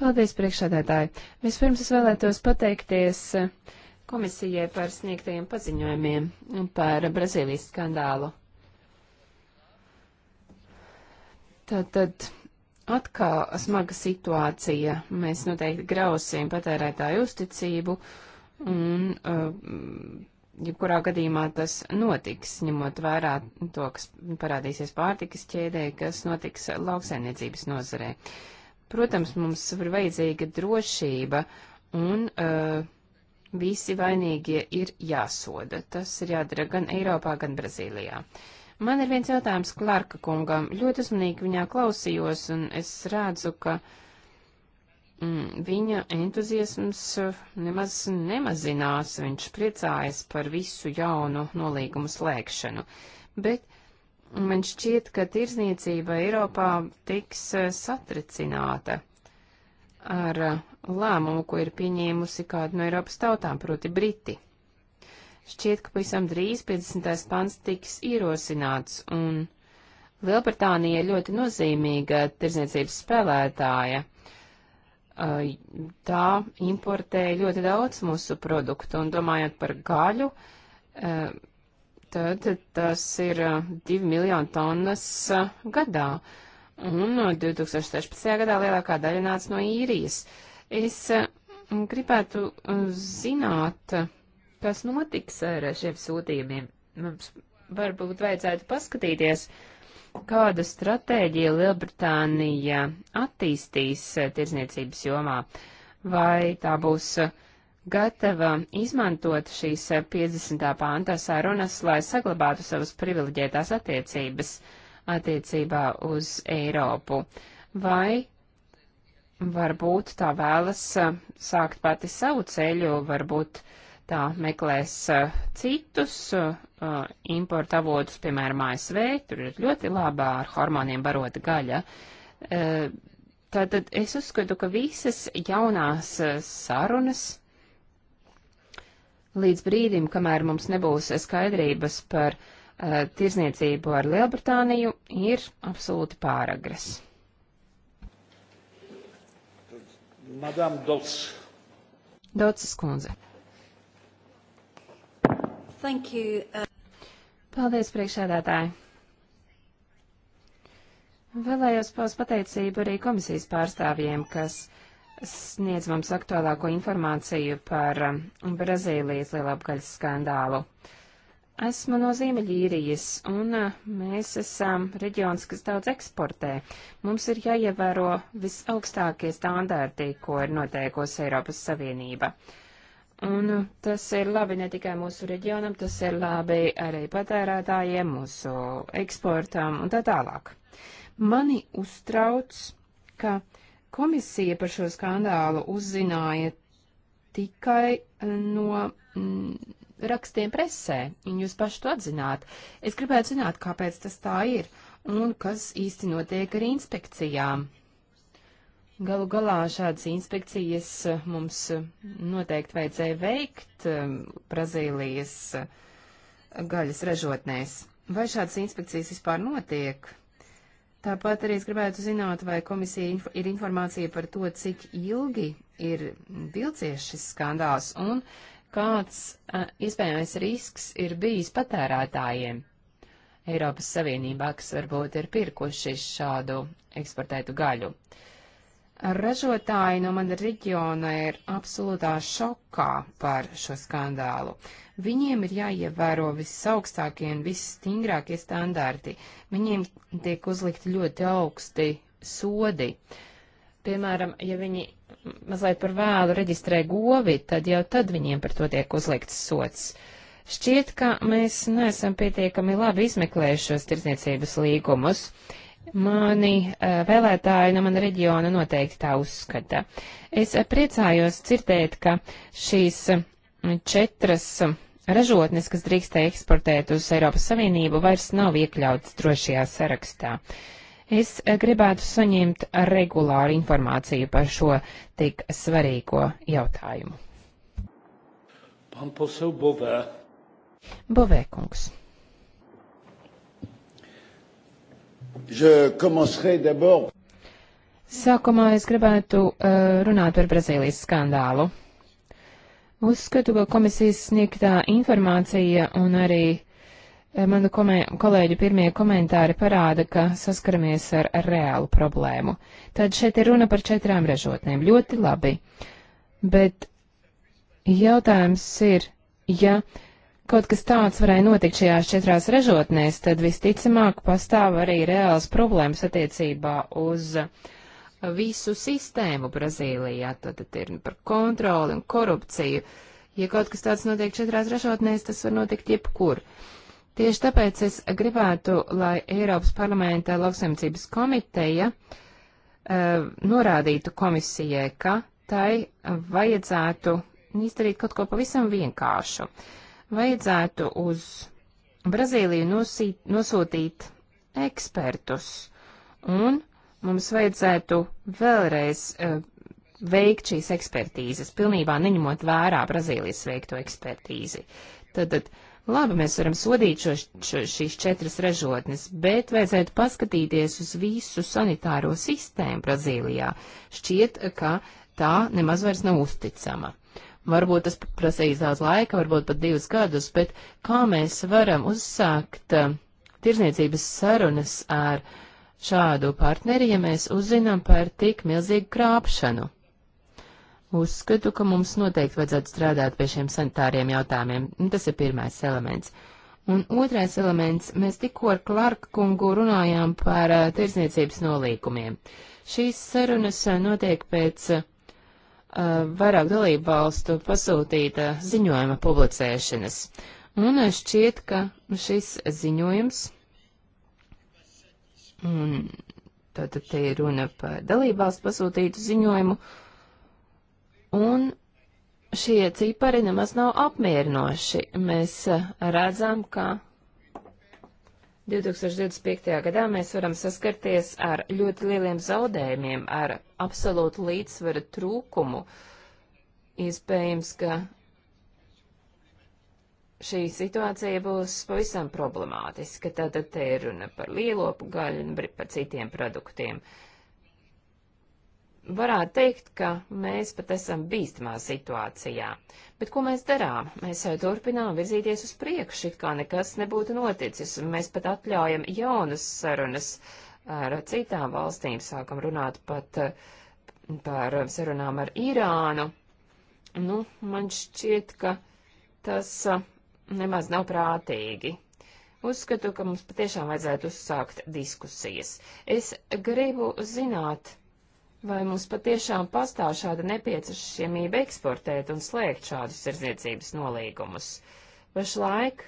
Paldies, priekšsēdētāji. Vispirms es vēlētos pateikties eh, komisijai par sniegtajiem paziņojumiem par Brazīlijas skandālu. Tātad atkal smaga situācija. Mēs noteikti grausim patērētāju uzticību un uh, jebkurā gadījumā tas notiks, ņemot vērā to, kas parādīsies pārtikas ķēdē, kas notiks lauksainiecības nozarē. Protams, mums ir vajadzīga drošība un uh, visi vainīgie ir jāsoda. Tas ir jādara gan Eiropā, gan Brazīlijā. Man ir viens jautājums Klarka kungam. Ļoti uzmanīgi viņā klausījos un es redzu, ka uh, Mm, viņa entuziasms eh, nemaz nemazinās, viņš priecājas par visu jaunu nolīgumu slēgšanu. Bet man šķiet, ka tirzniecība Eiropā tiks eh, satricināta ar eh, lēmumu, ko ir pieņēmusi kāda no Eiropas tautām, proti Briti. Šķiet, ka pavisam drīz 50. pants tiks ierosināts, un Lielbritānija ir ļoti nozīmīga tirzniecības spēlētāja tā importē ļoti daudz mūsu produktu, un domājot par gaļu, e, tad tas ir 2 miljonu tonnas e, gadā, un 2016. gadā lielākā daļa nāca no īrijas. Es e, gribētu zināt, kas notiks ar šiem sūtījumiem. Mums varbūt vajadzētu paskatīties, uh, kāda stratēģija Lielbritānija attīstīs eh, tirzniecības jomā, vai tā būs eh, gatava izmantot šīs 50. Eh, pāntā sarunas, lai saglabātu savas privileģētās attiecības attiecībā uz Eiropu, vai varbūt tā vēlas sākt pati savu ceļu, varbūt tā meklēs citus uh, importa avotus, piemēram, ASV, tur ir ļoti labā ar hormoniem barota gaļa. Uh, tātad es uzskatu, ka visas jaunās uh, sarunas līdz brīdim, kamēr mums nebūs skaidrības par uh, tirzniecību ar Lielbritāniju, ir absolūti pāragras. Madame Dots. Dots skundze. Thank you. Uh, Paldies, priekšsēdētāji. Vēlējos paust pateicību arī komisijas pārstāvjiem, kas sniedz mums aktuālāko informāciju par um, Brazīlijas lielapgaļas skandālu. Esmu no Ziemeļīrijas, un uh, mēs esam reģions, kas daudz eksportē. Mums ir jāievēro visaugstākie standārti, ko ir noteikusi Eiropas Savienība. Uh, Un uh, tas ir labi ne tikai mūsu reģionam, tas ir labi arī patērētājiem, mūsu eksportam un tā tālāk. Mani uztrauc, ka komisija par šo skandālu uzzināja tikai uh, no mm, rakstiem presē, un jūs paši to atzināt. Es gribētu zināt, kāpēc tas tā ir, un kas īsti notiek ar inspekcijām. Galu galā šādas inspekcijas eh, mums eh, noteikti vajadzēja veikt eh, Brazīlijas gaļas ražotnēs. Vai šādas inspekcijas vispār notiek? Tāpat arī es gribētu zināt, vai komisija inf ir informācija par to, cik ilgi ir vilcies šis skandāls un kāds a, iespējamais risks ir bijis patērētājiem Eiropas Savienībā, kas varbūt ir pirkuši šādu eksportētu gaļu. Uh, Ražotāji no mana reģiona ir absolūtā šokā par šo skandālu. Viņiem ir jāievēro visaugstākie un visstingrākie standarti. Viņiem tiek uzlikti ļoti augsti sodi. Piemēram, ja viņi mazliet par vēlu reģistrē govi, tad jau tad viņiem par to tiek uzlikts sots. Šķiet, ka mēs neesam pietiekami labi izmeklējuši šos tirdzniecības līgumus. Uh, Mani eh, vēlētāji no mana reģiona noteikti tā uzskata. Es eh, priecājos dzirdēt, ka šīs mm, četras mm, ražotnes, kas drīkstēja eksportēt uz Eiropas Savienību, vairs nav iekļautas drošajā sarakstā. Es eh, gribētu saņemt regulāru informāciju par šo tik svarīgo jautājumu. Bovē kungs. Sākumā es gribētu uh, runāt par Brazīlijas skandālu. Uzskatu, ka komisijas sniegtā informācija un arī uh, manu komē, kolēģu pirmie komentāri parāda, ka saskaramies ar, ar reālu problēmu. Tad šeit ir runa par četrām ražotnēm. Ļoti labi. Bet jautājums ir, ja kaut kas tāds varēja notikt šajās četrās ražotnēs, tad visticamāk pastāv arī reāls problēmas attiecībā uz visu sistēmu Brazīlijā. Tad ir par kontroli un korupciju. Ja kaut kas tāds notiek četrās ražotnēs, tas var notikt jebkur. Tieši tāpēc es gribētu, lai Eiropas parlamenta lauksaimniecības komiteja uh, norādītu komisijai, ka tai vajadzētu izdarīt kaut ko pavisam vienkāršu. Uh, vajadzētu uz Brazīliju nosīt, nosūtīt ekspertus, un mums vajadzētu vēlreiz uh, veikt šīs ekspertīzes, pilnībā neņemot vērā Brazīlijas veikto ekspertīzi. Tad, tad Labi, mēs varam sodīt šo, šo, šīs četras ražotnes, bet vajadzētu paskatīties uz visu sanitāro sistēmu Brazīlijā. Šķiet, ka tā nemaz vairs nav uzticama. Varbūt tas prasīs daudz laika, varbūt pat divus gadus, bet kā mēs varam uzsākt uh, tirzniecības sarunas ar šādu partneri, ja mēs uzzinām par tik milzīgu krāpšanu? Uzskatu, ka mums noteikti vajadzētu strādāt pie šiem sanitāriem jautājumiem. Tas ir pirmais elements. Un otrais elements, mēs tikko ar Klarku kungu runājām par uh, tirzniecības nolīkumiem. Šīs sarunas uh, notiek pēc uh, Uh, vairāk dalībvalstu pasūtīta ziņojuma publicēšanas. Un uh, šķiet, ka šis ziņojums, un tātad te ir runa par dalībvalstu pasūtītu ziņojumu, un šie cipari nemaz nav apmierinoši. Mēs uh, redzam, ka 2025. gadā mēs varam saskarties ar ļoti lieliem zaudējumiem, ar absolūtu līdzsvara trūkumu. Iespējams, ka šī situācija būs pavisam problemātiska. Tātad te ir runa par lielopu gaļu un nu, par citiem produktiem. Uh, varētu teikt, ka mēs pat esam bīstamā situācijā. Bet ko mēs darām? Mēs jau turpinām virzīties uz priekšu, it kā nekas nebūtu noticis, un mēs pat atļaujam jaunas sarunas ar citām valstīm, sākam runāt pat eh, par sarunām ar Irānu. Nu, man šķiet, ka tas eh, nemaz nav prātīgi. Uzskatu, ka mums patiešām vajadzētu uzsākt diskusijas. Es gribu zināt, Vai mums patiešām pastāv šāda nepieciešamība eksportēt un slēgt šādus tirdzniecības nolīgumus? Pašlaik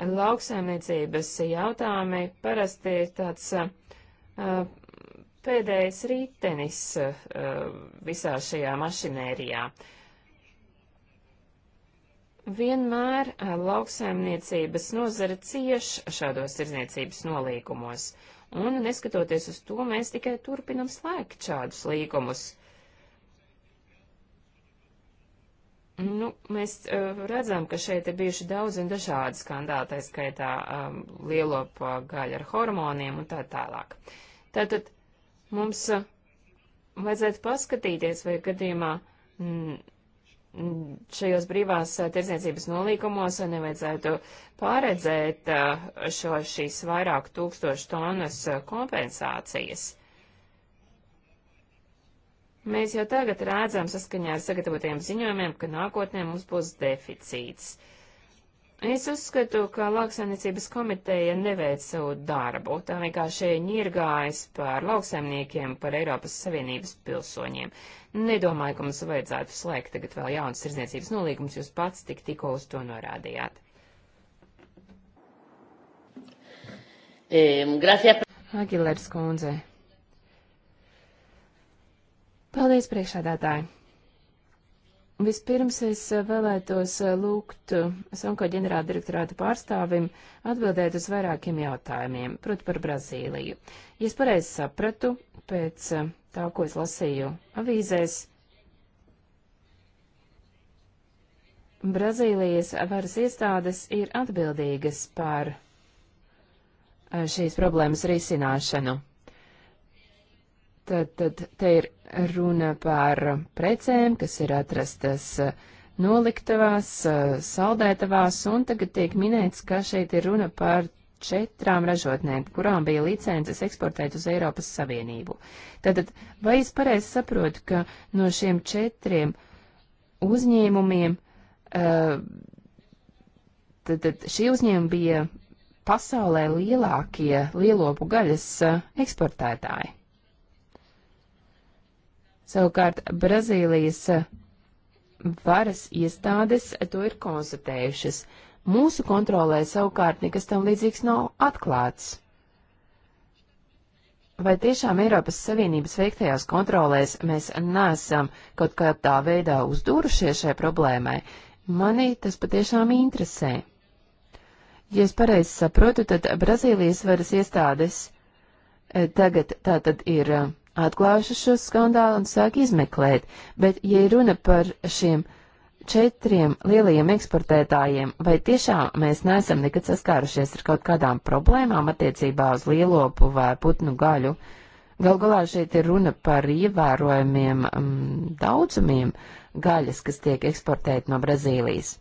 lauksaimniecības jautājumi parasti ir tāds uh, pēdējais ritenis uh, visā šajā mašinērijā. Vienmēr uh, lauksaimniecības nozara cieš šādos tirdzniecības nolīgumos, Un neskatoties uz to, mēs tikai turpinam slēgt šādus līgumus. Nu, mēs uh, redzam, ka šeit ir bijuši daudz un dažādi skandāli, tā skaitā um, lielopa gaļa ar hormoniem un tā tālāk. Tātad mums uh, vajadzētu paskatīties, vai gadījumā m, mm, šajos brīvās eh, tirdzniecības nolīkumos nevajadzētu pāredzēt eh, šo šīs vairāk tūkstošu tonas eh, kompensācijas. Mēs jau tagad redzam saskaņā ar sagatavotiem ziņojumiem, ka nākotnē mums būs deficīts. Uh, Es uzskatu, ka lauksaimniecības komiteja neveic savu darbu, tā vienkārši ņirgājas par lauksaimniekiem, par Eiropas Savienības pilsoņiem. Nedomāju, ka mums vajadzētu slēgt tagad vēl jaunas tirdzniecības nolīgumus, jūs pats tik tikko uz to norādījāt. Agilērs kundze. Paldies priekšādātāji. Vispirms es eh, vēlētos eh, lūgt eh, Sanko ģenerāldirektorāta pārstāvim atbildēt uz vairākiem jautājumiem, proti par Brazīliju. Ja es pareizi sapratu, pēc tā, ko es lasīju avīzēs, Brazīlijas varas iestādes ir atbildīgas par šīs problēmas risināšanu. Tad, tad te ir runa par precēm, kas ir atrastas eh, noliktavās, eh, saldētavās, un tagad tiek minēts, ka šeit ir runa par četrām ražotnēm, kurām bija licences eksportēt uz Eiropas Savienību. Tātad, vai es pareizi saprotu, ka no šiem četriem uzņēmumiem, tātad eh, šie uzņēmumi bija pasaulē lielākie lielopu gaļas eksportētāji? Savukārt Brazīlijas eh, varas iestādes to ir konstatējušas. Mūsu kontrolē savukārt nekas tam līdzīgs nav atklāts. Vai tiešām Eiropas Savienības veiktajās kontrolēs mēs nesam kaut kādā veidā uzdūrušies šai problēmai? Mani tas patiešām interesē. Ja es pareizi saprotu, tad Brazīlijas varas iestādes eh, tagad tātad ir eh, atklājuši šo skandālu un sāk izmeklēt, bet, ja runa par šiem četriem lielajiem eksportētājiem, vai tiešām mēs neesam nekad saskārušies ar kaut kādām problēmām attiecībā uz lielopu vai putnu gaļu? Gal galā šeit ir runa par ievērojumiem um, daudzumiem gaļas, kas tiek eksportēta no Brazīlijas.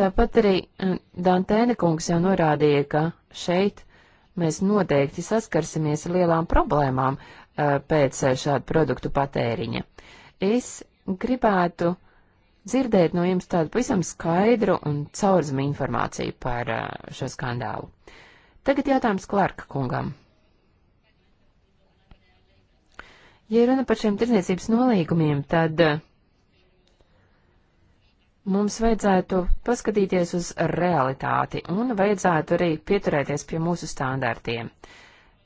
Tāpat arī mm, Dantēna kungs jau norādīja, ka šeit Mēs noteikti saskarsimies ar lielām problēmām eh, pēc eh, šādu produktu patēriņa. Es gribētu dzirdēt no jums tādu pavisam skaidru un caurzumu informāciju par eh, šo skandālu. Tagad jautājums Klarka kungam. Ja runa par šiem tirdzniecības nolīgumiem, tad Mums vajadzētu paskatīties uz realitāti un vajadzētu arī pieturēties pie mūsu standartiem.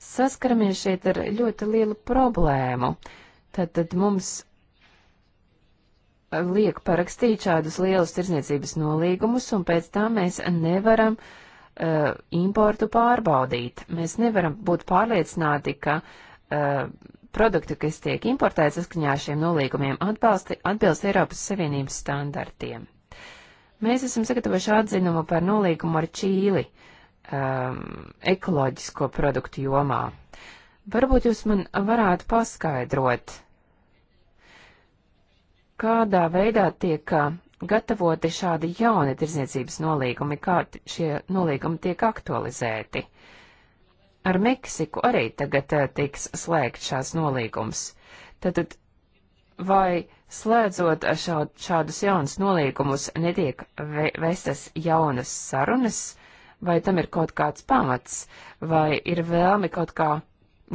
Saskaramies šeit ar ļoti lielu problēmu. Tātad mums liek parakstīt šādus lielus tirzniecības nolīgumus, un pēc tam mēs nevaram uh, importu pārbaudīt. Mēs nevaram būt pārliecināti, ka uh, produktu, kas tiek importēti saskaņā ar šiem nolīgumiem, atbalsti, atbilst Eiropas Savienības standartiem. Mēs esam sagatavojuši atzinumu par nolīgumu ar Čīli um, ekoloģisko produktu jomā. Varbūt jūs man varētu paskaidrot, kādā veidā tiek uh, gatavoti šādi jauni tirzniecības nolīgumi, kā šie nolīgumi tiek aktualizēti. Ar Meksiku arī tagad eh, tiks slēgt šāds nolīgums. Tātad vai slēdzot eh, šaud, šādus jaunus nolīgumus netiek ve vestas jaunas sarunas, vai tam ir kaut kāds pamats, vai ir vēlmi kaut kā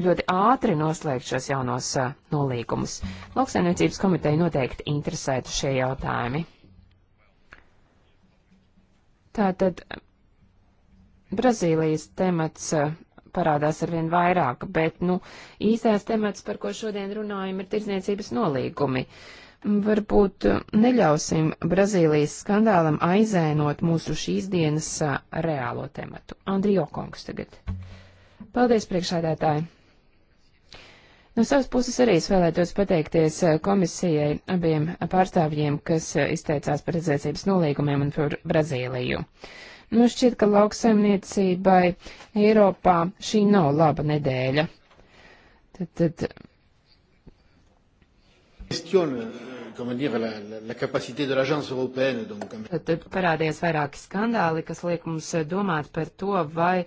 ļoti ātri noslēgt šos jaunos uh, nolīgumus. Lauksaimniecības komiteja noteikti interesētu šie jautājumi. Tātad Brazīlijas temats uh, parādās ar vien vairāk, bet, nu, īstais temats, par ko šodien runājam, ir tirdzniecības nolīgumi. Varbūt neļausim Brazīlijas skandālam aizēnot mūsu šīs dienas reālo tematu. Andrijo Kongs tagad. Paldies, priekšādētāji! No savas puses arī es vēlētos pateikties komisijai abiem pārstāvjiem, kas izteicās par redzēcības nolīgumiem un par Brazīliju. Uh, Nu, šķiet, ka lauksaimniecībai Eiropā šī nav laba nedēļa. Tad, tad... Euh, tad parādījās vairāki skandāli, kas liek mums euh, domāt par to, vai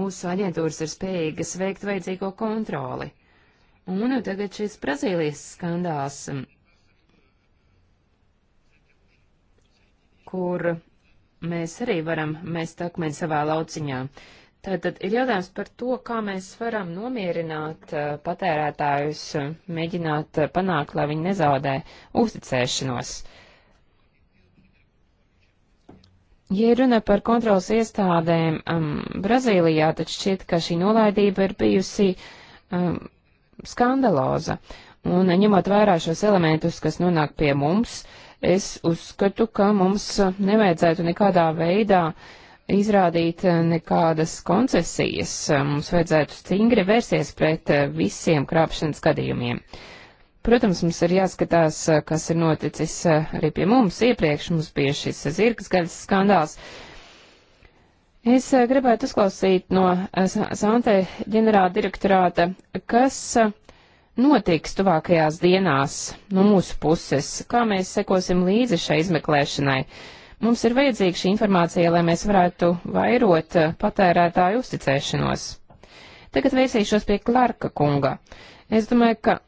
mūsu aģentūras ir spējīgas veikt vajadzīgo kontroli. Un tagad šis Brazīlijas skandāls, kur mēs arī varam mest akmeni savā lauciņā. Tātad ir jautājums par to, kā mēs varam nomierināt uh, patērētājus, uh, mēģināt uh, panākt, lai viņi nezaudē uzticēšanos. Ja runa par kontrolas iestādēm um, Brazīlijā, tad šķiet, ka šī nolaidība ir bijusi um, skandaloza. Un ņemot vērā šos elementus, kas nonāk pie mums, uh, Es uzskatu, ka mums nevajadzētu nekādā veidā izrādīt nekādas koncesijas. Mums vajadzētu stingri vērsties pret visiem krāpšanas gadījumiem. Protams, mums ir jāskatās, kas ir noticis arī pie mums iepriekš. Mums bija šis zirgas gaļas skandāls. Es gribētu uzklausīt no Sante ģenerāla direktorāta, kas notiks tuvākajās dienās no mūsu puses, kā mēs sekosim līdzi šai izmeklēšanai. Mums ir vajadzīga šī informācija, lai mēs varētu vairot eh, patērētāju uzticēšanos. Tagad vērsīšos pie Klarka kunga. Es domāju, ka,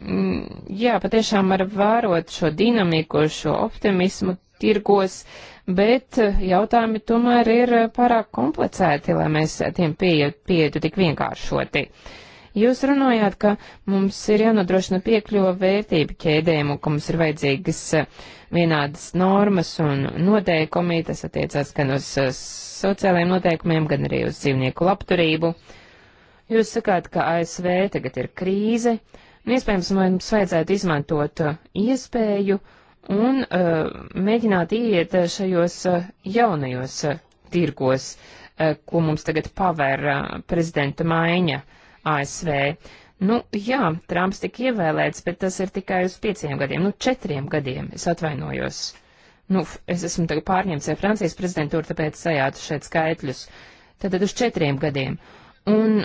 mm, jā, patiešām var vērot šo dinamiku, šo optimismu tirgos, bet eh, jautājumi tomēr ir eh, pārāk komplicēti, lai mēs tiem pieietu tik vienkāršoti. Uh, Jūs runājāt, ka mums ir jānodrošina piekļuva vērtību ķēdēm un ka mums ir vajadzīgas eh, vienādas normas un noteikumi. Tas attiecās gan uz eh, sociālajiem noteikumiem, gan arī uz dzīvnieku labturību. Jūs sakāt, ka ASV tagad ir krīze, un iespējams mums vajadzētu izmantot eh, iespēju un uh, mēģināt iet šajos uh, jaunajos uh, tirgos, uh, ko mums tagad paver uh, prezidenta maiņa. Uh, ASV. Nu, jā, Trumps tika ievēlēts, bet tas ir tikai uz pieciem gadiem, nu, četriem gadiem, es atvainojos. Nu, es esmu tagad pārņemts ar Francijas prezidentūru, tāpēc sajātu šeit skaitļus. Tātad uz četriem gadiem. Un,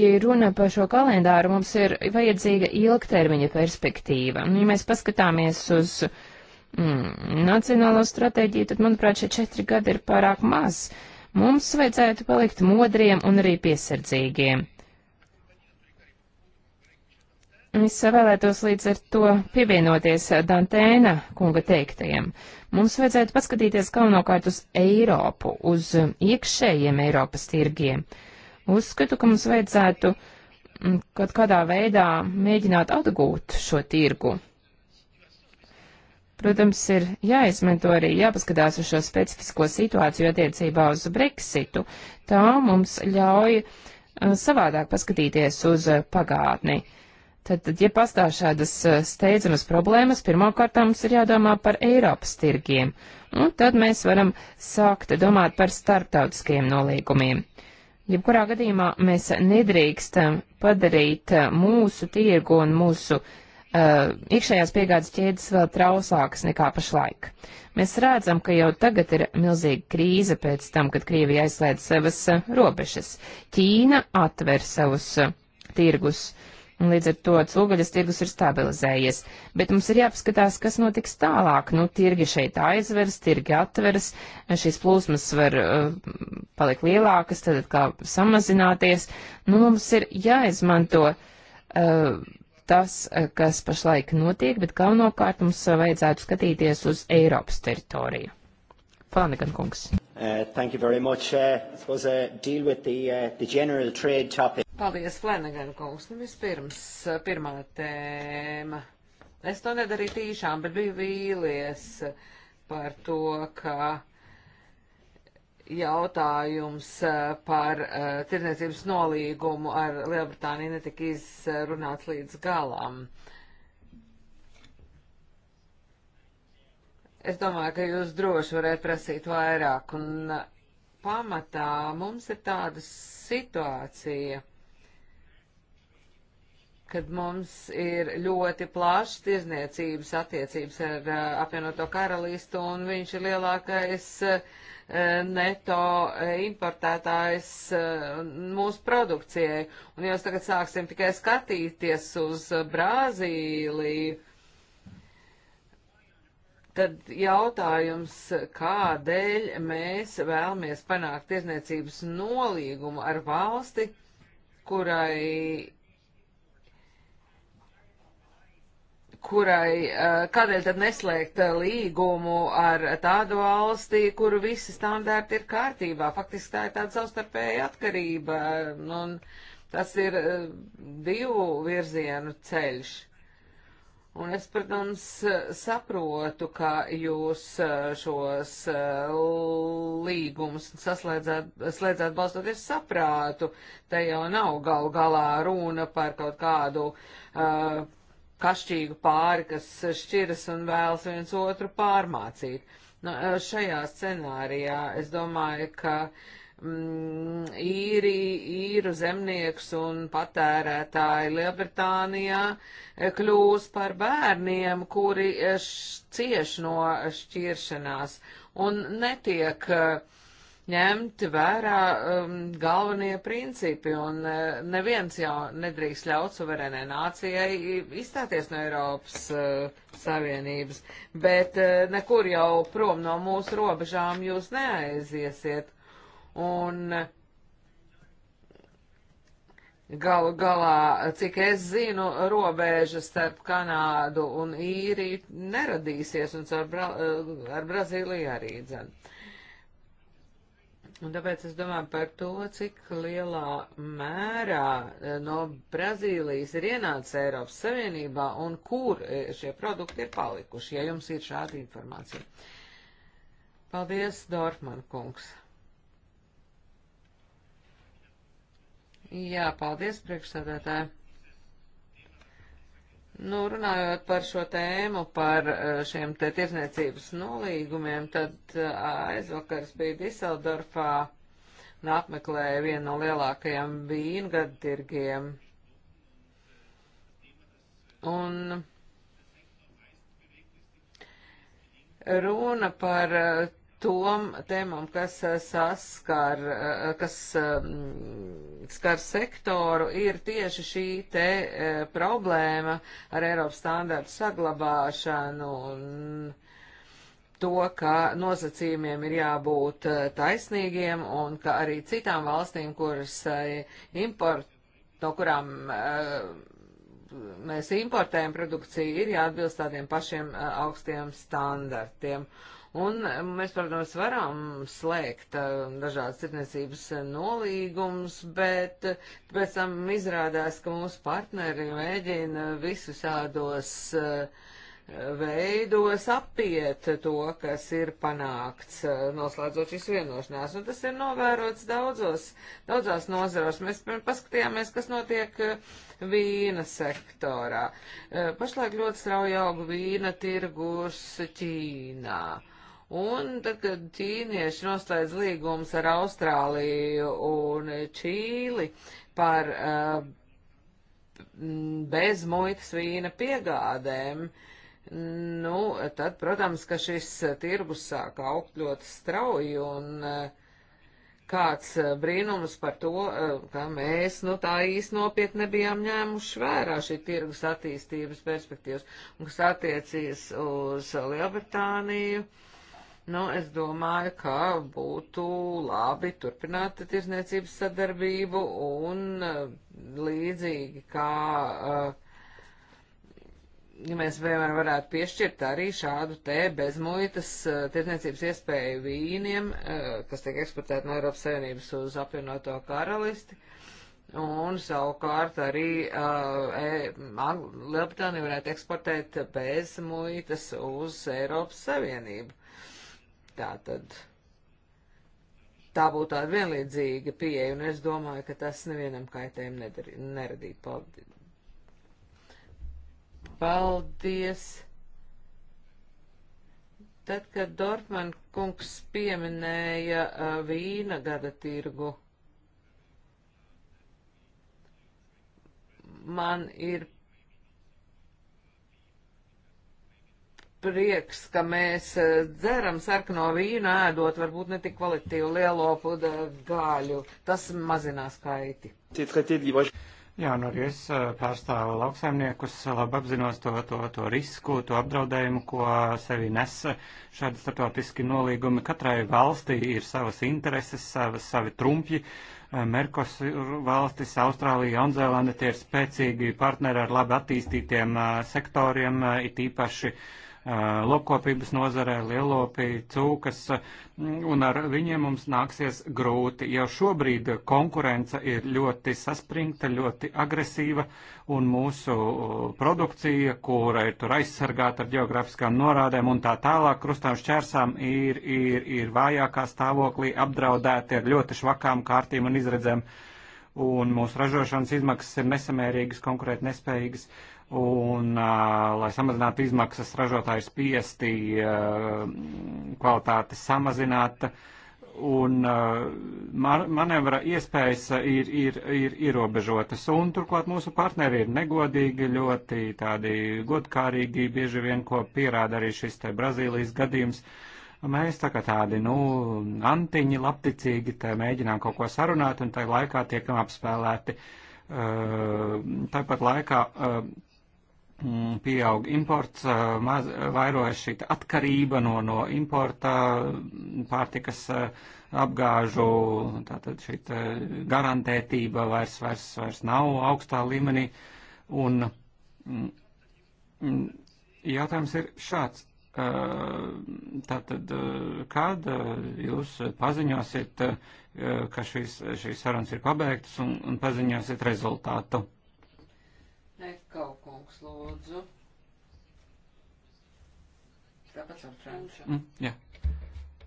ja runa par šo kalendāru, mums ir vajadzīga ilgtermiņa perspektīva. Un, nu, ja mēs paskatāmies uz mm, nacionālo stratēģiju, tad, manuprāt, šie četri gadi ir pārāk maz. Mums vajadzētu palikt modriem un arī piesardzīgiem. Es vēlētos līdz ar to pievienoties Dantēna kunga teiktajiem. Mums vajadzētu paskatīties galvenokārt uz Eiropu, uz iekšējiem Eiropas tirgiem. Uzskatu, ka mums vajadzētu mm, kaut kādā veidā mēģināt atgūt šo tirgu. Protams, ir jāizmanto arī jāpaskatās uz šo specifisko situāciju attiecībā uz Brexitu. Tā mums ļauj eh, savādāk paskatīties uz pagātni. Uh, Tātad, ja pastāv šādas eh, steidzamas problēmas, pirmkārt mums ir jādomā par Eiropas tirgiem, un tad mēs varam sākt domāt par starptautiskiem nolīgumiem. Jebkurā gadījumā mēs nedrīkstam padarīt eh, mūsu tirgu un mūsu uh, iekšējās piegādes ķēdes vēl trausākas nekā pašlaik. Mēs redzam, ka jau tagad ir milzīga krīze pēc tam, kad Krievija aizslēdz savas robežas. Ķīna atver savus tirgus. Uh, un līdz ar to cūgaļas tirgus ir stabilizējies. Bet mums ir jāpaskatās, kas notiks tālāk. Nu, tirgi šeit aizveras, tirgi atveras, šīs plūsmas var uh, palikt lielākas, tad kā samazināties. Nu, mums ir jāizmanto uh, tas, eh, kas pašlaik notiek, bet galvenokārt mums vajadzētu skatīties uz Eiropas teritoriju. Flanagan kungs. Uh, thank you very much. Uh, I suppose uh, deal with the, uh, the general trade topic. Paldies, Flanagan kungs. Nu, vispirms, uh, pirmā tēma. Es to nedarīju tīšām, bet biju vīlies par to, ka jautājums uh, par uh, tirniecības nolīgumu ar Lielbritāniju netika izrunāts līdz galam. Uh, Es domāju, ka jūs droši varētu prasīt vairāk, un uh, pamatā mums ir tāda situācija, kad mums ir ļoti plašs tirzniecības attiecības ar uh, apvienoto karalistu, un viņš ir lielākais uh, neto importētājs mūsu produkcijai. Un jūs tagad sāksim tikai skatīties uz Brāzīliju Tad jautājums, kādēļ mēs vēlamies panākt tirzniecības nolīgumu ar valsti, kurai, kurai, eh, kādēļ tad neslēgt līgumu ar tādu valsti, kuru visi standarti ir kārtībā. Faktiski tā ir tāda savstarpēja atkarība, un tas ir eh, divu virzienu ceļš. Un es, protams, saprotu, ka jūs eh, šos eh, līgumus saslēdzāt balstoties saprātu. Te jau nav gal galā runa par kaut kādu uh, kašķīgu pāri, kas šķiras un vēlas viens otru pārmācīt. Nu, šajā scenārijā es domāju, ka uh, Mm, īri, īru zemnieks un patērētāji Lielbritānijā e, kļūs par bērniem, kuri e, cieš no šķiršanās un netiek e, ņemti vērā um, galvenie principi, un uh, neviens jau nedrīkst ļaut suverēnai nācijai izstāties no Eiropas uh, Savienības, bet uh, nekur jau prom no mūsu robežām jūs neaiziesiet Un galu galā, cik es zinu, robeža starp Kanādu un īriju neradīsies, un ar, Bra ar Brazīliju arī dzen. Un tāpēc es domāju par to, cik lielā mērā eh, no Brazīlijas ir ienācis Eiropas Savienībā un kur eh, šie produkti ir palikuši, ja jums ir šāda informācija. Paldies, Dorfman kungs! Jā, paldies, priekšsēdētāji. Nu, runājot par šo tēmu, par eh, šiem te tirzniecības nolīgumiem, tad eh, aizvakars bija Diseldorfā un apmeklēja vienu no lielākajiem vīngadu tirgiem. Un runa par eh, tom tēmām, kas eh, saskar, eh, kas eh, skar sektoru, ir tieši šī te problēma ar Eiropas standārtu saglabāšanu un to, ka nosacījumiem ir jābūt taisnīgiem un ka arī citām valstīm, kuras import, no kurām mēs importējam produkciju, ir jāatbilst tādiem pašiem augstiem standartiem. Un mēs, protams, varam slēgt eh, dažādas tirdzniecības eh, nolīgumus, bet eh, pēc tam izrādās, ka mūsu partneri mēģina visu sādos veidos apiet to, kas ir panākts, noslēdzot šīs vienošanās. Un tas ir novērots daudzos, daudzās nozaros. Mēs paskatījāmies, kas notiek vīna sektorā. Pašlaik ļoti strauji aug vīna tirgus Ķīnā. Uh, Un tad, kad ķīnieši noslēdz līgumus ar Austrāliju un Čīli par uh, eh, bezmuitas vīna piegādēm, nu, tad, protams, ka šis tirgus sāk augt ļoti strauji un uh, kāds eh, brīnums par to, uh, ka mēs, nu, tā īsti nopietni nebijām ņēmuši vērā šī tirgus attīstības perspektīvas, un kas attiecīs uz Lielbritāniju. Uh, Nu, es domāju, ka būtu labi turpināt tirzniecības sadarbību un eh, līdzīgi kā eh, ja mēs vienmēr varētu piešķirt arī šādu te bezmuitas eh, tirzniecības iespēju vīniem, kas tiek eksportēti no Eiropas Savienības uz apvienoto karalisti. Un savukārt arī uh, e, Lielbritānija varētu eksportēt bez muitas uz Eiropas Savienību. Tā tad tā būtu tāda vienlīdzīga pieeja, un es domāju, ka tas nevienam kaitējumu nedar, neradīja. Paldies! Paldies! Tad, kad Dortman kungs pieminēja uh, vīna gada tirgu, man ir prieks, ka mēs e, dzeram sarkano vīnu, ēdot varbūt ne tik kvalitīvu lielopu e, gāļu. Tas mazinās kaiti. Jā, nu arī es e, pārstāvu lauksaimniekus, labi apzinos to, to, to risku, to apdraudējumu, ko sevi nes šādi startautiski nolīgumi. Katrai valstī ir savas intereses, savas, savi trumpļi. Merkos valstis, Austrālija, Jaunzēlanda tie ir spēcīgi partneri ar labi attīstītiem sektoriem, it īpaši uh, lopkopības nozarē, lielopī, cūkas, mm, un ar viņiem mums nāksies grūti. Jau šobrīd konkurence ir ļoti saspringta, ļoti agresīva, un mūsu produkcija, kura ir tur aizsargāta ar geogrāfiskām norādēm un tā tālāk, krustām šķērsām, ir, ir, ir vājākā stāvoklī, apdraudēti ar ļoti švakām kārtīm un izredzēm un mūsu ražošanas izmaksas ir nesamērīgas, konkurēt nespējīgas. Un, lai samazinātu izmaksas, ražotāji spiesti kvalitāti samazināt. Un manevra iespējas ir, ir, ir ierobežotas. Un turklāt mūsu partneri ir negodīgi, ļoti tādi godkārīgi, bieži vien, ko pierāda arī šis te Brazīlijas gadījums mēs tā kā tādi, nu, antiņi, labticīgi te mēģinām kaut ko sarunāt, un tajā laikā tiekam apspēlēti. Uh, tāpat laikā uh, Mm, pieaug imports, maz, vairojas šī atkarība no, no importa pārtikas apgāžu, tātad šī garantētība vairs, vairs, vairs nav augstā līmenī. Un mm, mm, jautājums ir šāds. Tātad, kad jūs paziņosiet, ka šīs, šīs sarunas ir pabeigtas un, un paziņosiet rezultātu? Nekau kungs, lūdzu. Tāpat ar Franču. Mm, jā.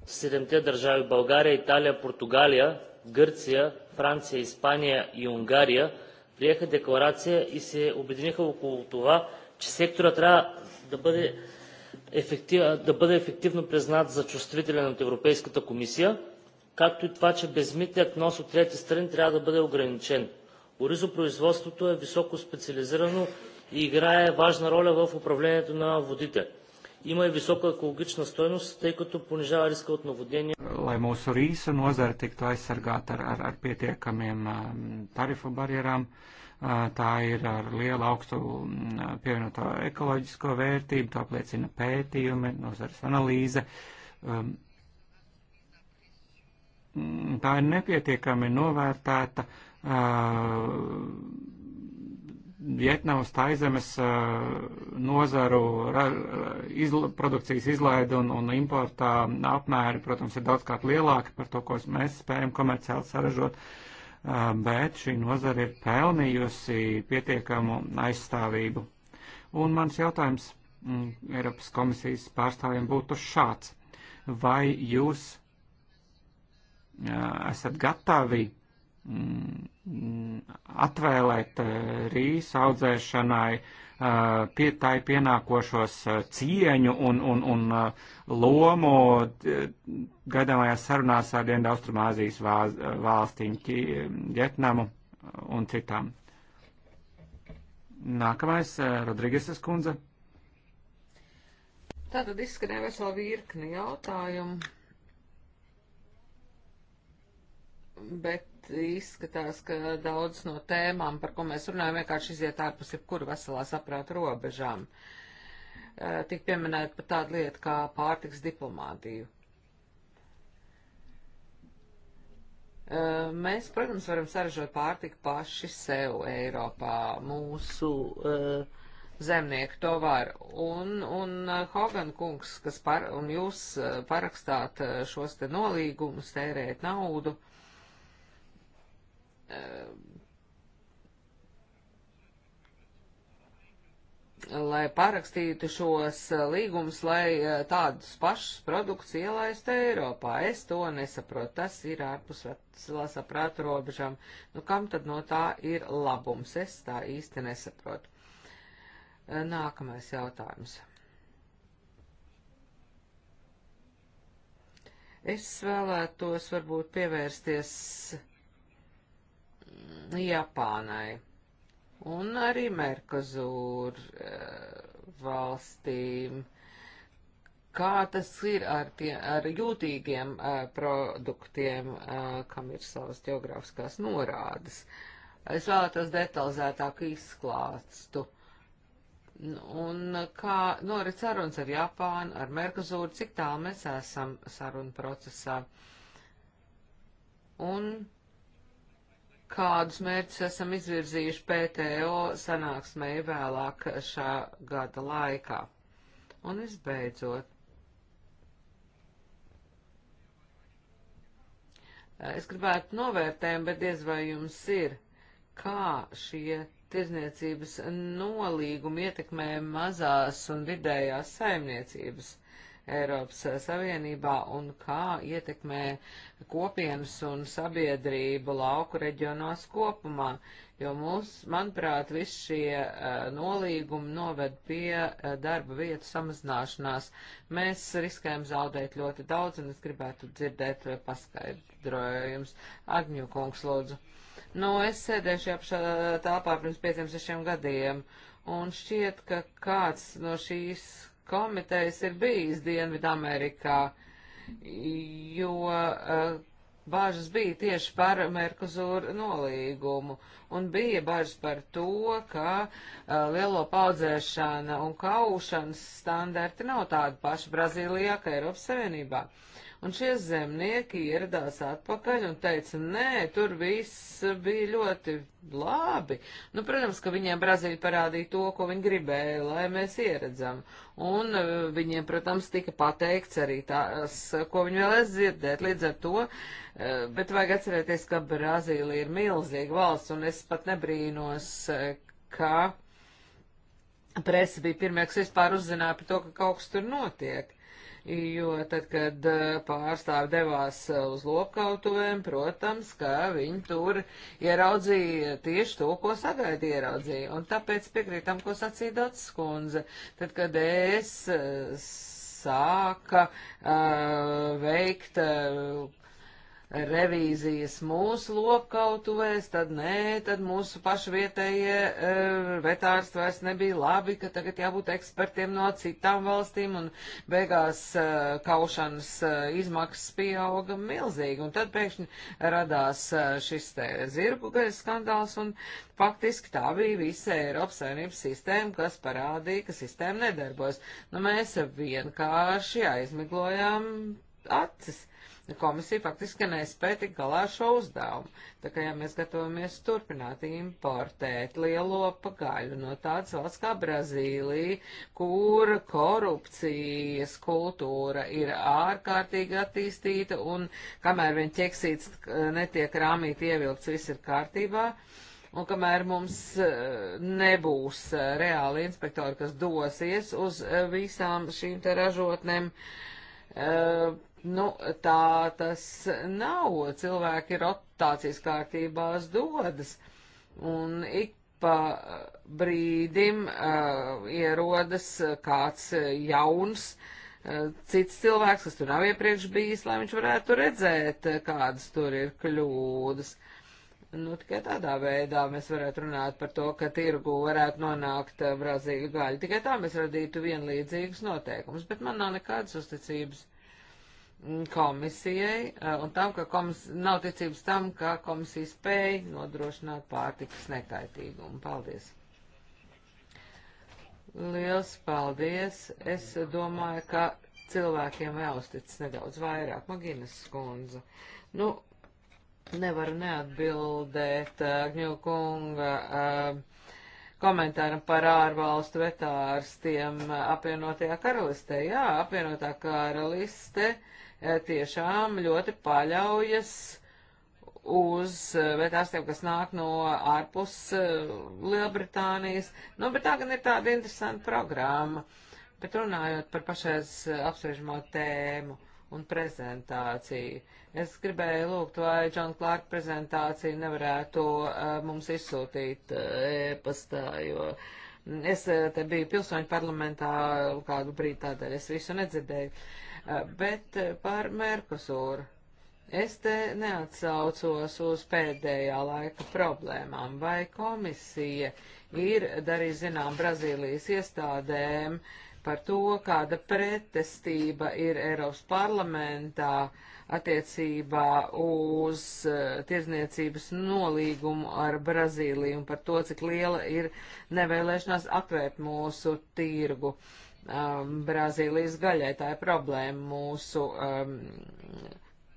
Седемте държави България, Италия, Португалия, Гърция, Франция, Испания и Унгария приеха декларация и се обединиха около това, че сектора трябва да бъде, ефектив, да бъде ефективно признат за чувствителен от Европейската комисия, както и това, че безмитният нос от трети страни трябва да бъде ограничен. Оризопроизводството е високо специализирано играе важна роля в управлението на водите. Има и висока екологична стойност, тъй като понижава риска от наводнение. Lai mūsu rīsa nozara tiktu aizsargāta ar, ar, ar pietiekamiem tarifu barjerām, tā ir ar lielu augstu pievienoto ekoloģisko vērtību, to apliecina pētījumi, nozares analīze. Tā ir nepietiekami novērtēta. Uh, Vietnamas taizemes uh, nozaru izla, produkcijas izlaida un, un importā apmēri, protams, ir daudzkārt lielāki par to, ko mēs spējam komerciāli saražot, uh, bet šī nozara ir pelnījusi pietiekamu aizstāvību. Un mans jautājums mm, Eiropas komisijas pārstāvjiem būtu šāds. Vai jūs uh, esat gatavi atvēlēt eh, rīsu audzēšanai eh, pie tai pienākošos eh, cieņu un, un, un lomu gadamajās sarunās ar Dienvidaustrumāzijas valstīm, Vietnamu un citām. Nākamais, Rodrigesas kundze. Tātad izskanēja vesela virkni jautājumu bet izskatās, ka daudz no tēmām, par ko mēs runājam, vienkārši iziet ārpus jebkuru veselā saprāta robežām. Eh, tik pieminēt pat tādu lietu kā pārtiks diplomātiju. Eh, mēs, protams, varam saražot pārtiku paši sev Eiropā, mūsu uh, zemnieki to var. Un, un Hogan kungs, kas par, un jūs parakstāt šos te nolīgumus, tērēt naudu. Uh, Ehm, lai parakstītu šos eh, līgumus, lai eh, tādus pašus produktus ielaistu Eiropā. Es to nesaprotu. Tas ir ārpus veselā saprāta robežām. Nu, kam tad no tā ir labums? Es tā īsti nesaprotu. Ehm, nākamais jautājums. Es vēlētos varbūt pievērsties Japānai un arī Merkazūr eh, valstīm. Kā tas ir ar, tie, ar jūtīgiem eh, produktiem, eh, kam ir savas geogrāfiskās norādes? Es vēlētos detalizētāk izklāstu. Un kā norit sarunas ar Japānu, ar Merkazūru, cik tālu mēs esam sarunu procesā? Un kādus mērķus esam izvirzījuši PTO sanāksmē vēlāk šā gada laikā. Un visbeidzot, es gribētu novērtējumu, bet diez vai jums ir, kā šie tirzniecības nolīgumi ietekmē mazās un vidējās saimniecības. Eiropas Savienībā un kā ietekmē kopienas un sabiedrību lauku reģionos kopumā, jo mūs, manuprāt, visi šie uh, nolīgumi noved pie uh, darba vietu samazināšanās. Mēs riskējam zaudēt ļoti daudz, un es gribētu dzirdēt uh, paskaidrojums. Agņu kungs, lūdzu. Nu, es sēdēšu apšā telpā pirms pieciem, sešiem gadiem, un šķiet, ka kāds no šīs komitejas ir bijis Dienvidamerikā, jo uh, eh, bāžas bija tieši par Merkuzūru nolīgumu, un bija bažas par to, ka uh, lielo paudzēšana un kaušanas standarti nav tādi paši Brazīlijā, kā Eiropas Savienībā. Uh, Un šie zemnieki ieradās atpakaļ un teica, nē, tur viss bija ļoti labi. Nu, protams, ka viņiem Brazīlija parādīja to, ko viņi gribēja, lai mēs ieredzam. Un e, viņiem, protams, tika pateikts arī tās, ko viņi vēlēs dzirdēt līdz ar to. E, bet vajag atcerēties, ka Brazīlija ir milzīga valsts, un es pat nebrīnos, e, ka presa bija pirmie, kas vispār uzzināja par to, ka kaut kas tur notiek jo tad, kad eh, pārstāvi devās eh, uz lopkautuvēm, protams, ka viņi tur ieraudzīja tieši to, ko sagaidīja ieraudzīja. Un tāpēc piekrītam, ko sacīja Dots skundze. Tad, kad es eh, sāka uh, veikt uh, revīzijas mūsu lopkautuvēs, tad nē, tad mūsu pašu vietējie e, vetārsti vairs nebija labi, ka tagad jābūt ekspertiem no citām valstīm, un beigās e, kaušanas e, izmaksas pieauga milzīgi, un tad pēkšņi radās e, šis te zirgu gaisa skandāls, un faktiski tā bija visa Eiropas saimnības sistēma, kas parādīja, ka sistēma nedarbojas. Nu, mēs vienkārši aizmiglojām acis Nu, komisija faktiski nespēja tik galā ar šo uzdevumu. Tā kā ja mēs gatavamies turpināt importēt lielo pagaļu no tādas valsts kā Brazīlija, kur korupcijas kultūra ir ārkārtīgi attīstīta un kamēr vien ķeksīts netiek rāmīt ievilkts, viss ir kārtībā. Un kamēr mums eh, nebūs eh, reāli inspektori, kas dosies uz eh, visām šīm te ražotnēm, Nu, tā tas nav. Cilvēki rotācijas kārtībās dodas, un ik pa brīdim uh, ierodas kāds jauns, uh, cits cilvēks, kas tur nav iepriekš bijis, lai viņš varētu redzēt, uh, kādas tur ir kļūdas. Nu, tikai tādā veidā mēs varētu runāt par to, ka tirgu varētu nonākt uh, brazīļu gaļa. Tikai tā mēs radītu vienlīdzīgus noteikumus, bet man nav nekādas uzticības Mm, komisijai eh, un tam, ka komis, nav ticības tam, ka komisija spēja nodrošināt pārtikas nekaitīgumu. Paldies! Liels paldies! Es domāju, ka cilvēkiem jāuztic nedaudz vairāk. Maginas skundze. Nu, nevaru neatbildēt eh, Agņokunga uh, eh, komentāram par ārvalstu vetārstiem apvienotajā karalistē. Jā, apvienotā karaliste. Uh, E, tiešām ļoti paļaujas uz e, vetārstiem, kas nāk no ārpus e, Lielbritānijas. Nu, bet tā gan ir tāda interesanta programma. Bet runājot par pašais apspriežamo tēmu un prezentāciju, es gribēju lūgt, vai Džona Klārka prezentāciju nevarētu uh, mums izsūtīt uh, e-pastā, jo uh, Es te biju pilsoņu parlamentā kādu brīdi tādēļ, es visu nedzirdēju. Eh, bet eh, par Merkosūru. Es te neatsaucos uz pēdējā laika problēmām, vai komisija ir darījusi zinām Brazīlijas iestādēm par to, kāda pretestība ir Eiropas parlamentā attiecībā uz eh, tirdzniecības nolīgumu ar Brazīliju un par to, cik liela ir nevēlēšanās atvērt mūsu tirgu. Uh, um, Brazīlijas gaļai. Tā ir problēma mūsu um,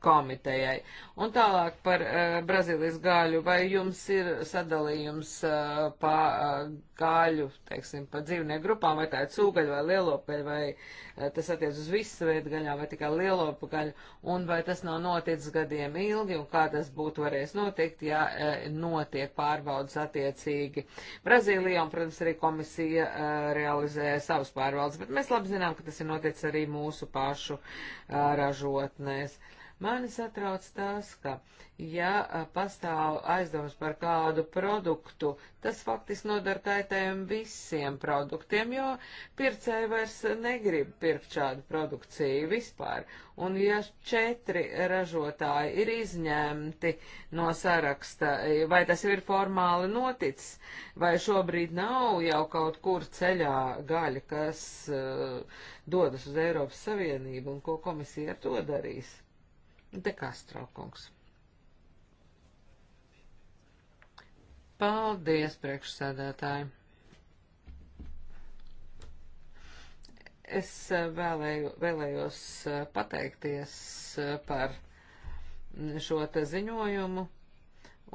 komitejai. Un tālāk par uh, Brazīlijas gāļu. Vai jums ir sadalījums uh, pa uh, eh, gāļu, teiksim, pa dzīvnieku grupām, vai tā ir cūgaļa vai lielopeļa, vai uh, tas attiec uz visu veidu gaļām, vai tikai lielopu gaļu, un vai tas nav noticis gadiem ilgi, un kā tas būtu varējis notikt, ja uh, notiek pārbaudas attiecīgi. Brazīlijā, un, protams, arī komisija uh, realizē savus pārvaldes, bet mēs labi zinām, ka tas ir noticis arī mūsu pašu uh, ražotnēs. Uh, Mani satrauc tas, ka, ja pastāv aizdomas par kādu produktu, tas faktiski nodara kaitējumu visiem produktiem, jo pircēji vairs negrib pirkt šādu produkciju vispār. Un ja četri ražotāji ir izņemti no saraksta, e, vai tas jau ir formāli noticis, vai šobrīd nav jau kaut kur ceļā gaļa, kas uh, dodas uz Eiropas Savienību un ko komisija ar to darīs? Dekastro kungs. Paldies, priekšsēdētāji. Es eh, vēlēju, vēlējos eh, pateikties eh, par šo te ziņojumu,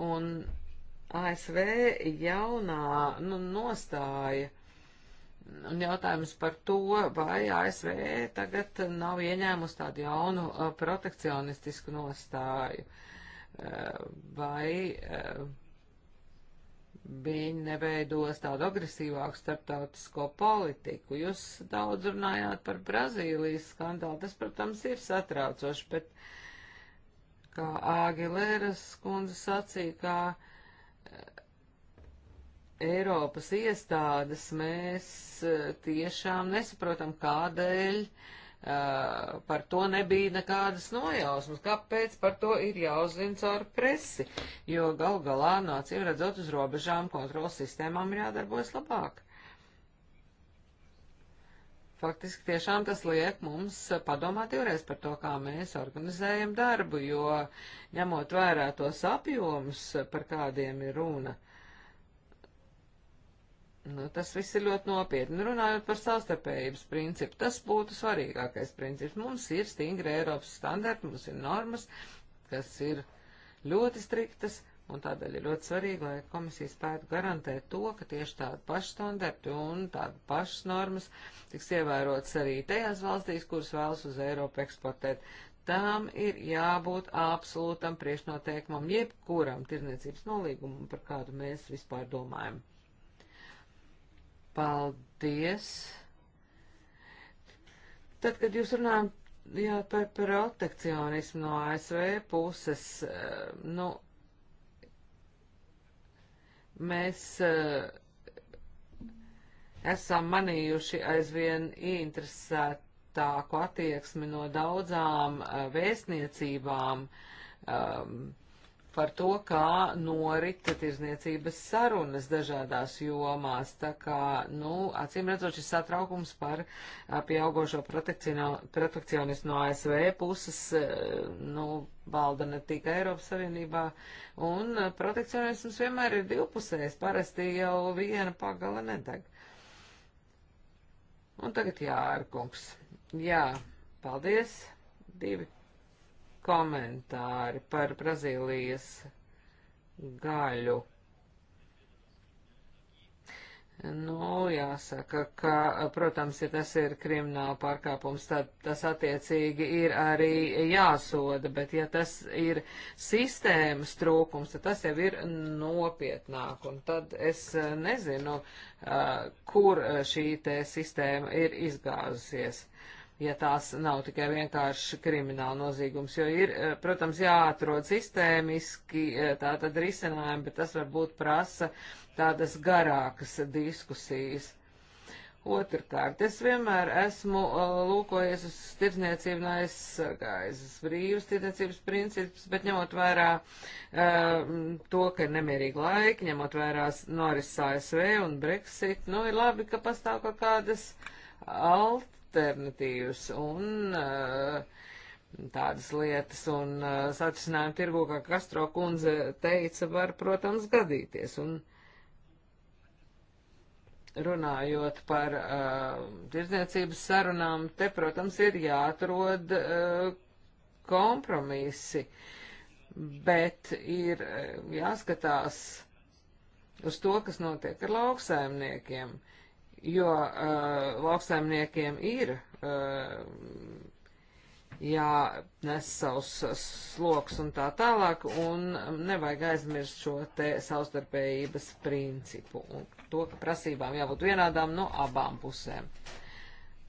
un ASV jaunā nu, nostāja Un jautājums par to, vai ASV tagad nav ieņēmusi tādu jaunu uh, protekcionistisku nostāju, uh, vai uh, viņi neveidos tādu agresīvāku starptautisko politiku. Jūs daudz runājāt par Brazīlijas skandālu, tas, protams, ir satraucoši, bet, kā Āgilēras kundze sacīja, kā Eiropas iestādes mēs eh, tiešām nesaprotam, kādēļ uh, par to nebija nekādas nojausmas, kāpēc par to ir jāuzzina caur presi, jo gal galā nācīm redzot uz robežām kontrolas sistēmām ir jādarbojas labāk. Faktiski tiešām tas liek mums padomāt divreiz par to, kā mēs organizējam darbu, jo ņemot vērā tos apjomus, par kādiem ir runa, uh, Nu, tas viss ir ļoti nopietni. Nu, runājot par savstarpējības principu, tas būtu svarīgākais princips. Mums ir stingri Eiropas standarti, mums ir normas, kas ir ļoti striktas, un tādēļ ir ļoti svarīgi, lai komisija spētu garantēt to, ka tieši tādi paši standarti un tādi pašas normas tiks ievērotas arī tajās valstīs, kuras vēlas uz Eiropu eksportēt. Tām ir jābūt absolūtam priekšnoteikumam jebkuram tirniecības nolīgumam, par kādu mēs vispār domājam. Paldies! Tad, kad jūs runājam jā, par protekcionismu no ASV puses, eh, nu, mēs eh, esam manījuši aizvien interesētāku attieksmi no daudzām eh, vēstniecībām. Um, par to, kā norita tirzniecības sarunas dažādās jomās. Tā kā, nu, acīm redzot, šis satraukums par pieaugošo protekcionismu no ASV puses, eh, nu, valda ne tikai Eiropas Savienībā, un protekcionisms vienmēr ir divpusējs, parasti jau viena pagala nedeg. Un tagad jā, Ārkungs. Jā, paldies. Divi komentāri par Brazīlijas gaļu. Nu, jāsaka, ka, protams, ja tas ir krimināla pārkāpums, tad tas attiecīgi ir arī jāsoda, bet ja tas ir sistēmas trūkums, tad tas jau ir nopietnāk, un tad es eh, nezinu, eh, kur eh, šī te sistēma ir izgāzusies. Uh, ja tās nav tikai vienkārši krimināla nozīgums, jo ir, eh, protams, jāatrod sistēmiski eh, tā tad risinājumi, bet tas varbūt prasa tādas garākas diskusijas. Otrkārt, es vienmēr esmu eh, lūkojies uz tirdzniecību un aizsargājis brīvas tirdzniecības principus, bet ņemot vērā uh, to, ka ir nemierīgi laiki, ņemot vērā noris ASV un Brexit, nu ir labi, ka pastāv kaut kādas alt alternatīvas un uh, tādas lietas, un uh, satrisinājuma tirgu, kā Kastro kundze teica, var, protams, gadīties. Un runājot par uh, tirdzniecības sarunām, te, protams, ir jāatrod uh, kompromisi, bet ir uh, jāskatās uz to, kas notiek ar lauksaimniekiem. Uh, jo uh, lauksaimniekiem ir uh, jānes savs sloks un tā tālāk, un nevajag aizmirst šo te savstarpējības principu un to, ka prasībām jābūt vienādām no abām pusēm.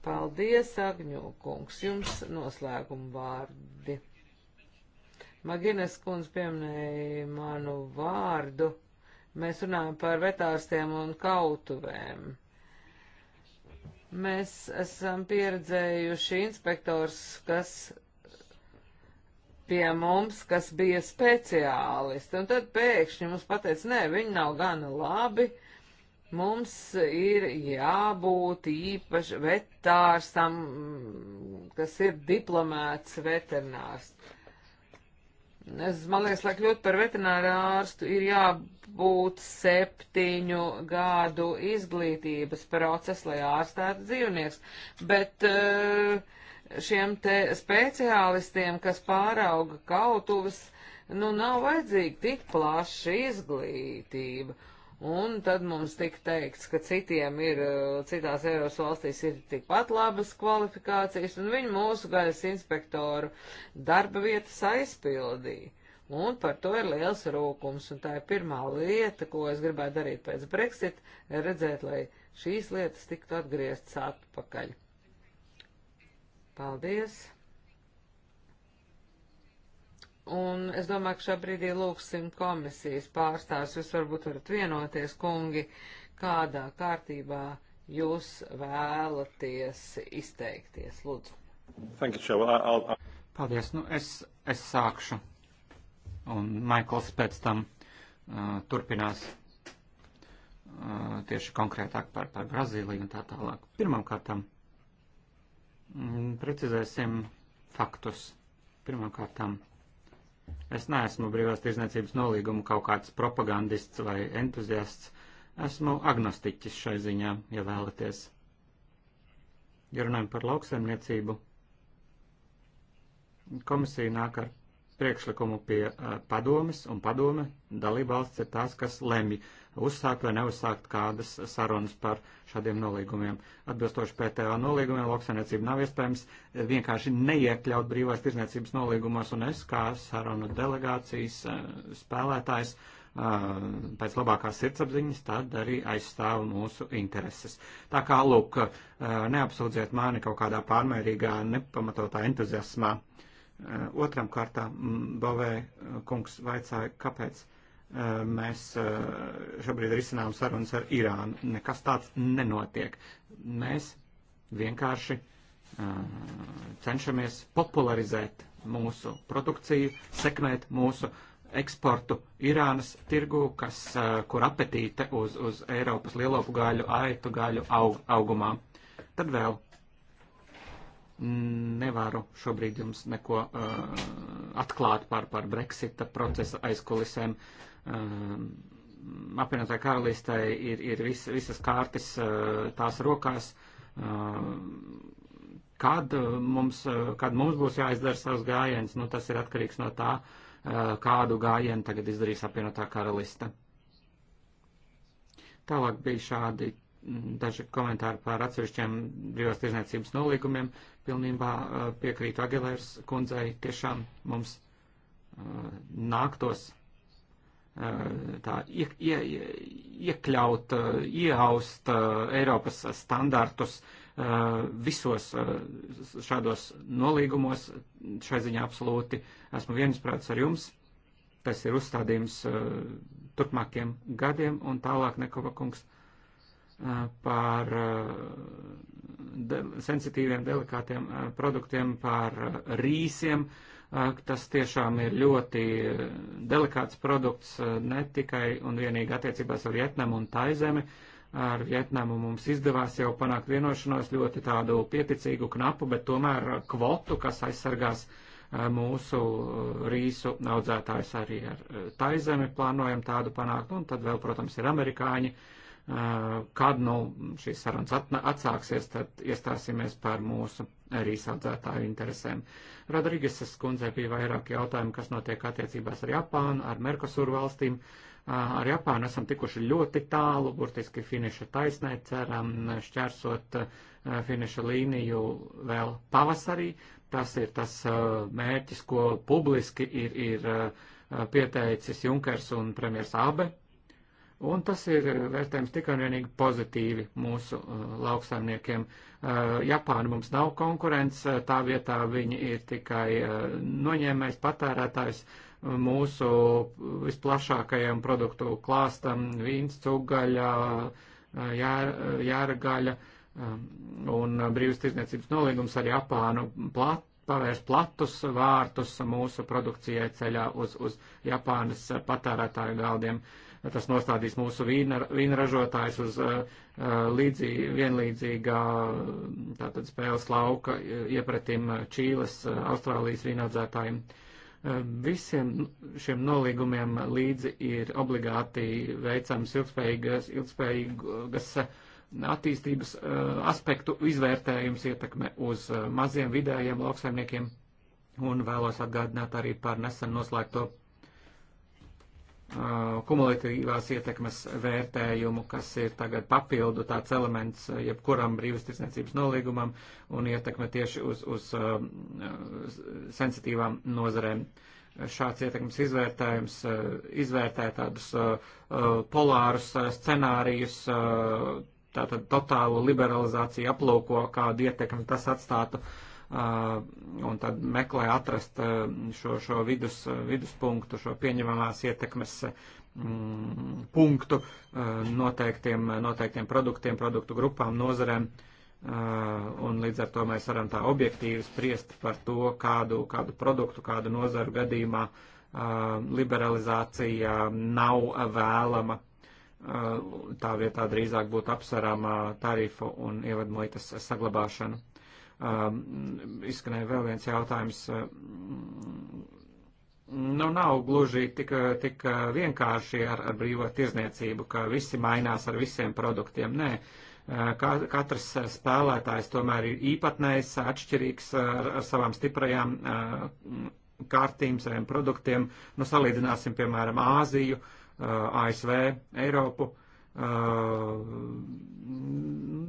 Paldies, Agņokungs, jums noslēguma vārdi. Magines kundze pieminēja manu vārdu. Mēs runājam par vetārstiem un kautuvēm. Mēs esam pieredzējuši inspektors, kas pie mums, kas bija speciālisti, un tad pēkšņi mums pateica, nē, viņi nav gana labi, mums ir jābūt īpaši vetārstam, kas ir diplomēts veterinārs. Es, man liekas, lai kļūt par veterināru ārstu ir jābūt septiņu gadu izglītības procesu, lai ārstētu dzīvnieks. Bet eh, šiem te speciālistiem, kas pārauga kautuvis, nu nav vajadzīga tik plaša izglītība. Un tad mums tika teikts, ka citiem ir, eh, citās Eiropas valstīs ir tikpat labas kvalifikācijas, un viņi mūsu gaļas inspektoru darba vietas aizpildīja. Un par to ir liels rūkums, un tā ir pirmā lieta, ko es gribētu darīt pēc Brexit, redzēt, lai šīs lietas tiktu atgrieztas atpakaļ. Paldies! Un es domāju, ka šā brīdī lūksim komisijas pārstāvis. Jūs varbūt varat vienoties, kungi, kādā kārtībā jūs vēlaties izteikties. Lūdzu. Thank you, I'll, I'll... Paldies. Nu, es, es sākšu. Un Maikls pēc tam uh, turpinās uh, tieši konkrētāk par, par Brazīliju un tā tālāk. Pirmkārtām, mm, precizēsim faktus. Pirmkārtām Es neesmu brīvās tirzniecības nolīguma kaut kāds propagandists vai entuziasts. Esmu agnostiķis šai ziņā, ja vēlaties. Ja runājam par lauksaimniecību, komisija nāk ar priekšlikumu pie eh, padomes, un padome dalībvalsts ir tās, kas lemj, uh, uzsākt vai neuzsākt kādas sarunas par šādiem nolīgumiem. Atbilstoši PTA nolīgumiem lauksainiecība nav iespējams vienkārši neiekļaut brīvās tirzniecības nolīgumos, un es kā sarunu delegācijas eh, spēlētājs eh, pēc labākās sirdsapziņas, tad arī aizstāv mūsu intereses. Tā kā, lūk, eh, neapsūdziet mani kaut kādā pārmērīgā, nepamatotā entuziasmā. Otram kārtā mm, Bovē kungs vaicāja, kāpēc Eh, mēs eh, šobrīd risinām sarunas ar Irānu. Nekas tāds nenotiek. Mēs vienkārši eh, cenšamies popularizēt mūsu produkciju, sekmēt mūsu eksportu Irānas tirgu, kas, kur apetīte uz, uz Eiropas lielopu gaļu, aitu gaļu aug, augumā. Tad vēl nevaru šobrīd jums neko uh, atklāt par, par Brexita procesa aizkulisēm. Uh, Ehm, apvienotāji karalistē ir, ir vis, visas kārtas eh, tās rokās, ehm, kad eh, mums, eh, kad mums būs jāizdara savs gājiens, nu tas ir atkarīgs no tā, kādu gājienu tagad izdarīs apvienotā karalista. Tālāk bija šādi mm, daži komentāri par atsevišķiem brīvās tirzniecības nolīgumiem. Pilnībā piekrītu Agilērs kundzei, tiešām mums nāktos tā ie, ie, iekļaut, ieaust Eiropas standartus visos šādos nolīgumos. Šai ziņā absolūti esmu viensprāts ar jums. Tas ir uzstādījums turpmākiem gadiem un tālāk nekova kungs par eh, de, sensitīviem, delikātiem eh, produktiem, par eh, rīsiem. Tas tiešām ir ļoti delikāts produkts ne tikai un vienīgi attiecībās ar Vietnamu un Taizemi. Ar Vietnamu mums izdevās jau panākt vienošanos ļoti tādu pieticīgu, knapu, bet tomēr kvotu, kas aizsargās mūsu rīsu audzētājs arī ar Taizemi plānojam tādu panākt. Un tad vēl, protams, ir amerikāņi, uh, Eh, kad nu, šīs sarunas atsāksies, tad iestāsimies par mūsu arī sadzētāju interesēm. Rodrīgesas kundzei bija vairāk jautājumu, kas notiek attiecībās ar Japānu, ar Merkosuru valstīm. Eh, ar Japānu esam tikuši ļoti tālu, burtiski finiša taisnē, ceram šķērsot eh, finiša līniju vēl pavasarī. Tas ir tas mērķis, ko publiski ir, ir pieteicis Junkers un premjers Abe Un tas ir vērtējums tikai un vienīgi pozitīvi mūsu uh, lauksaimniekiem. Uh, Japāna mums nav konkurence, uh, tā vietā viņi ir tikai uh, noņēmējs, patērētājs uh, mūsu visplašākajam produktu klāstam - vīns, cugaļa, uh, jār, jāragaļa um, un brīvas tirzniecības nolīgums ar Japānu plat, pavērs platus vārtus mūsu produkcijai ceļā uz, uz Japānas patērētāju galdiem. Uh, Tas nostādīs mūsu vīna, vīna ražotājs uz uh, uh, līdzī, vienlīdzīgā tātad spēles lauka uh, iepratim Čīles, Austrālijas vīnaudzētājiem. Visiem šiem nolīgumiem līdzi ir obligāti veicams ilgspējīgas, ilgspējīgas attīstības aspektu izvērtējums ietekme uz maziem vidējiem lauksaimniekiem un vēlos atgādināt arī par nesen noslēgto Uh, kumulatīvās ietekmes vērtējumu, kas ir tagad papildu tāds elements uh, jebkuram brīvstirdzniecības nolīgumam un ietekme tieši uz, uz uh, sensitīvām nozarēm. Šāds ietekmes izvērtējums izvērtē tādus polārus scenārijus, tātad totālu liberalizāciju aplūko, kādu ietekmi tas atstātu uh, Uh, un tad meklē atrast uh, šo, šo vidus, uh, viduspunktu, šo pieņemamās ietekmes mm, punktu noteiktiem, noteiktiem produktiem, produktu grupām, nozarēm. Un līdz ar to mēs varam tā objektīvi spriest par to, kādu, kādu produktu, kādu nozaru gadījumā liberalizācija nav vēlama tā vietā drīzāk būtu apsverāmā tarifu un ievadmuitas saglabāšana. Um, izskanēja vēl viens jautājums. Um, nu, nav gluži tik, tik vienkārši ar, ar brīvo tirzniecību, ka visi mainās ar visiem produktiem. Nē, uh, katrs spēlētājs tomēr ir īpatnējs, atšķirīgs ar, ar savām stiprajām uh, kārtīm, saviem produktiem. Nu, salīdzināsim, piemēram, Āziju, uh, ASV, Eiropu.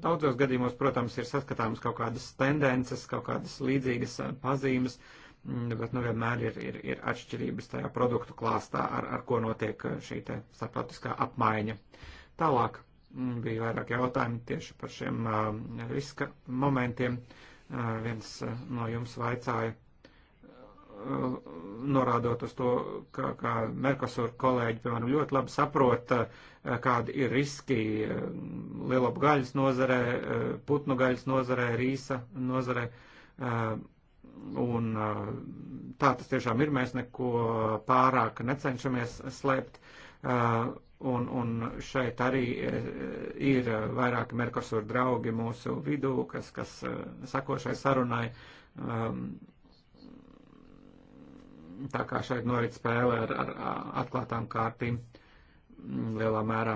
Daudzos gadījumos, protams, ir saskatāmas kaut kādas tendences, kaut kādas līdzīgas pazīmes, mm, bet nu vienmēr ir, ir, ir atšķirības tajā produktu klāstā, ar, ar ko notiek šī te starptautiskā apmaiņa. Tālāk mm, bija vairāk jautājumu tieši par šiem riska momentiem. Viens no jums vaicāja norādot uz to, ka, ka Merkosur kolēģi, piemēram, ļoti labi saprot, eh, kādi ir riski eh, lielopgaļas nozarē, eh, putnu gaļas nozarē, rīsa nozarē. Un tā tas tiešām ir, mēs neko pārāk necenšamies slēpt. Un, un šeit arī ir vairāki Merkosur draugi mūsu vidū, kas, kas sako šai sarunai. Um, tā kā šeit norit spēle ar, ar atklātām kārtīm mm, lielā mērā.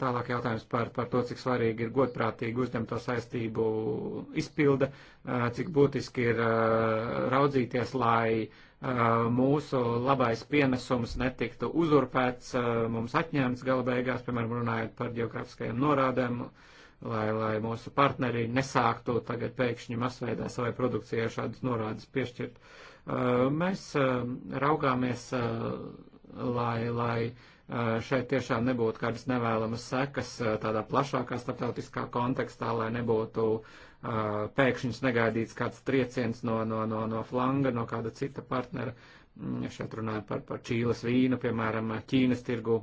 Tālāk jautājums par, par to, cik svarīgi ir godprātīgi uzņemto saistību izpilde, cik būtiski ir raudzīties, lai mūsu labais pienesums netiktu uzurpēts, mums atņemts gala beigās, piemēram, runājot par geografiskajiem norādēm, lai, lai mūsu partneri nesāktu tagad pēkšņi masveidā savai produkcijai šādas norādes piešķirt. Uh, Mēs raugāmies, lai, lai šeit tiešām nebūtu kādas nevēlamas sekas tādā plašākā starptautiskā kontekstā, lai nebūtu pēkšņs negaidīts kāds trieciens no, no, no, no flanga, no kāda cita partnera. Mm, šeit runāja par, par Čīles vīnu, piemēram, Ķīnas tirgu.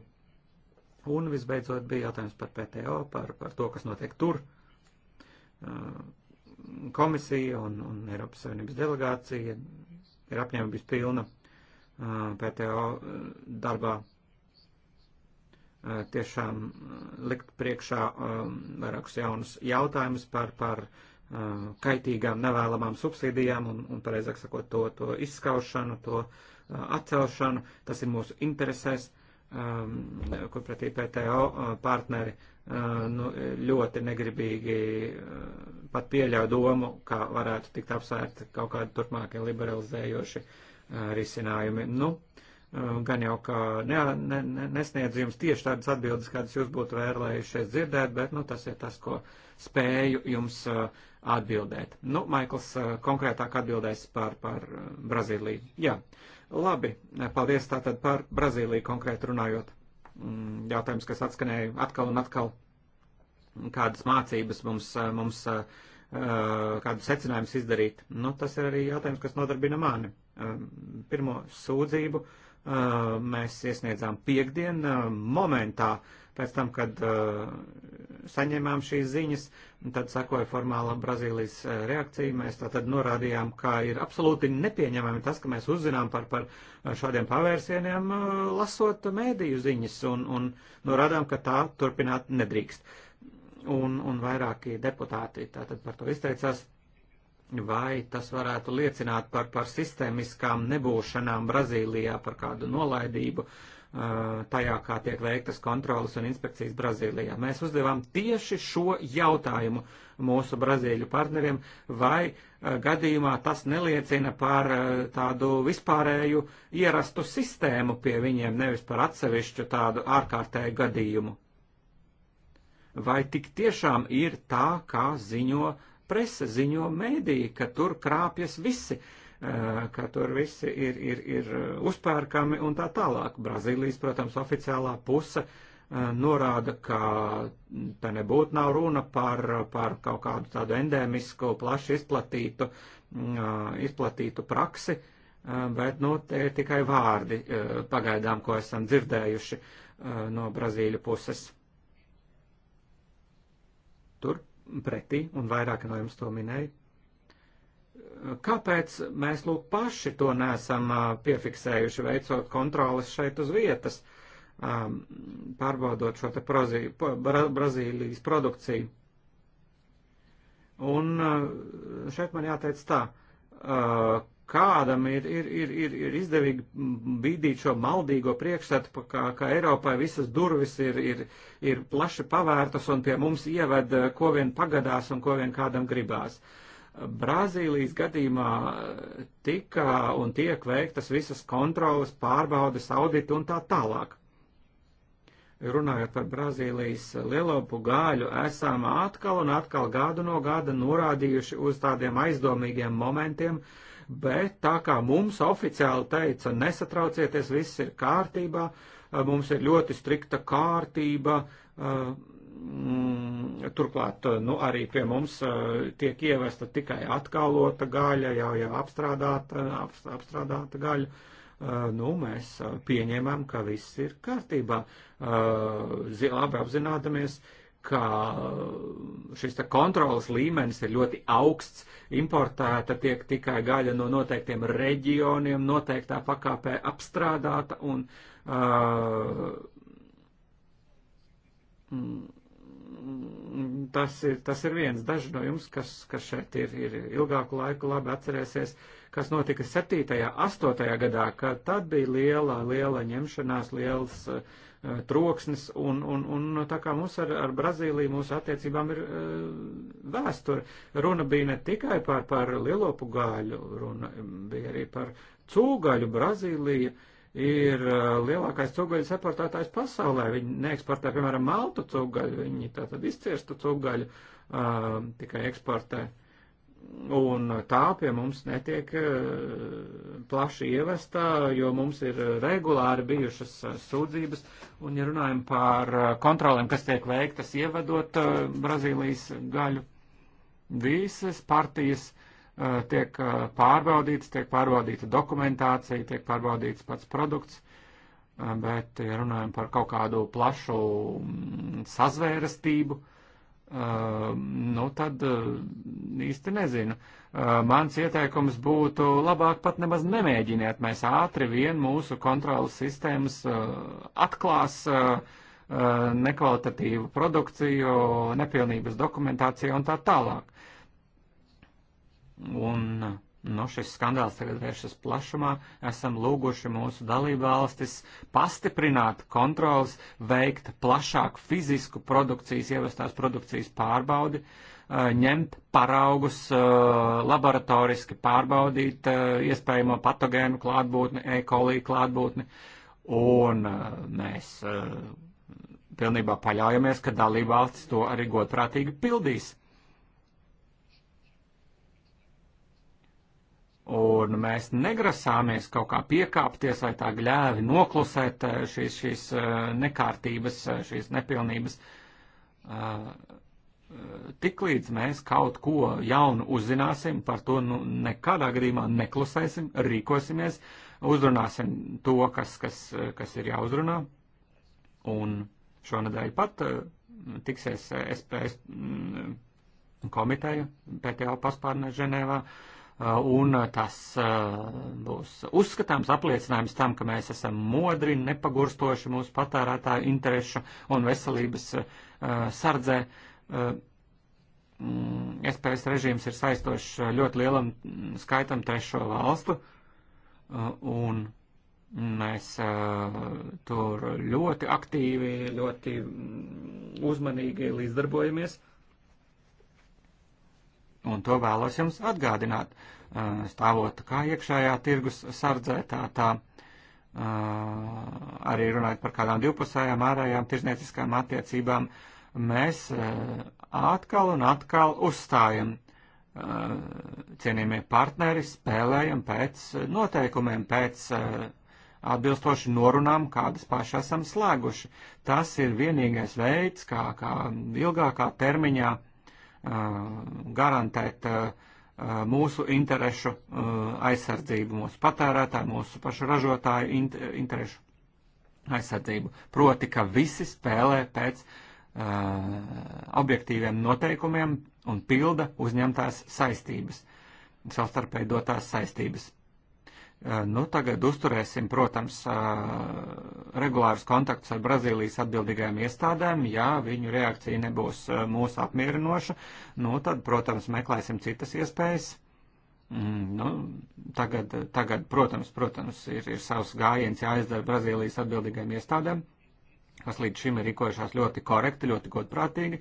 Un visbeidzot bija jautājums par PTO, par, par to, kas notiek tur. Komisija un, un Eiropas Savienības delegācija ir apņēmības pilna PTO darbā tiešām likt priekšā vairākus jaunus jautājumus par, par kaitīgām, nevēlamām subsīdijām un, un pareizāk sakot, to, to izskaušanu, to atcelšanu. Tas ir mūsu interesēs. Uh, kur pretī PTO partneri uh, nu, ļoti negribīgi uh, pat pieļauj domu, ka varētu tikt apsvērti kaut kādi turpmākie liberalizējoši uh, risinājumi. Nu, uh, Um, gan jau, ka ne, ne, nesniedz jums tieši tādas atbildes, kādas jūs būtu vēlējušies dzirdēt, bet nu, tas ir tas, ko spēju jums uh, atbildēt. Nu, Maikls uh, konkrētāk atbildēs par, par uh, Brazīliju. Jā, labi, paldies tātad par Brazīliju konkrēti runājot. Mm, jautājums, kas atskanēja atkal un atkal, kādas mācības mums, mums kādu secinājumus izdarīt. Nu, tas ir arī jautājums, kas nodarbina mani. Um, pirmo sūdzību mēs iesniedzām piekdien momentā pēc tam, kad saņēmām šīs ziņas, tad sakoja formāla Brazīlijas reakcija. Mēs tā tad norādījām, ka ir absolūti nepieņemami tas, ka mēs uzzinām par, par šādiem pavērsieniem, lasot mēdīju ziņas un, un norādām, ka tā turpināt nedrīkst. Un, un vairāki deputāti tātad par to izteicās vai tas varētu liecināt par, par sistēmiskām nebūšanām Brazīlijā, par kādu nolaidību tajā, kā tiek veiktas kontrolas un inspekcijas Brazīlijā. Mēs uzdevām tieši šo jautājumu mūsu brazīļu partneriem, vai gadījumā tas neliecina par tādu vispārēju ierastu sistēmu pie viņiem, nevis par atsevišķu tādu ārkārtēju gadījumu. Vai tik tiešām ir tā, kā ziņo uh, Prese ziņo mēdī, ka tur krāpjas visi, ka tur visi ir, ir, ir uzpērkami un tā tālāk. Brazīlijas, protams, oficiālā puse norāda, ka te nebūtu nav runa par, par kaut kādu tādu endēmisku, plaši izplatītu, izplatītu praksi, bet nu, tie ir tikai vārdi pagaidām, ko esam dzirdējuši no Brazīļu puses. Tur pretī, un vairāki no jums to minēja. Kāpēc mēs lūk paši to nesam piefiksējuši, veicot kontrolas šeit uz vietas, pārbaudot šo te prozī, bra, Brazīlijas produkciju? Un šeit man jāteic tā, kādam ir, ir, ir, ir, ir izdevīgi bīdīt šo maldīgo priekšstatu, ka, ka Eiropai visas durvis ir, ir, ir plaši pavērtas un pie mums ieved, eh, ko vien pagadās un ko vien kādam gribās. Brazīlijas gadījumā eh, tika un tiek veiktas visas kontrolas, pārbaudes, auditi un tā tālāk. Runājot par Brazīlijas lielopu gāļu, esam atkal un atkal gadu no gada norādījuši uz tādiem aizdomīgiem momentiem, uh, bet tā kā mums oficiāli teica, nesatraucieties, viss ir kārtībā, mums ir ļoti strikta kārtība, mm, turklāt nu, arī pie mums tiek ievesta tikai atkalota gaļa, jau, jau apstrādāta, apstrādāta gaļa. Nu, mēs pieņēmām, ka viss ir kārtībā, labi apzinādamies, uh, ka šis kontrolas līmenis ir ļoti augsts, importēta tiek tikai gaļa no noteiktiem reģioniem, noteiktā pakāpē apstrādāta un uh, tas, ir, tas ir viens daži no jums, kas, kas šeit ir, ir ilgāku laiku labi atcerēsies, kas notika 7. 8. gadā, kad tad bija liela, liela ņemšanās, liels uh, Eh, troksnis, un, un, un tā kā mums ar, ar Brazīliju mūsu attiecībām ir eh, vēsture. Runa bija ne tikai par, par lielopu gaļu, runa bija arī par cūgaļu. Brazīlija ir eh, lielākais cūgaļu eksportētājs pasaulē. Viņi neeksportē, piemēram, maltu cūgaļu, viņi tātad izcirstu cūgaļu tikai eksportē. Uh, Un tā pie mums netiek e, plaši ievestā, jo mums ir regulāri bijušas e, sūdzības. Un, ja runājam par e, kontrolēm, kas tiek veiktas ievadot Brazīlijas gaļu, visas partijas tiek pārbaudītas, tiek pārbaudīta dokumentācija, tiek pārbaudīts pats produkts. Bet, ja runājam par kaut kādu plašu mm, sazvērestību, Uh, nu, tad uh, īsti nezinu. Uh, mans ieteikums būtu labāk pat nemaz nemēģiniet. Mēs ātri vien mūsu kontrolas sistēmas atklās nekvalitatīvu produkciju, nepilnības dokumentāciju un tā tālāk. Un, uh, Nu, šis skandāls tagad vēršas plašumā. Esam lūguši mūsu dalībvalstis pastiprināt kontrols, veikt plašāku fizisku produkcijas, ievestās produkcijas pārbaudi, ņemt paraugus, laboratoriski pārbaudīt iespējamo patogēnu klātbūtni, E. coli klātbūtni. Un mēs pilnībā paļaujamies, ka dalībvalstis to arī godprātīgi pildīs Un mēs negrasāmies kaut kā piekāpties vai tā gļēvi noklusēt eh, šīs, šīs eh, nekārtības, eh, šīs nepilnības. Tiklīdz mēs kaut ko jaunu uzzināsim, par to nu, nekādā gadījumā neklusēsim, rīkosimies, uzrunāsim to, kas, kas, kas ir jāuzrunā. Un šonadēļ pat tiksies SPS mm, komiteja PTO paspārnē Ženēvā. Uh, Uh, un uh, tas uh, būs uzskatāms apliecinājums tam, ka mēs esam modri, nepagurstoši mūsu patērētāju interešu un veselības sardzē. SPS mm, režīms ir saistošs ļoti lielam skaitam trešo valstu, un mēs tur ļoti aktīvi, ļoti mm, uzmanīgi līdzdarbojamies. Un to vēlos jums atgādināt, stāvot kā iekšējā tirgus sardzē, tā tā arī runājot par kādām divpusējām ārējām tirzniecīskām attiecībām, mēs atkal un atkal uzstājam cienījamie partneri, spēlējam pēc noteikumiem, pēc atbilstoši norunām, kādas paši esam slēguši. Tas ir vienīgais veids, kā, kā ilgākā termiņā uh, Uh, garantēt uh, uh, mūsu interešu aizsardzību, mūsu patērētāju, mūsu pašu ražotāju interešu aizsardzību. Proti, ka visi spēlē pēc objektīviem noteikumiem un pilda uzņemtās saistības, savstarpēji dotās saistības. Eh, nu, tagad uzturēsim, protams, eh, regulārus kontaktus ar Brazīlijas atbildīgajām iestādēm. Ja viņu reakcija nebūs eh, mūsu apmierinoša, nu, tad, protams, meklēsim citas iespējas. Mm, nu, tagad, tagad, protams, protams ir, ir savs gājiens jāizdara Brazīlijas atbildīgajām iestādēm kas līdz šim ir rīkojušās ļoti korekti, ļoti godprātīgi.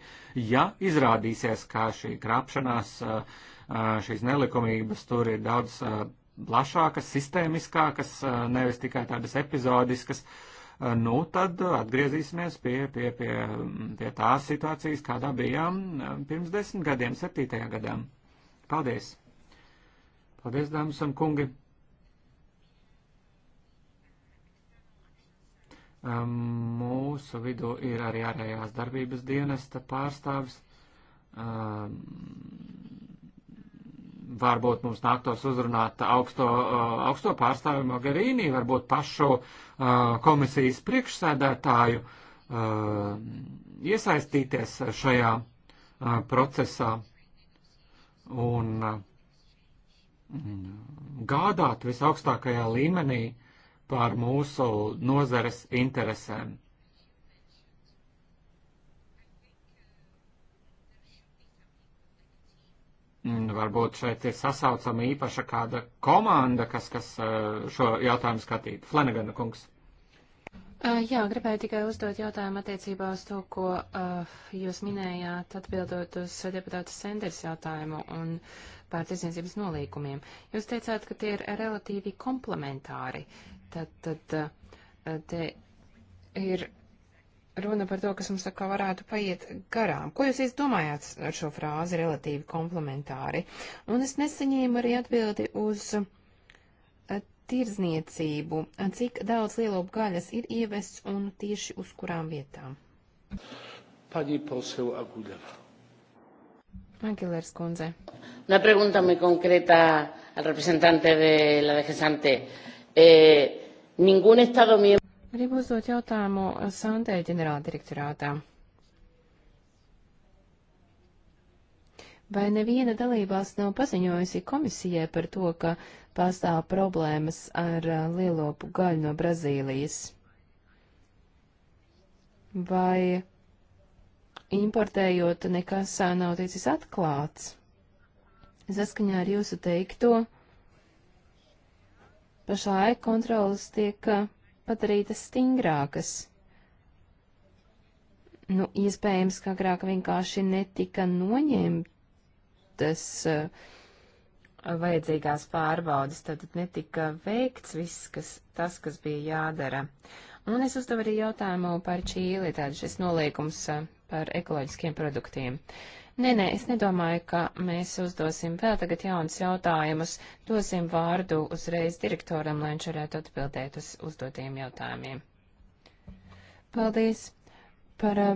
Ja izrādīsies, ka šī krāpšanās, šīs nelikumības tur ir daudz plašākas, sistēmiskākas, eh, nevis tikai tādas epizodiskas, eh, nu tad atgriezīsimies pie, pie, pie, pie tās situācijas, kādā bijām eh, pirms desmit gadiem, septītajā gadā. Paldies! Paldies, dāmas un kungi! Mūsu vidū ir arī ārējās darbības dienesta pārstāvis. Um, varbūt mums nāktos uzrunāt augsto, uh, augsto pārstāvi Mogherīnī, varbūt pašu uh, komisijas priekšsēdētāju uh, iesaistīties šajā procesā un gādāt visaugstākajā līmenī par mūsu nozares interesēm. Mm, varbūt šeit ir sasaucama īpaša kāda komanda, kas, kas eh, šo jautājumu skatītu. Flanagana kungs. Eh, jā, gribēju tikai uzdot jautājumu attiecībā uz to, ko uh, jūs minējāt, atbildot uz deputāta Sanders jautājumu un par tirdzniecības nolīkumiem. Jūs teicāt, ka tie ir relatīvi komplementāri. Tad, tad uh, te ir runa par to, kas mums tā kā varētu paiet garām. Ko jūs īsti domājāt ar šo frāzi relatīvi komplementāri? Un es nesaņēmu arī atbildi uz eh, tirzniecību, cik daudz lielopu gaļas ir ievests un tieši uz kurām vietām. Pani poseu Agudava. Aguilers kundze. Una pregunta muy concreta al representante de la DGSANTE. Eh, ningún Estado miembro. Gribu uzdot jautājumu eh, Santē ģenerāldirektorātā. Vai neviena dalībās nav paziņojusi komisijai par to, ka pastāv problēmas ar eh, lielopu gaļu no Brazīlijas? Vai importējot nekas eh, nav ticis atklāts? Saskaņā ar jūsu teikto, pašlaik kontrolas tiek padarītas stingrākas. Nu, iespējams, ka agrāk vienkārši netika noņemtas uh, vajadzīgās pārbaudas, tad netika veikts viss, kas, tas, kas bija jādara. Un es uzdevu arī jautājumu par Čīli, tādu šis noliekums eh, par ekoloģiskiem produktiem. Uh, Nē, nē, es nedomāju, ka mēs uzdosim vēl tagad jaunus jautājumus. Dosim vārdu uzreiz direktoram, lai viņš varētu atbildēt uz uzdotajiem jautājumiem. Paldies par uh,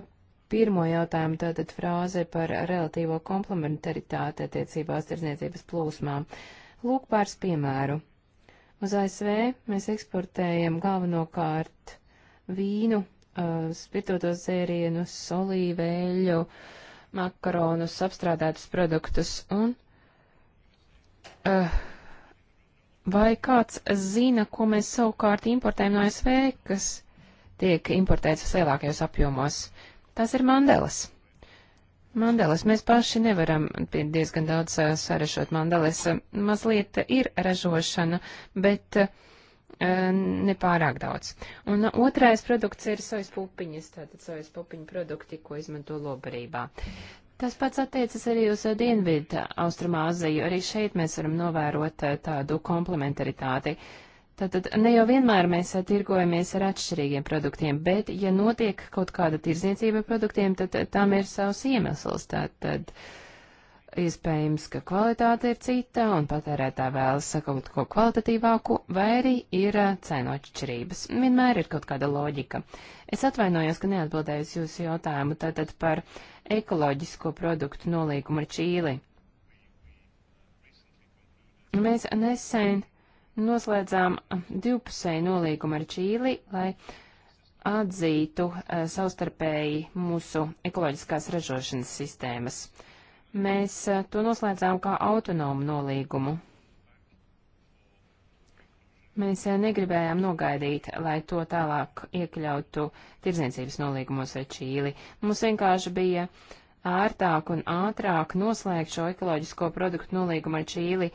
pirmo jautājumu, tātad frāze par relatīvo komplementaritāti attiecībās tirdzniecības plūsmām. Lūk pāris piemēru. Uz ASV mēs eksportējam galvenokārt vīnu, uh, spirtotos dzērienus, olīveļu, uh, makaronus, apstrādātus produktus, un uh, vai kāds zina, ko mēs savukārt importējam no ASV, kas tiek importēts lielākajos apjomos? Tas ir mandelas. Mandelas mēs paši nevaram diezgan daudz eh, sarešot. Mandelas mazliet ir ražošana, bet uh, E, nepārāk daudz. Un otrais produkts ir sojas pupiņas, tātad sojas pupiņu produkti, ko izmanto lobarībā. Tas pats attiecas arī uz Dienvidu Austrumāziju. Arī šeit mēs varam novērot e, tādu komplementaritāti. Tātad ne jau vienmēr mēs tirgojamies ar atšķirīgiem produktiem, bet ja notiek kaut kāda tirdzniecība produktiem, tad tam ir savs iemesls. Tātad, uh, iespējams, ka kvalitāte ir cita un patērētā vēlas sakaut ko kvalitatīvāku, vai arī ir eh, cēnu atšķirības. Vienmēr ir kaut kāda loģika. Es atvainojos, ka neatbildēju uz jūsu jautājumu tātad par ekoloģisko produktu nolīgumu ar Čīli. Mēs nesen noslēdzām eh, divpusēju nolīgumu ar Čīli, lai atzītu uh, savstarpēji mūsu ekoloģiskās ražošanas sistēmas. Uh, Mēs e, to noslēdzām kā autonomu nolīgumu. Mēs e, negribējām nogaidīt, lai to tālāk iekļautu tirdzniecības nolīgumos ar Čīli. Mums vienkārši bija ērtāk un ātrāk noslēgt šo ekoloģisko produktu nolīgumu ar Čīli,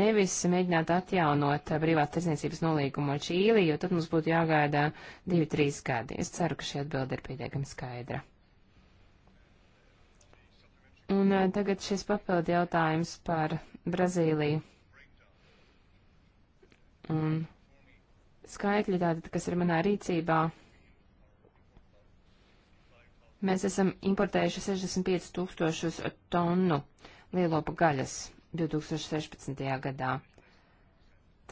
nevis mēģināt atjaunot brīvās tirdzniecības nolīgumu ar Čīli, jo tad mums būtu jāgaida 2-3 gadi. Es ceru, ka šī atbilde ir pietiekami skaidra. Un eh, tagad šis papildi jautājums par Brazīliju. Un skaitļi tātad, kas ir manā rīcībā. Mēs esam importējuši 65 tūkstošus tonu lielopu gaļas 2016. gadā.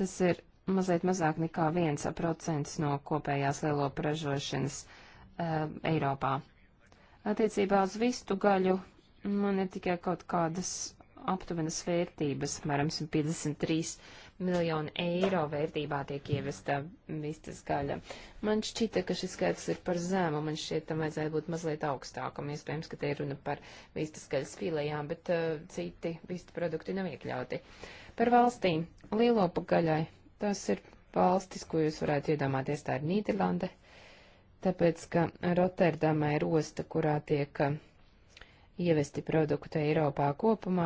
Tas ir mazliet mazāk nekā 1% no kopējās lielopu ražošanas uh, Eiropā. Attiecībā uz vistu gaļu Man ir tikai kaut kādas aptuvenas vērtības, apmēram 153 miljonu eiro vērtībā tiek ievesta vistas gaļa. Man šķita, ka šis skaits ir par zēmu, man šķiet, tam vajadzētu būt mazliet augstākam. Iespējams, ka te ir runa par vistas gaļas filējām, bet uh, citi vistu produkti nav iekļauti. Par valstīm. Lielopu gaļai. Tas ir valstis, ko jūs varētu iedomāties, tā ir Nīderlande, tāpēc, ka Rotterdamā ir osta, kurā tiek uh, ievesti produktu Eiropā kopumā,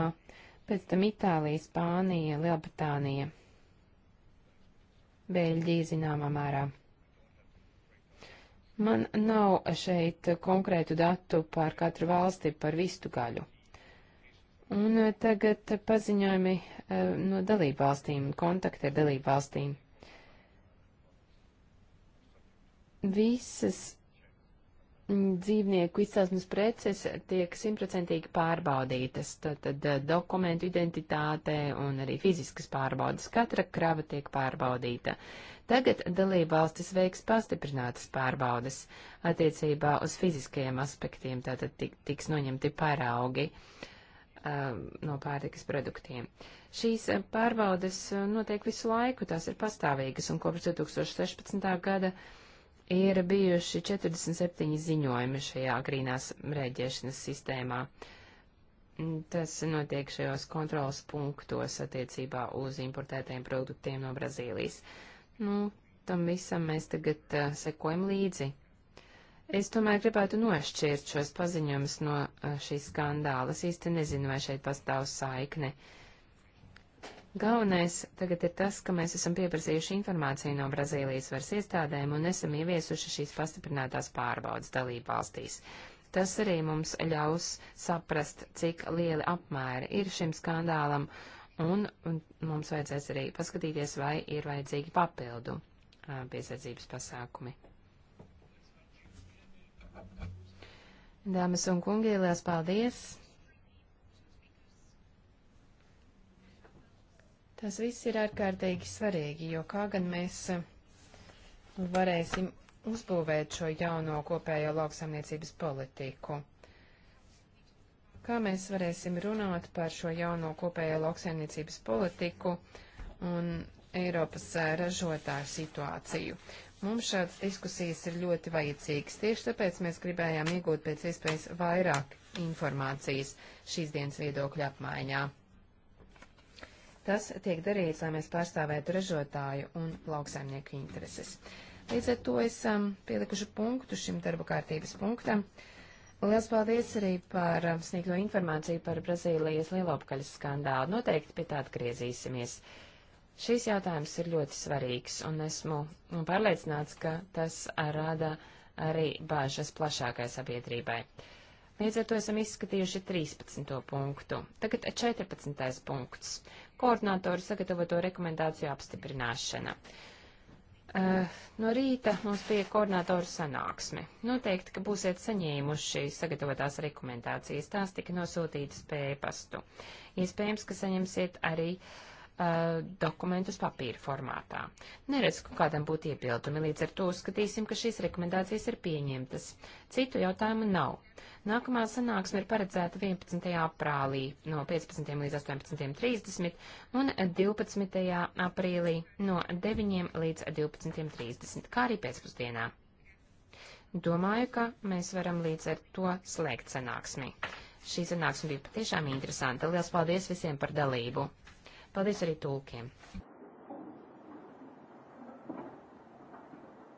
pēc tam Itālija, Spānija, Lielbritānija, Beļģija zināmā mērā. Man nav šeit konkrētu datu par katru valsti par vistu gaļu. Un tagad paziņojumi eh, no dalību valstīm, kontakti ar dalību valstīm. Visas dzīvnieku izcelsmes preces tiek simtprocentīgi pārbaudītas, tātad eh, dokumentu identitāte un arī fiziskas pārbaudas. Katra krava tiek pārbaudīta. Tagad dalība valstis veiks pastiprinātas pārbaudas attiecībā uz fiziskajiem aspektiem, tātad tiks noņemti paraugi eh, no pārtikas produktiem. Šīs eh, pārbaudes notiek visu laiku, tās ir pastāvīgas, un kopš 2016. gada uh, Ir bijuši 47 ziņojumi šajā grīnās rēģēšanas sistēmā. Tas notiek šajos kontrolas punktos attiecībā uz importētajiem produktiem no Brazīlijas. Nu, tam visam mēs tagad uh, sekojam līdzi. Es tomēr gribētu nošķirt šos paziņojumus no uh, šīs skandālas. Īsti nezinu, vai šeit pastāv saikne. Uh, Galvenais tagad ir tas, ka mēs esam pieprasījuši informāciju no Brazīlijas varas iestādēm un esam ieviesuši šīs pastiprinātās pārbaudas dalību valstīs. Tas arī mums ļaus saprast, cik lieli apmēri ir šim skandālam, un, un mums vajadzēs arī paskatīties, vai ir vajadzīgi papildu piesardzības pasākumi. Dāmas un kungi, liels paldies! Tas viss ir ārkārtīgi svarīgi, jo kā gan mēs eh, varēsim uzbūvēt šo jauno kopējo lauksamniecības politiku? Kā mēs varēsim runāt par šo jauno kopējo lauksaimniecības politiku un Eiropas eh, ražotāju situāciju? Mums šādas diskusijas ir ļoti vajadzīgas, tieši tāpēc mēs gribējām iegūt pēc iespējas vairāk informācijas šīs dienas viedokļa apmaiņā. Tas tiek darīts, lai mēs pārstāvētu ražotāju un lauksaimnieku intereses. Līdz ar to esam um, pielikuši punktu šim darba kārtības punktam. Lielas paldies arī par um, sniegto informāciju par Brazīlijas lielopkaļas skandālu. Noteikti pie tā atgriezīsimies. Šīs jautājums ir ļoti svarīgs, un esmu pārliecināts, ka tas rada arī bāžas plašākai sabiedrībai. Līdz ar to esam izskatījuši 13. punktu. Tagad 14. punkts koordinātoru sagatavoto rekomendāciju apstiprināšana. Uh, no rīta mums bija koordinātoru sanāksme. Noteikti, ka būsiet saņēmuši sagatavotās rekomendācijas. Tās tika nosūtītas pēpastu. Iespējams, ka saņemsiet arī uh, Uh, dokumentus papīra formātā. Neredz, ka kādam būtu iebildumi, līdz ar to uzskatīsim, ka šīs rekomendācijas ir pieņemtas. Citu jautājumu nav. Nākamā sanāksme ir paredzēta 11. aprālī no 15. līdz 18.30 un 12. aprīlī no 9. līdz 12.30, kā arī pēcpusdienā. Domāju, ka mēs varam līdz ar to slēgt sanāksmi. Šī sanāksme bija patiešām interesanta. Lielas paldies visiem par dalību! Paldies arī tūkiem!